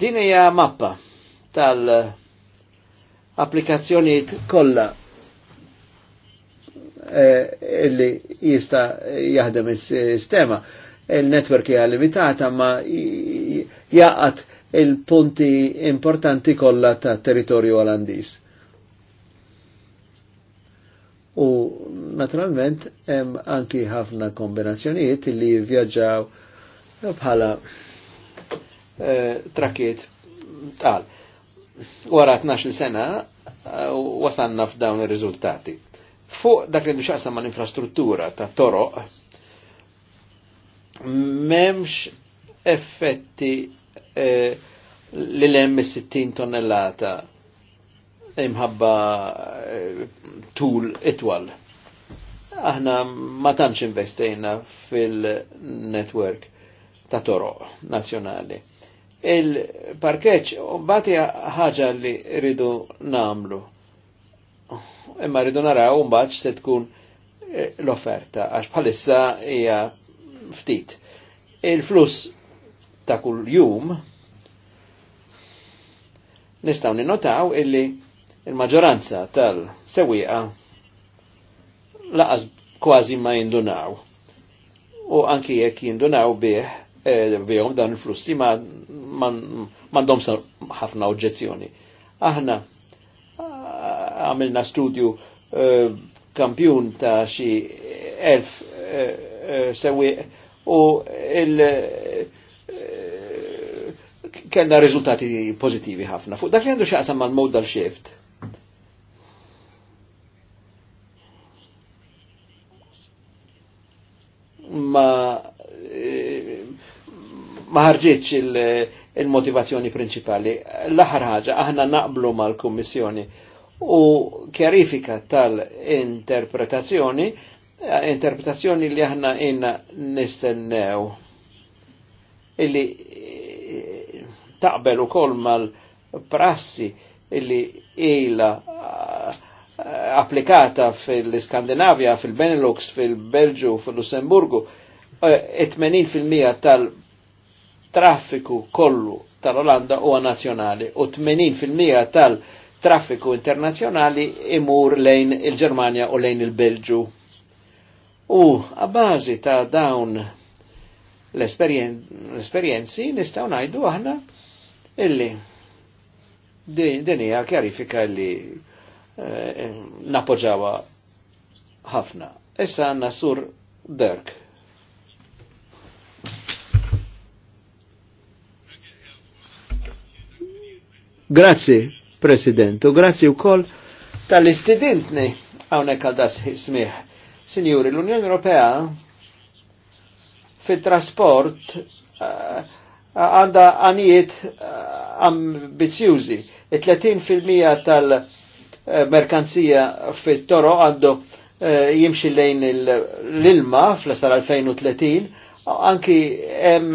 Din hija mappa tal applikazzjoniet kollha eh, illi jista jaħdem is-sistema. Il-netwerk hija limitata ma jaqat il-punti importanti kollha ta' territorju Olandiż. U naturalment hemm anki ħafna kombinazzjonijiet li vjaġġaw bħala eh, trakiet tal. Wara 12 sena eh, wasanna f'dawn ir-riżultati. Fuq dak li nixaqsam ma' l-infrastruttura ta' toroq, memx effetti eh, li l-M 60 tonnellata imħabba eh, tul itwal. Aħna ma tantx investejna fil-network ta' toroq nazzjonali. Il-parkeċ bati ħaġa li rridu namlu. Imma rridu naraw mbagħad se tkun eh, l-offerta għax bħalissa hija ftit. Il-fluss ta' kull jum nistaw ninnotaw illi il-maġoranza tal-sewiqa laqas kważi ma jindunaw. U anki jekk jindunaw bih, e, bihom dan il-flussi ma mandom ħafna oġġezzjoni. Aħna għamilna studju e, kampjun ta' xi elf e, sewiq u il kellna riżultati pozitivi ħafna. Fuq dak li għandu xaqsam mal-modal shift ma ħarġitx il-motivazzjoni prinċipali. L-aħħar ħaġa, aħna naqblu mal-Kummissjoni u kjarifika tal-interpretazzjoni, interpretazzjoni li aħna inna nistennew. Illi eh, taqbel u kol mal-prassi illi ila eh, applikata fil skandinavia fil-Benelux, fil-Belġu, fil-Lussemburgu, 80% eh, tal- traffiku kollu tal-Olanda huwa nazzjonali u 80% tal-traffiku internazzjonali imur lejn il germania u lejn il-Belġu. U bażi ta' dawn l l-esperjenzi nistaw ngħidu aħna illi din hija kjarifika li eh, napoġawa ħafna. Issa għanna sur Dirk. Grazzi, President, u grazzi wkoll tal-istidintni hawnhekk għal das Signori, Sinjuri, l-Unjoni Ewropea fit-trasport eh, għanda uh, għanijiet uh, eh, ambizjużi. 30% tal-merkanzija fit-toro għandu uh, jimxi lejn l-ilma fl-sar 2030, anki hemm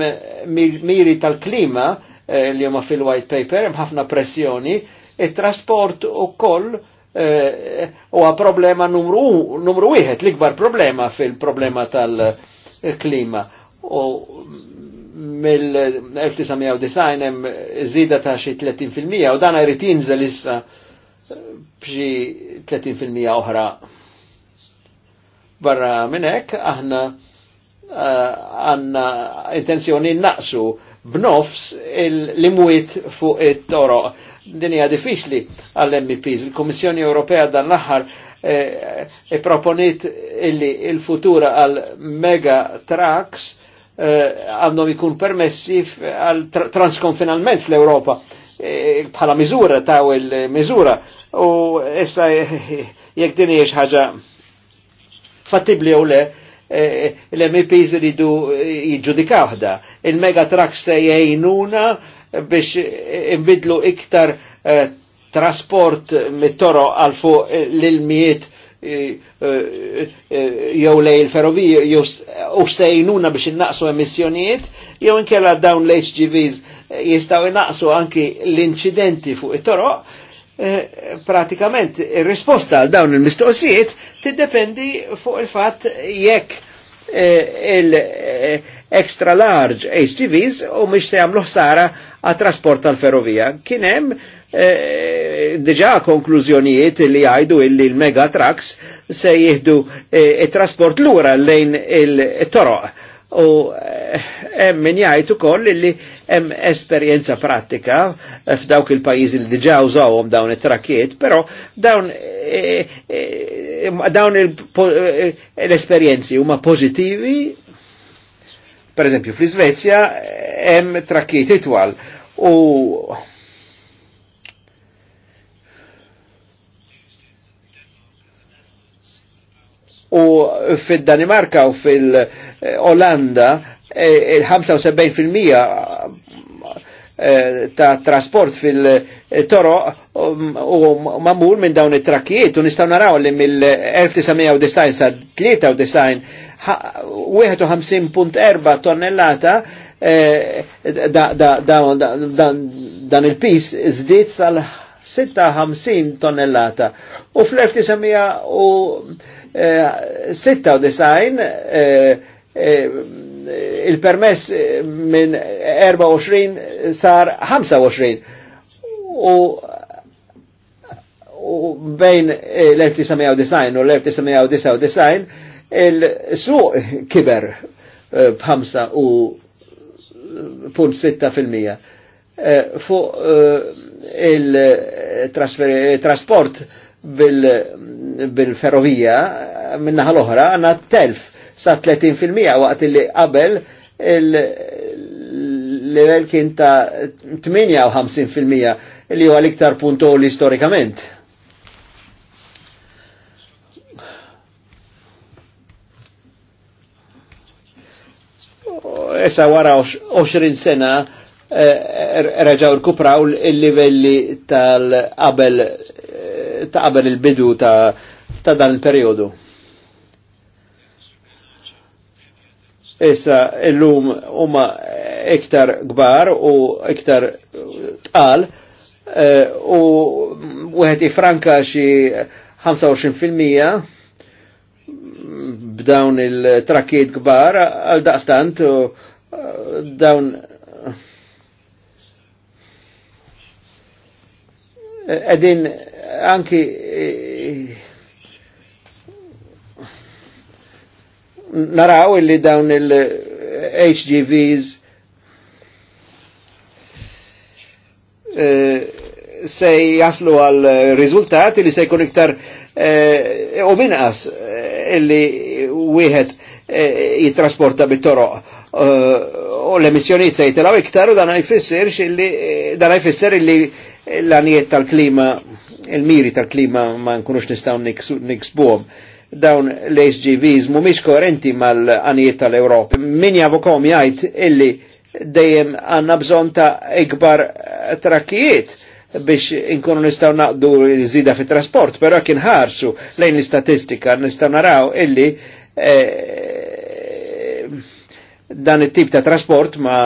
miri tal-klima Eh, li huma fil-white paper, hemm ħafna pressjoni, it-trasport ukoll eh, huwa problema numru numru wieħed l-ikbar problema fil-problema tal-klima. U mill-1990 hemm żieda ta' xi 30% u dan irid jinżel issa b'xi 30% oħra. Barra minn hekk aħna eh, għandna intenzjoni naqsu b'nofs l-imwiet fuq it-toro. Din hija diffiċli għall-MPs. Il-Kummissjoni Ewropea dan l-aħħar e, e illi il-futura għal mega trucks eh, għandhom ikun permessi għal transkonfinalment fl-Europa eh, bħala miżura ta' il-miżura u issa jek din hija ħaġa fattibli u le Eh, eh, l-MEPs ridu eh, jġudikawħda. Il-mega trucks se biex imbidlu iktar trasport mit-toro għal fuq l Miet jew lej il-ferroviji u sejnuna biex innaqsu emissjonijiet, jew inkella dawn l-HGVs jistaw innaqsu anki l-incidenti fuq it-toroq, Eh, pratikament ir-risposta għal dawn il-mistoqsijiet tiddependi fuq il-fatt jekk eh, il-extra eh, large HTVs u mhix se jagħmlu ħsara għat trasport tal-ferrovija. Kien hemm konklużjonijiet li għajdu illi l-mega trucks se jieħdu il trasport eh, lura lejn il-toroq. U hemm min jgħid ukoll illi Hemm esperjenza pratika f'dawk il-pajjiżi li diġà użawhom dawn it trakiet però dawn e, e, e, dawn l-esperjenzi huma pożittivi. Per eżempju, fl-Iżvezja hemm trakkiet itwal u u fil-Danimarka u fil-Olanda Eh, il-75% eh, ta' trasport fil-toro um, u mamur minn dawn it-trakkijiet u nistaw naraw li mill-1990 sa' 93 51.4 tonnellata eh, dan il-pis zdiet sal 56 tonnellata u fl-1996 il-permess eh, minn 24 sar 25 u u bejn eh, l 1999 u l-1999 il-suq kiber eh, b'5 u punt 6% fuq il-trasport bil-ferrovija minnaħal oħra għanna telf sa 30% waqt li qabel il-level kien ta' 58% li huwa l-iktar puntoli storikament. Issa wara 20 sena eh, reġaw er-, er-, rkupraw il-livelli tal-qabel eh, qabel il-bidu ta' dan il-periodu. issa illum huma iktar gbar u iktar tqal eh, u wieħed franka xi 25% b'dawn il-trakkiet kbar għal daqstant u eh, dawn eh, edin anki naraw illi dawn il-HGVs eh, eh, se jaslu għal riżultati li se jkun iktar eh, u minqas illi wieħed jitrasporta bit toro u l-emissjoniet se jitilaw iktar u dan jfisser illi dan jfisser illi l anijiet tal-klima il-miri tal-klima ma nkunux nistaw niksbuħom. Niks dawn l sgvs mumiex koerenti mal-għanijiet tal-Europa. Min javokom jgħid illi dejjem għanna bżon ta' ikbar eh, trakkijiet biex inkunu nistaw naqdu l-żida fit trasport pero kien ħarsu lejn l-istatistika nistaw naraw illi eh, dan it-tip ta' trasport ma,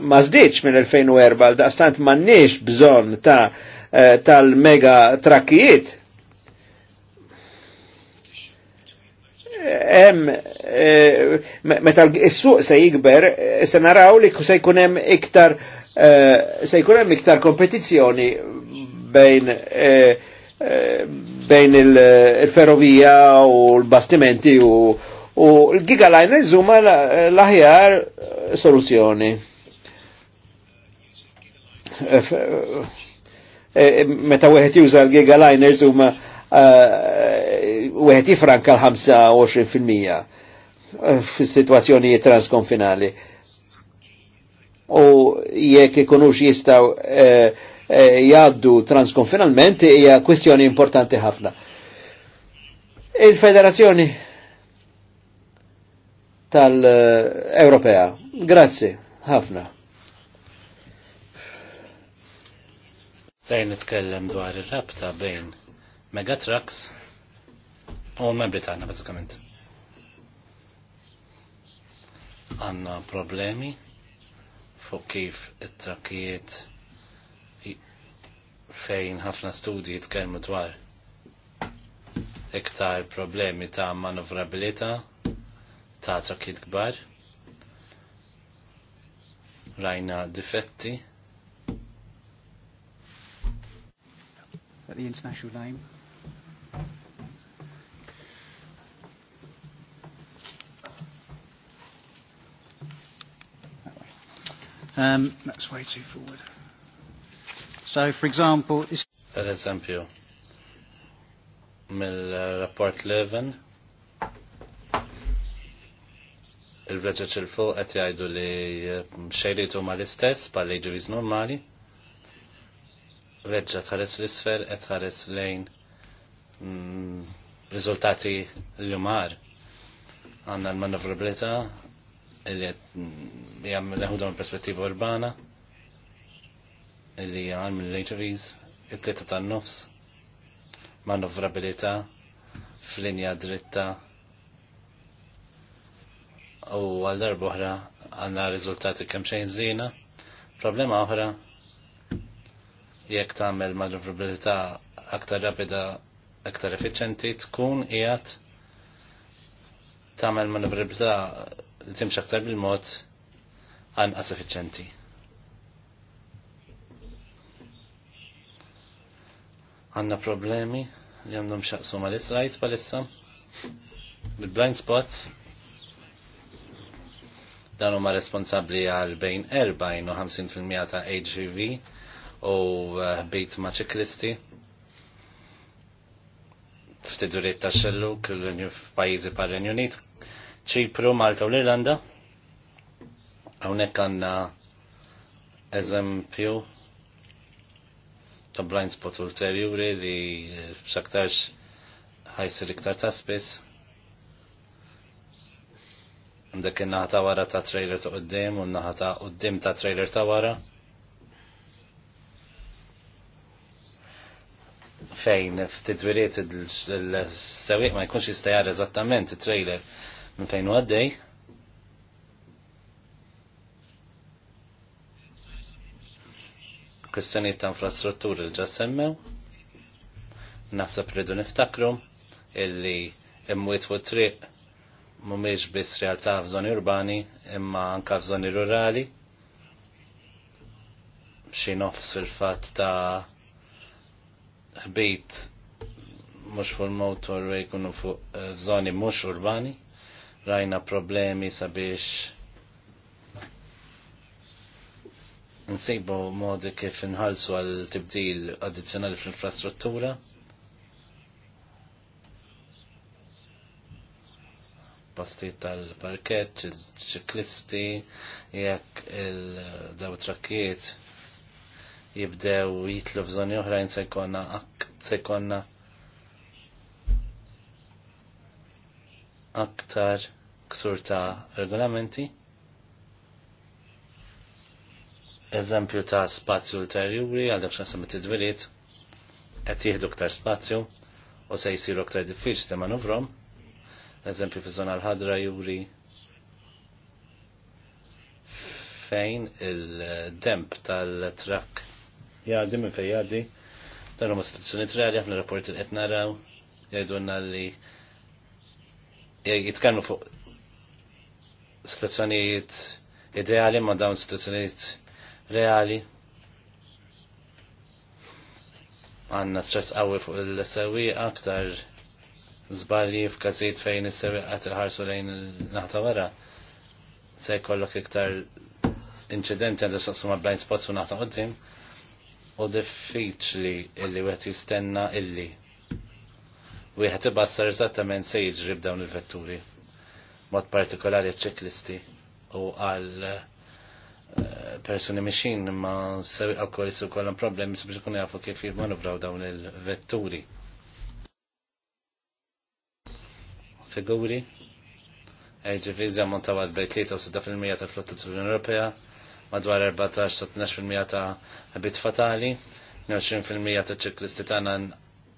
ma zdiċ minn 2004 stant ma' nix bżon ta' eh, tal-mega trakkijiet hemm eh, meta s-suq se jikber, eh, se naraw li se jkun hemm iktar eh, se jkun hemm iktar kompetizzjoni bejn bejn il-ferrovija u l-bastimenti u, u l-gigaliners huma l-aħjar soluzzjoni. Meta wieħed juża l-gigaliners huma Eh, wieħed jifranka l-25% fis situazzjoni transkonfinali. U jekk ikunux jistaw eh, eh, jgħaddu transkonfinalment hija kwestjoni importanti ħafna. Il-Federazzjoni tal-Ewropea. Grazzi, ħafna. Sejn nitkellem dwar ir-rabta bejn Megatrucks u membri tagħna bażikament. Għandna problemi fuq kif it-trakkijiet fejn ħafna studji jitkellmu dwar iktar problemi ta' manovrabilità ta' trakkiet kbar. Rajna difetti. The international line. Um, that's way too forward. So, for example... this Per esempio, mill-rapport Levin, il-reġeċ il-fuq għet jgħidu li mm, xejritu ma l-istess pa l-ġuris normali, reġġa tħares l-isfel qed tħares lejn mm, riżultati l-jumar għanna l-manovrabilità li għam leħudom perspettiva urbana li għam l-HVs il-plita tan nofs manovrabilità f'linja dritta u għal darba oħra għanna riżultati kemm xejn żina. Problema oħra jekk tagħmel manovrabilità aktar rapida aktar effiċenti tkun qiegħed tagħmel manovrabilità li timx aktar bil-mod għanqas effiċenti. Għanna problemi li għandhom xaqsu ma l-israjt palissa bil-blind spots dan huma responsabbli għal bejn 40 u 50% ta' HIV u eh, bejt ma' ċiklisti f'tiduriet ta' xellu kellu f'pajjiżi par Unit ċipru, Malta u l-Irlanda. Hawnhekk għandna eżempju ta' blind spot ulterjuri li xaktarx ħajsir iktar ta' spis. Għandek in ta' wara ta' trailer ta' qoddim u n ta' qoddim ta' trailer ta' wara. Fejn, f'tidwiriet il-sewiq ma jkunx jistajar eżattament it-trailer Mintajnu għaddej. Kwistjoniet ta' infrastrutturi il ġa semmew. Naħseb rridu niftakru illi imwiet fuq triq mumiex biss realtà f'żoni urbani imma anka f'żoni rurali. Xi nofs fil-fatt ta' ħbit mux fuq il motorway jkunu fuq zoni eh, mux urbani rajna problemi sabiex nsibu modi kif nħalsu għal tibdil addizzjonali fl-infrastruttura. Basti tal-parket, il-ċiklisti, jekk il-daw trakkiet jibdew jitlu f'żoni oħrajn se jkollna aktar ksur ta' regolamenti. Eżempju ta' spazju ulterjuri għal dak xasam it-tidwiliet qed jieħdu ktar spazju u se jsiru ktar diffiċli ta' manuvrom. Eżempju fi żona l-ħadra juri fejn il-demp tal-trakk jgħaddi minn fejn jgħaddi dan huma situazzjoni reali ħafna rapporti qed naraw jgħidulna li Eh, jitkellmu fuq situazzjonijiet ideali ma dawn situazzjonijiet reali. Għanna stress qawwi fuq il-sewi aktar zbali f'każijiet fejn is-sewi qed ħarsu lejn naħta wara. Se jkollok iktar inċidenti għandu ma' blind spots u naħta għoddim. u diffiċli illi wieħed jistenna illi wieħed ibassar eżattament se jġrib dawn il-vetturi. Mod partikolari ċeklisti u għal eh, persuni mixin ma sewi għakol jisib kollan problemi sabiex ikun jafu kif jimmanubraw dawn il-vetturi. Figuri, ġifizi ammontaw għal bej 63% tal-flotta tal-Unjoni Ewropea, madwar 14-12% ta' bit fatali, 20% ta' ċiklisti tagħna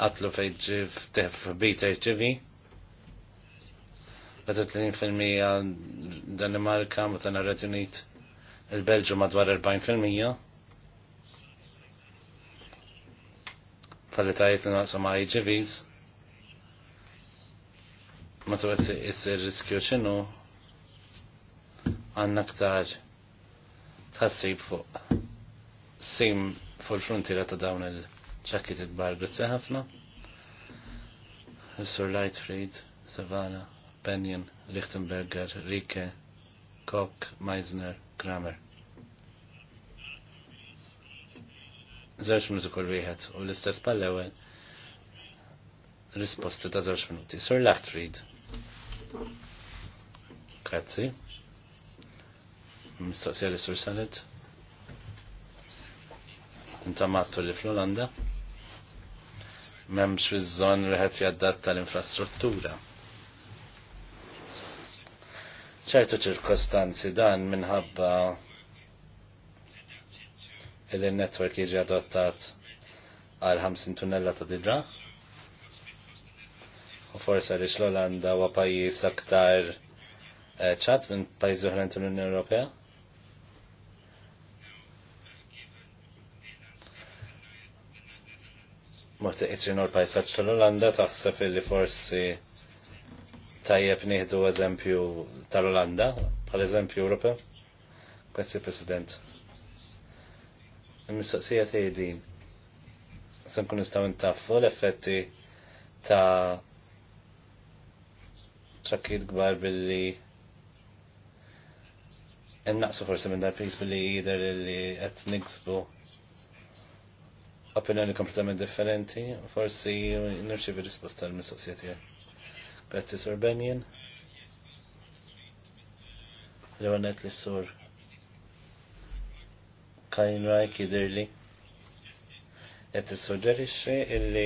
għatlu fejġiv tef bit HIV. Meta 30% Danimarka, meta narret Unit, il-Belġu madwar 40%. Falitajiet li naqsu ma' HIVs. Ma tu għet jissir riskju ċinu għanna ktar tħassib fuq sim fuq il-frontiera ta' dawn il- ċakki tikbar grazzi ħafna. Sur Lightfried, Savana, Benjen, Lichtenberger, Rike, Koch, Meisner, Kramer. Zewġ minuti kull wieħed u l-istess pal-ewwel risposti ta' zewġ minuti. Sur Lightfried. Grazzi. Mistaqsija li sur Salet. Intamattu li fl-Olanda memx fi żon li ħed jaddatta l-infrastruttura. ċertu ċirkostanzi dan minħabba il netwerk jiġi adottat għal 50 tunnella ta' diġa. U forsa li l-Olanda u pajjiż aktar eh, ċat minn pajjiżi oħrajn tal-Unjoni Ewropea. ma tiqisrin u l-pajsaċ tal-Olanda taħseb illi forsi tajjeb nieħdu eżempju tal-Olanda bħal eżempju Ewropa. Grazzi President. Il-mistoqsija tiegħi din. Se nkun nistgħu ntaffu l-effetti ta' trakkit kbar billi en-naqsu forsi minn dar pis billi jider li qed niksbu opinjoni kompletament differenti, forsi nirċivi risposta l-mistoqsija tiegħek. Grazzi Sur Benjen. Rewanet li Sur Kajn Rajk jidirli. Qed tissuġġerixxi illi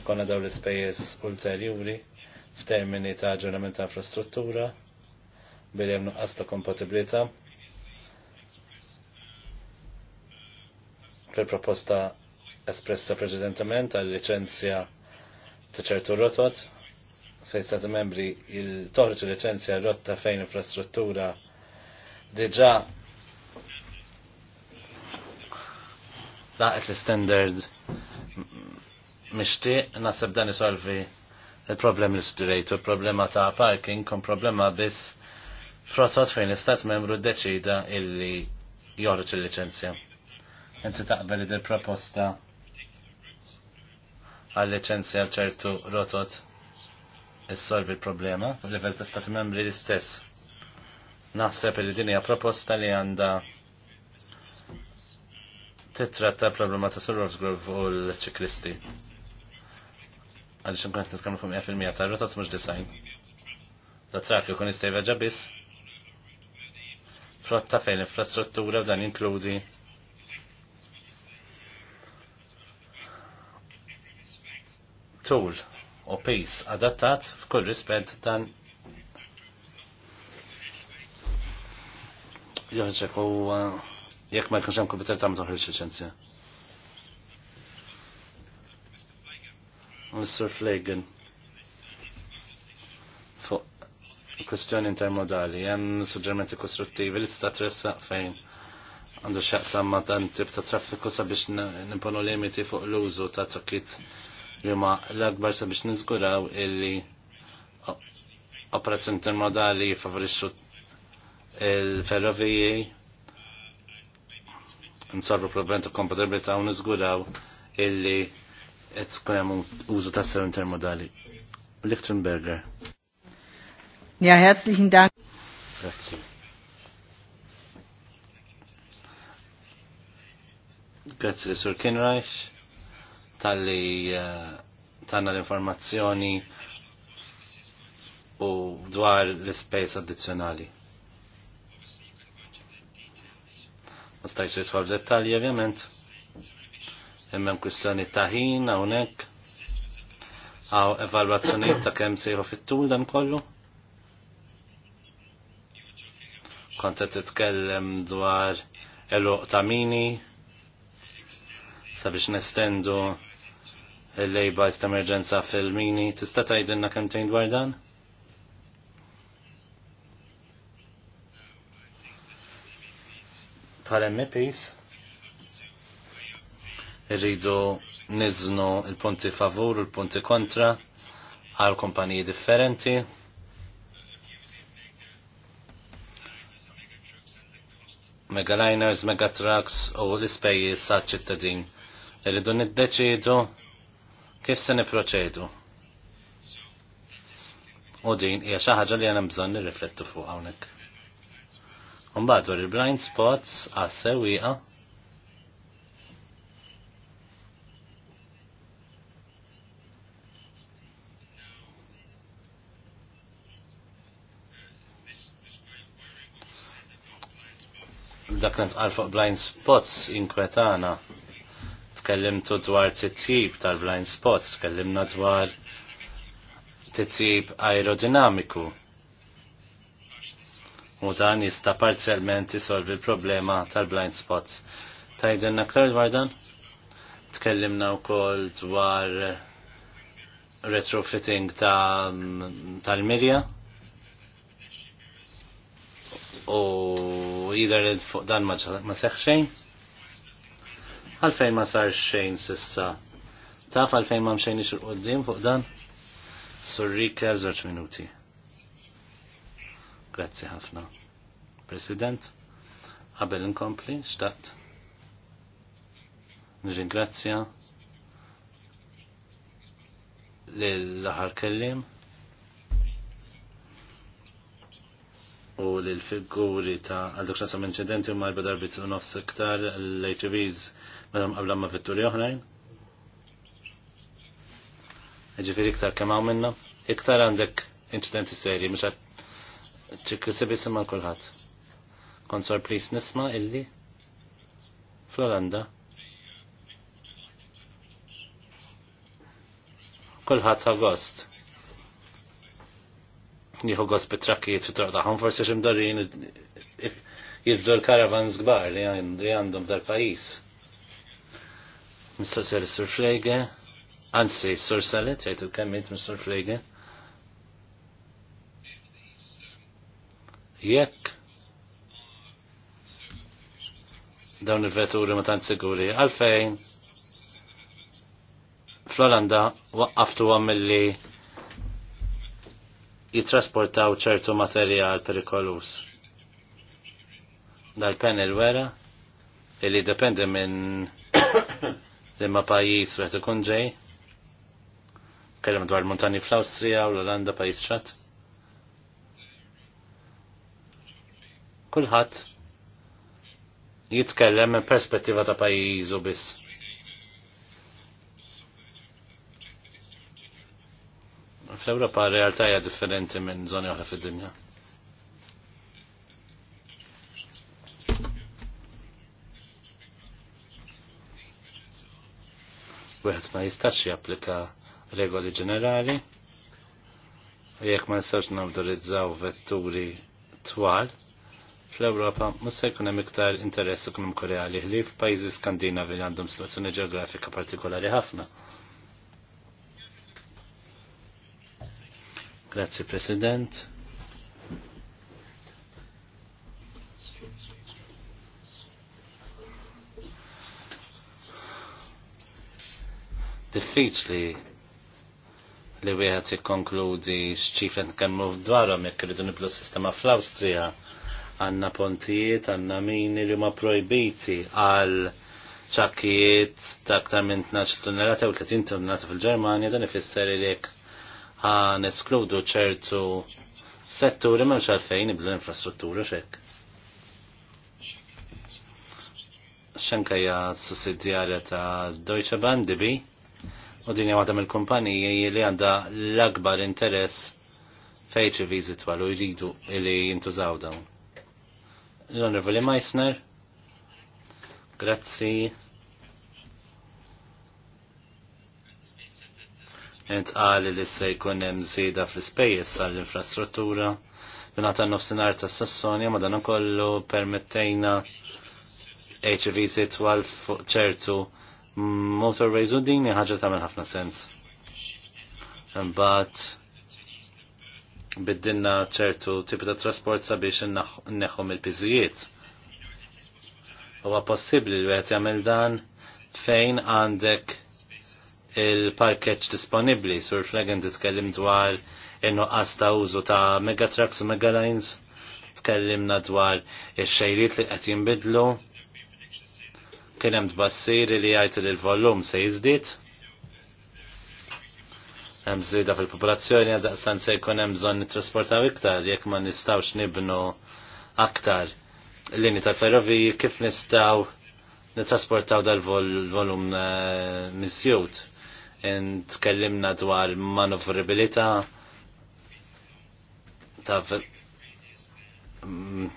ikonna daw l-ispejjeż ulterjuri f'termini ta' aġġornament ta' infrastruttura billi hemm nuqqas ta' kompatibilità fil-proposta espressa preċedentament għal licenzja ta' ċertu rotot fejn stati membri il-toħroġ licenzja rotta fejn infrastruttura diġa laqet l-standard mixtieq nasab dan isolvi il-problem li studejtu, il-problema ta' parking, kon problema biss frotot fejn l-istat membru deċida illi joħroġ il-licenzja. Inti taqbel id-proposta għal licenzja ċertu rotot issolvi l-problema fuq level ta' stati membri l-istess. Naħseb li din hija proposta li għandha titratta problema ta' Sorrows Group u l-ċiklisti. Għaliex nkun qed nitkellmu fuq 100% ta' rotot mhux design. Da trak jkun jistgħu biss. Frotta fejn infrastruttura b'dan inkludi. jinkludi tool u piece adattat f'kull rispett dan joħġek u jekk ma jkunx hemm kompetenza ta' toħroġ liċenzja. Mr. Flagan. fuq kwestjoni intermodali hemm suġġermenti kostruttivi li tista' tressaq fejn għandu xaqsam ma dan tip ta' traffiku sabiex nimponu limiti fuq l-użu ta' tokkit li ma l-akbar sa biex nizguraw illi operazzjoni intermodali favorixxu il-ferroviji nsolvu problem ta' kompatibilità u nizguraw illi qed tkun hemm użu tas-sew intermodali. Lichtenberger. Ja, herzlichen Dank. Grazie. Grazie, Sir Kinreich tal-li eh, tanna l-informazzjoni u dwar l-space addizjonali. Ma stajx jitfall dettalji ovvjament. Hemm kwistjoni ta' ħin hawnhekk. Għaw evalwazzjonijiet ta' kemm sejħu fit-tul dan kollu. Kont qed titkellem dwar l ta' mini sabiex nestendu il-lejba ta' emerġenza fil-mini. Tista' tgħidilna kemm dwar dan? Bħal MPs Rridu niżnu il-punti favur u l-punti kontra għal kumpaniji differenti. Megaliners, megatrucks u l-ispejji sa' ċittadin. Irridu niddeċidu Kif se niproċedu? U din hija xi ħaġa li għandna bżonn nirriflettu fuq hawnhekk. Mbagħad wara il-blind spots għas-sewwieqa. Dak li fuq blind spots inkwetana tkellimtu dwar titjib tal-blind spots, tkellimna dwar titjib aerodinamiku. U dan jista parzialment isolvi l-problema tal-blind spots. Tajden aktar dwar dan? Tkellimna wkoll dwar retrofitting tal-mirja. Ta u jider dan ma seħxejn. Għalfejn ma sar xejn sissa. Taf għalfejn ma mxejn ix qoddim fuq dan? Surrika żewġ minuti. Grazzi ħafna. President, qabel inkompli, xtaqt. Nġingrazzja l-aħar kellim u l-figuri ta' għal-dokxan sa' incidenti u marba darbit u nofs iktar l-HVs madam qabla ma fitturi oħrajn. Ġifiri iktar kemm hawn minna, iktar għandek inċidenti serji mhux qed ċikli sibi simma kulħadd. Kont sorpris nisma' illi fl-Olanda kulħadd agost. Nieħu gost bit-trakkijiet fit-torq tagħhom forsi xi mdorrin jibdu l-karavans kbar li għandhom dal-pajjiż. Mistaqsir Sur Flege? anzi Sur Salet, jgħid il-kemmit Mr. Flege? Jekk dawn il-vetturi ma tant siguri, għalfejn fl-Olanda waqqaftu għamilli jitrasportaw ċertu materjal perikolus. Dal-panel wera, illi dependi minn li pajis wieħed ikun ġej. Kellem dwar montani fl-Awstrija u l-Olanda pajis ċat. Kulħadd jitkellem minn perspettiva ta' pajizu biss. Fl-Ewropa realtà hija differenti minn żoni oħra fid-dinja. Wieħed ma jistax japplika regoli ġenerali. Jekk ma jistax nawdorizzaw vetturi twal, fl-Ewropa ma se jkun hemm iktar interess kunem koreali li f'pajjiżi Skandinavi li għandhom situazzjoni ġeografika partikolari ħafna. Grazie President. diffiċli li wieħed ikkonkludi x'ċifet kemmu dwarhom jekk irridu niblu sistema fl-Awstrija għandna pontijiet, għandna mini li huma projbiti għal ċakkijiet ta' aktar minn 12 tonnellata u 30 tonnellata fil-Ġermanja dan ifisser li jekk għan eskludu ċertu setturi ma' xalfejn iblu l-infrastruttura xek. Xenka s sussidjarja ta' Deutsche Bahn DB U din għadha mill-kumpaniji li għandha l-akbar interess fejċi viżi twal u jridu li jintużaw dawn. L-Onorevoli Meissner, grazzi. Ent għali li se jkun hemm żieda fl-ispejjeż għall-infrastruttura. Binata nofsinhar ta' Sassonja ma dan kollu permettejna HVZ twal fuq ċertu motorways u din ħaġa tagħmel ħafna sens. Imbagħad biddinna ċertu tipi ta' trasport sabiex inneħħom il-piżijiet. Huwa possibbli li qed jagħmel dan fejn għandek il parkeġġ disponibbli sur Flegen titkellim dwar in-nuqqas ta' użu ta' megatrucks u megalines, tkellimna dwar ix-xejriet li qed jinbidlu Kien hemm tbassir li jgħid li l-volum se jiżdied. Hemm żieda fil-popolazzjoni għal daqstan se jkun hemm bżonn nittrasportaw iktar jekk ma nistgħux nibnu aktar l-lini tal-ferroviji kif nistgħu nittrasportaw dal-volum eh, misjut. Tkellimna dwar manovrabilità ta' mm,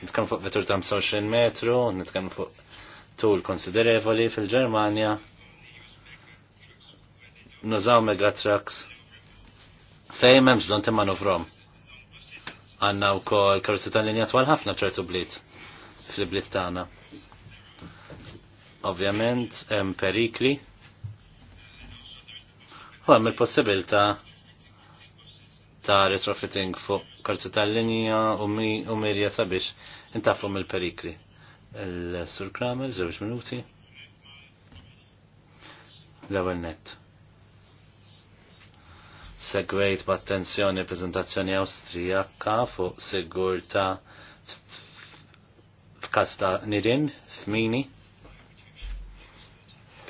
nitkellmu fuq vetur ta' 25 metru, nitkellmu fuq tul konsiderevoli fil-Ġermanja nużaw megatrax fejn memx don timma nufrom. Għanna u kol karozzi tal-linja twal ħafna ċertu blit fil blit tagħna. Ovvjament hemm perikli. U hemm il possibilta ta' retrofitting fuq karozzi tal-linja u mirja sabiex intaflu mill-perikli il-Sur Kramer, żewġ minuti. L-ewwel net. Segwejt b'attenzjoni preżentazzjoni Awstrijaka fuq sigurta f'każ ta' f'mini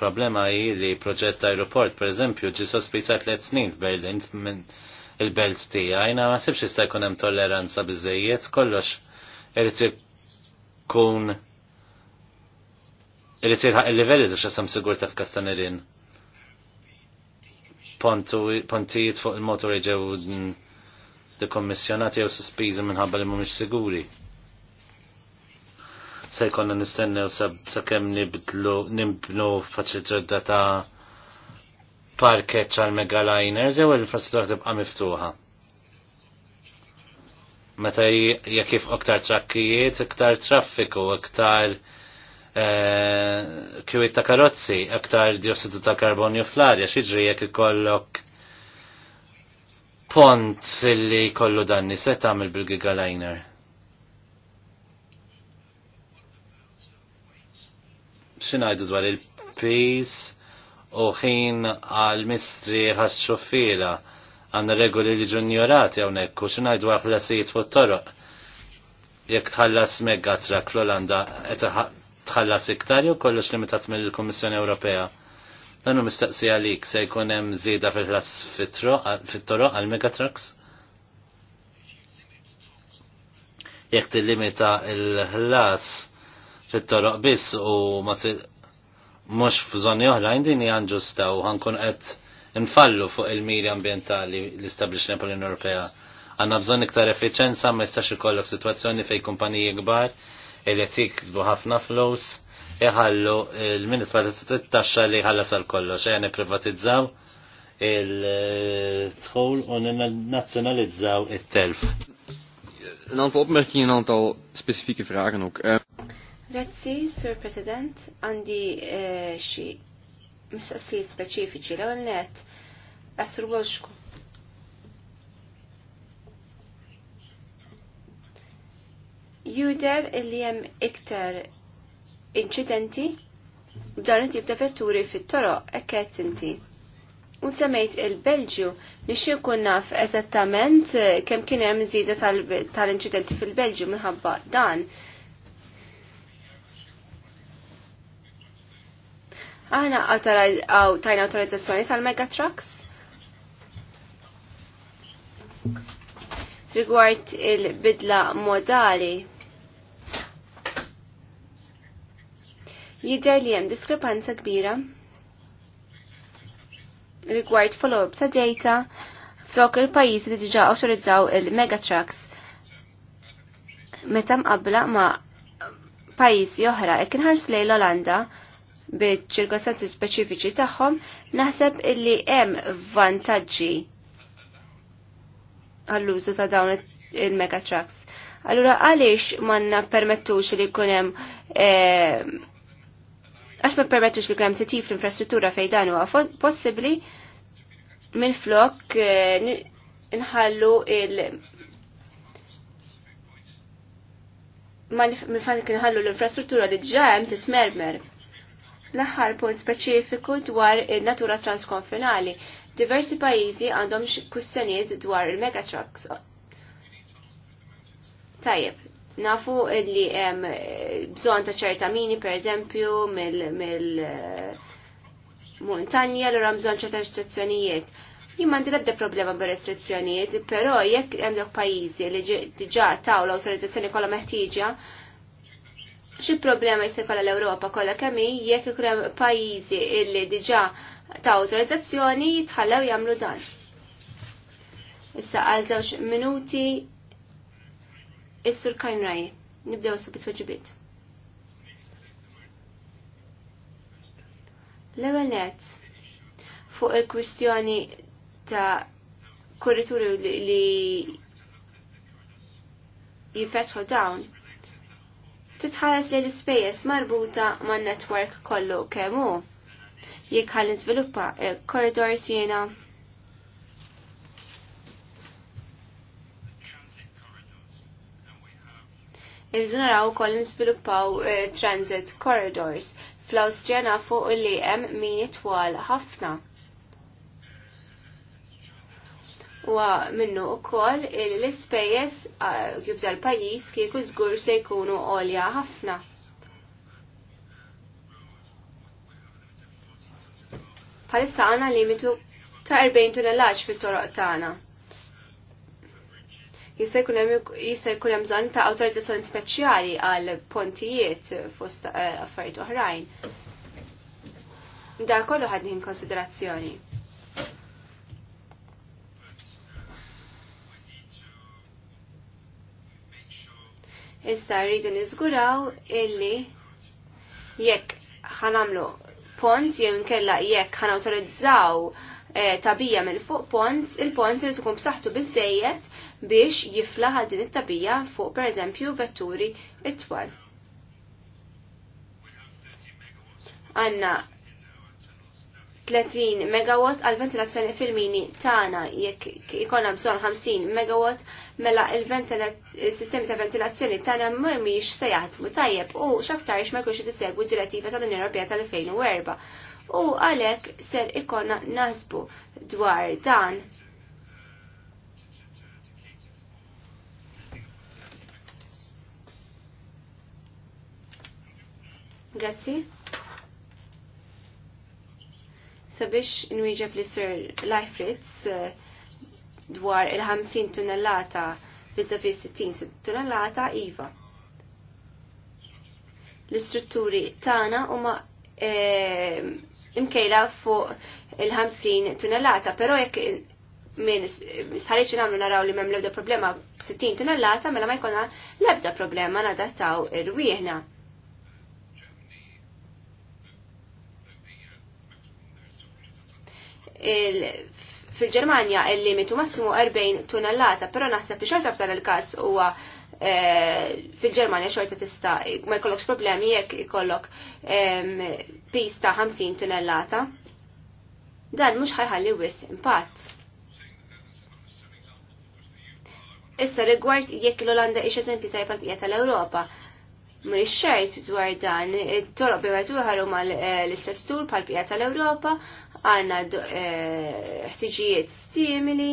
problema hi li proġett aeroport, per eżempju, ġi sospisa tliet snin f'Berlin minn il-belt tiegħi, ma sibx jista' jkun hemm tolleranza biżejjed, kollox irid ikun Irrid jirħaq il-livelli biex jasam sigurta f'Kastanerin. Pontijiet fuq il-motori ġew dekommissjonati jew sospiżi minħabba li mhumiex siguri. Se jkollna nistennew sakemm nibdlu nimbnu ġodda ta' parket għal megaliners jew l-infrastruttura tibqa' miftuħa. Meta jekk kif aktar trakkijiet, iktar traffiku, iktar Eh, kwiet ta' karozzi aktar diossidu ta' karbonju fl-arja, xieġri jek ikollok pont li kollu danni se tagħmel bil-gigaliner. X'ingħidu dwar il-pis u ħin għal mistri ħax-xufiera għandna regoli li ġunjorati hawnhekk u x'ingħidu għal ħlasijiet fuq toroq jekk tħallas mega trak fl-Olanda tħallas iktar jew kollox limitat mill-Kummissjoni Ewropea. Dan hu mistaqsija għalik se jkun hemm żieda fil-ħlas fit-toroq għal megatrucks? Jekk tillimita l-ħlas fit-toroq biss u ma mhux f'żoni oħrajn din hija ġusta u ħankun qed infallu fuq il-miri ambientali l-establishment pal-Unjoni Ewropea għanna bżon iktar effiċenza ma jistax ikollok situazzjoni fej kumpaniji kbar irrid jiksbu ħafna flows, iħallu il-Ministra t taxxa li ħallas għal kollox, xejn privatizzaw il-tħol u nazjonalizzaw it-telf. Een aantal opmerkingen, een specifieke vragen ook. Eh, Grazzi, Sir President, għandi eh, xi sassi speċifiċi l-ewwel net Assur Wolxku Juder illi hemm iktar inċidenti b'dan it-tip ta' vetturi fit-toroq ekket inti. U semmejt il-Belġju nix ikun naf eżattament eh, kemm kien hemm żieda tal-inċidenti fil-Belġju minħabba dan. Aħna tajna autorizzazzjoni tal-Megatrucks rigward il-bidla modali jidher li hemm diskrepanza kbira rigward follow-up ta' data f'dok il-pajjiżi li diġa' awtorizzaw il-megatrucks meta mqabbla ma' pajjiżi oħra e kien ħarsu lejn l-Olanda bit-ċirkostanzi speċifiċi tagħhom naħseb illi hemm vantaġġi għall-użu ta' dawn il-megatrucks. Allura għaliex ma permettux li jkun hemm eh, għax ma permettux li t-tif l-infrastruttura fej dan huwa possibbli minn flok eh, nħallu il minn fanik nħallu l-infrastruttura li ġajem titmermer. L-aħħar punt speċifiku dwar il-natura transkonfinali. Diversi pajizi għandhom kustjonijiet dwar il-megatrucks. Tajjeb, Nafu li hemm eh, bżonn ta' ċerta mini, per eżempju, mill-montanja, l l bżonn ċerta restrizzjonijiet. Jien għandi l-ebda problema bir restrizzjonijiet, però jekk hemm dok pajjiżi li diġà taw l-awtorizzazzjoni kollha meħtieġa, xi problema jista' jkollha l-Ewropa kollha kemm jekk ikun hemm pajjiżi li diġà ta' awtorizzazzjoni jitħallew jagħmlu dan. Issa għal żewġ minuti Is-Sur Kajnraj, nibdew s bit L-ewwel net, fuq il-kwistjoni ta' korrituri li jifetħu dawn titħares li l-ispejjeż marbuta man-netwerk kollu kemm hu. Jekk ħalli nżviluppa il-korridors jiena Il-ġeneraw koll nisviluppaw eh, transit corridors. Fl-Awstrija nafu li hemm min itwal ħafna. Wa minnu ukoll l-ispejjeż eh, kif dal-pajjiż kieku żgur se jkunu għolja ħafna. Palissa għana limitu ta' 40 tonnellat fit-toroq tagħna jista' jkun hemm bżonn ta' awtorizzazzjoni speċjali għal pontijiet fost eh, affarijiet oħrajn. Da kollu ħadni konsiderazzjoni. Issa rridu niżguraw illi jekk ħanamlu pont jew inkella jekk ħanawtorizzaw eh, tabija minn fuq pont, il-pont irid ikun b'saħħtu biżejjed biex jiflaħ għal din it-tabija fuq pereżempju vetturi itwal. Għanna 30 megawatt għal ventilazzjoni fil-mini tagħna jekk ikonna bżonn 50 megawatt mela il-sistemi ta' ventilazzjoni tagħna mhumiex se jaħdmu tajjeb u x'aktarx ma jkunx tissegwu d-direttiva tal-Unjoni Ewropea tal-2004 u għalhekk ser ikonna naħsbu dwar dan Grazzi. Sabiex nwieġeb li Sir Leifritz eh, dwar il-50 tunnellata vis-a-vis 60 tunnellata IVA. L-istrutturi tagħna huma eh, imkejla fuq il-50 tunnellata, però jekk minn sħarriċi namlu naraw li memlebda problema 60 tunnellata, mela ma jkollna lebda problema nadattaw ir-wieħna. fil-Ġermanja il-limitu massimu 40 tonnellata, però naħseb li xorta f'dan il-każ huwa eh, fil-Ġermanja xorta tista' ma jkollokx problemi jekk ikollok pis ta' 50 tonnellata. Dan mhux ħajħalli wis impatt. Issa rigward jekk l-Olanda ix eżempju tajba l-bqija tal-Ewropa, Mri xert dwar dan, it-toroq bimmet uħaru ma l-istess tur pal pijat tal-Europa, għanna eh, ħtiġijiet simili.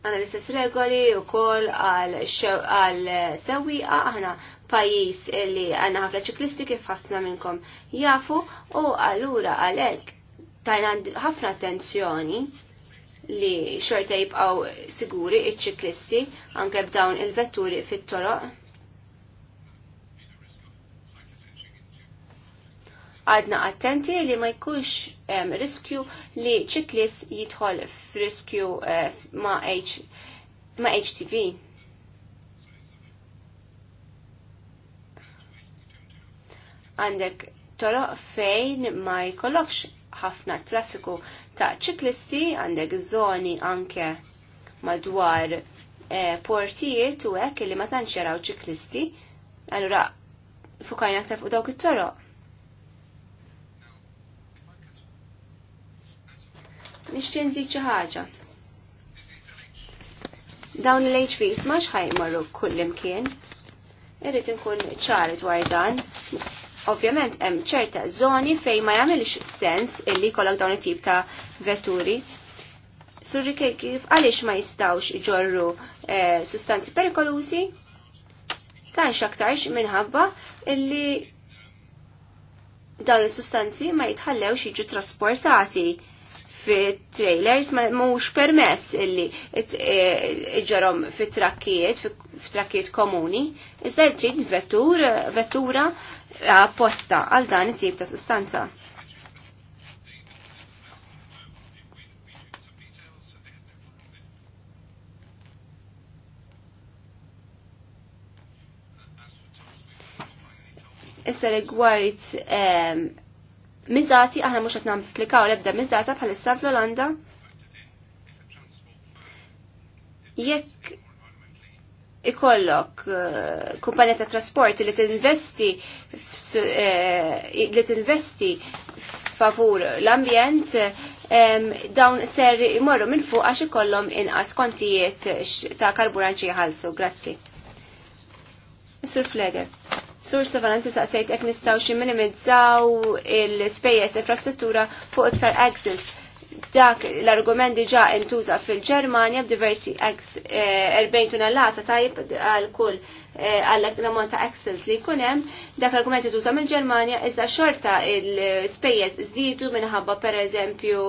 Għanna l-istess regoli u koll għal sewiqa, għanna pajis li għanna ħafna ċiklisti kif ħafna minnkom jafu u għallura għalek tajna ħafna attenzjoni li xorta jibqaw siguri iċ-ċiklisti anke b'dawn il-vetturi fit-toroq. Għadna attenti li ma jkunx riskju li ċiklist jidħol f'riskju eh, ma, ma HTV. Għandek toroq fejn ma jkollokx ħafna traffiku ta' ċiklisti għandek zoni anke madwar e, portijiet u hekk li ma tantx jaraw ċiklisti. Allura fukajn aktar fuq dawk it-toroq. Nixtieq nżid xi ħaġa. Dawn l-HVs ma xħajmorru kull imkien. Irrid inkun ċari dwar dan Ovvjament hemm ċerta zoni fejn ma jagħmilx sens illi jkollok dawn it-tip ta' vetturi. Surri kif għaliex ma jistawx iġorru eh, sustanzi perikolużi tanx aktarx minħabba illi dawn is-sustanzi ma jitħallewx jiġu trasportati fit-trailers ma mhux permess illi eh, iġorhom fit-trakkijiet, fit-trakkijiet komuni, iżda trid vettur, vettura apposta għal dan it-tip ta' sustanza. Issa rigward ehm, mizzati, aħna mux għatna applikaw l-ebda mizzata bħalissa fl-Olanda. Jekk ikollok eh, kumpanija ta' trasport li tinvesti eh, li tinvesti favur l-ambjent dawn ser imorru minn fuq għax ikollhom inqas kontijiet ta' karburanċi jħallsu. Grazzi. Sur Fleger. Sur Savalanti saqsejt ek nistaw xi minimizzaw il-spejjeż infrastruttura fuq iktar axis dak l-argument diġa intuża fil-Ġermanja b'diversi 40 eh, tonnellata tajb għal kull eh, għall-ammont ta' axels li jkun hemm, dak l-argument intuża mill-Ġermanja iżda xorta il-spejjeż żdiedu minħabba pereżempju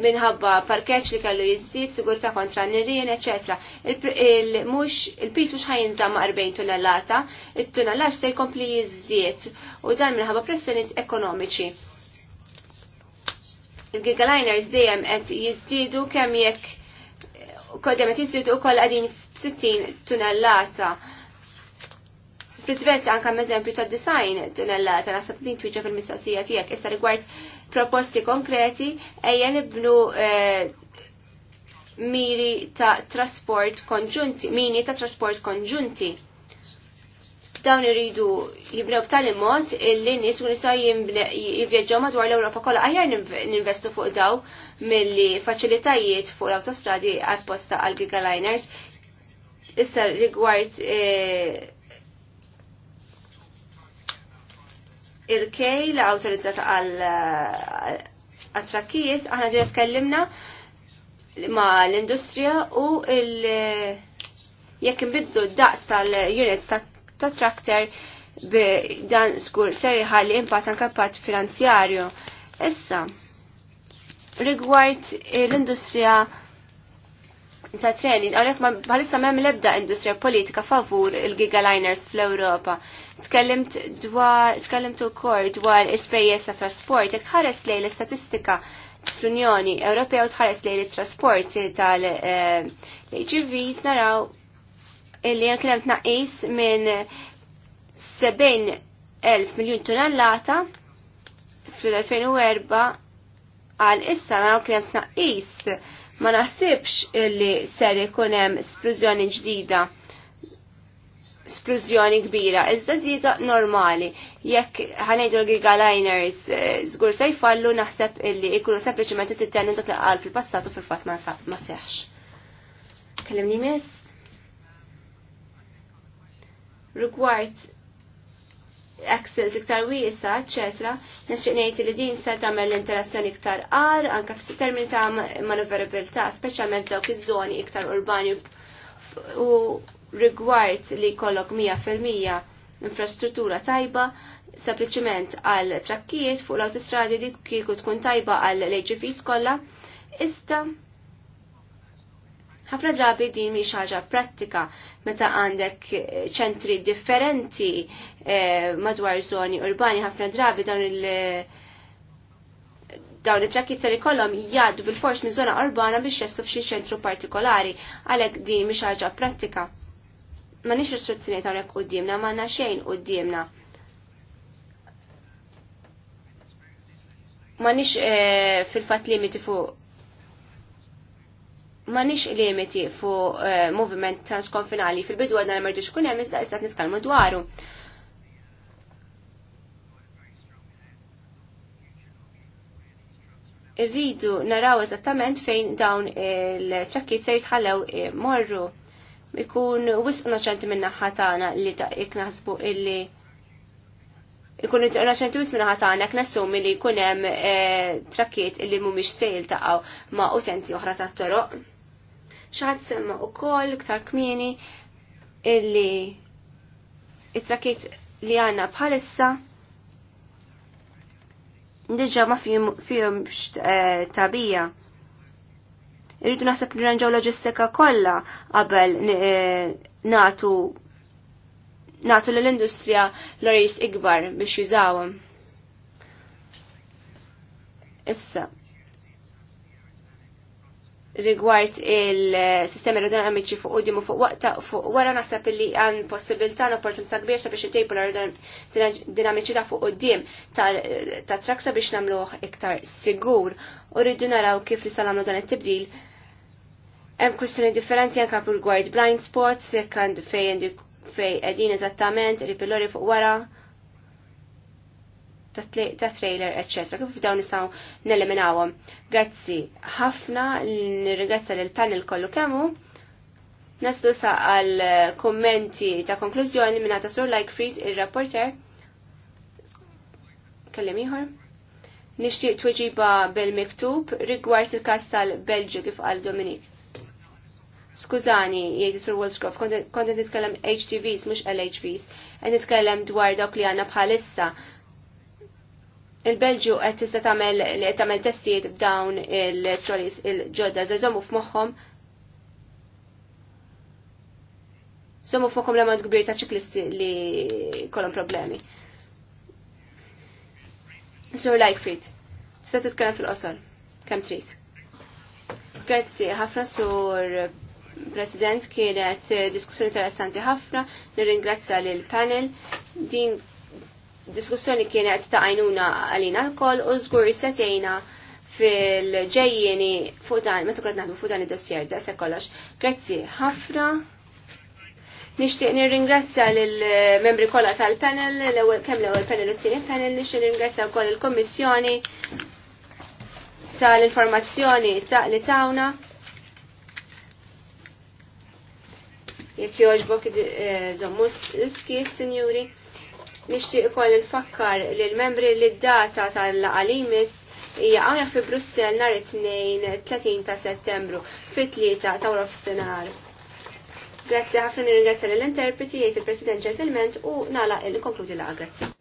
minħabba parkeċ li kellu jizdid, sigurta kontra nirien, etc. Il-pis mux ħajinżam ma' 40 tonnellata, il-tunnellax se jkompli jizdid u dan minħabba pressjoni ekonomiċi il-gigaliners dejjem qed jiżdiedu kemm jekk kodjem qed jiżdiedu wkoll qegħdin f'60 tunellata. Fl-Svezja anke eżempju ta' design tunellata naħseb din twiġġa fil-mistoqsija tiegħek issa rigward proposti konkreti ejja nibnu eh, miri ta' trasport konġunti, mini ta' trasport konġunti dawn iridu jibnew b'tali mod illi nies u jistgħu jivvjaġġaw madwar l-Ewropa kollha aħjar ninvestu fuq daw milli faċilitajiet fuq l-autostradi għal-posta għal gigaliners. Issa rigward eh, il kej la awtorizzata għal eh, attrakkijiet, aħna ġew tkellimna ma l-industrija u il- jekk inbiddu d-daqs tal-units ta' trakter bi dan skur ser li impat anke pat finanzjarju. Issa, rigward eh, l-industrija ta' treni, għalek ma bħalissa mem lebda industrija politika favur il-gigaliners fl-Europa. Tkellimt dwar, tkellimt u kor dwar il-spejjes ta' trasport, jek tħares lej l-istatistika fl-Unjoni Ewropea u tħares lej l-trasport tal-HGVs eh, naraw illi jek lem tnaqis minn 70.000 miljon tonnellata fl-2004 għal issa naraw kien tnaqis ma naħsibx illi ser ikun hemm splużjoni ġdida splużjoni kbira, iżda żieda normali. Jekk ħanejdu l giga liners żgur eh, se jfallu naħseb illi ikunu sempliċement it dak li qal fil-passatu fil-fatt ma seħx. Kellimni miss? rigward access iktar wiesa, etc. Nisċi ngħid li din se tagħmel l-interazzjoni iktar anka anke termin ta' manoverabilità, speċjalment dawk iż-żoni iktar urbani u rigward li jkollok 100% infrastruttura tajba, sempliċiment għal trakkijiet fuq l-autostradi dik kieku tkun tajba għal l-AGPs kollha, iżda ħafna drabi din mhix ħaġa prattika meta għandek ċentri differenti eh, madwar żoni urbani ħafna drabi dawn il- dawn it trakkizza li kollhom jgħaddu bil-fors minn zona urbana biex jeslu f'xi ċentru partikolari, għalhekk din mhix ħaġa prattika. Ma nix restrizzjonijiet hawnhekk qudiemna, ma xejn qudiemna. Ma nix eh, fil-fatt limiti fuq ma nix limiti fu eh, moviment transkonfinali fil-bidu għadna l merġu xkun hemm iżda jistat niskalmu dwaru. Irridu naraw eżattament fejn dawn il-trakkiet se jitħallew eh, morru. Ikun wisq noċenti minna ħatana li ta' iknaħsbu illi ikun naċentu minna ħatana knassumi li kunem eh, trakkiet illi mumiex sejl taqaw ma' utenti oħra ta' toroq xaħat semma u kol, ktar kmini illi it-trakit li għanna bħalissa ndiġa ma fihom eh, tabija. Irridu naħseb li ranġaw loġistika kollha qabel eh, natu natu l-industrija l rejs ikbar biex jużawhom. Issa, rigward il-sistemi aerodinamiċi fuq u dimu fuq waqta fuq wara naħseb li għan possibilità għan opportunità kbir sabiex biex tejpu l-aerodinamiċi ta' fuq u dim ta' traksa biex namluħ iktar sigur u rridu naraw kif li salamlu dan it-tibdil Hemm kwistjoni differenti anke rigward blind spots, kan fejn fej qegħdin eżattament, ripillori fuq wara ta' trailer, etc. Kif dawn nisaw neliminawhom. Grazzi ħafna nirringrazzja lil panel kollu kemmu. Naslu sa' għal eh, kommenti ta' konklużjoni minna ta' Sur Likefried il-rapporter. Kellem ieħor. Nixtieq tweġiba bil-miktub rigward il-każ tal-Belġu kif qal Dominik. Skużani, jgħid Sir Wolsgrove, konta nitkellem HTVs mhux LHVs, qed nitkellem dwar dawk li għandna bħalissa il-Belġu qed tista' tagħmel tagħmel testijiet b'dawn il trolis il-ġodda se żommu f'moħħhom Sommu f'moħħom l-ammont kbir ta' ċiklisti li kolom problemi. Sur frit, tista' titkellem fil qosol kemm trid. Grazzi, ħafna sur President kienet diskussjoni interessanti ħafna, nirringrazzja lil panel din diskussjoni kienet ta' għajnuna għalina l-koll u zgur setejna fil-ġejjeni fuq dan, meta kont fuq dan id-dossier da se kollox. Grazzi ħafna. Nixtieq nirringrazzja lill membri kollha tal-panel, l kemm l-ewwel panel u t-tieni panel, nixtieq nirringrazzja wkoll il kommissjoni tal-informazzjoni ta' li tawna. Jekk jogħġbok eh, zommus l-skiet, sinjuri. Nixtieq ukoll nfakkar li l-membri li d-data tal-qalimis hija hawnhekk fi Brussell nhar it-tnejn 30 ta' Settembru fit-tlieta ta' wara Senar. Grazzi ħafna nirringrazzja lill-interpreti jgħid il-President ġentilment u nagħlaq il-konkludi laqa grazzi.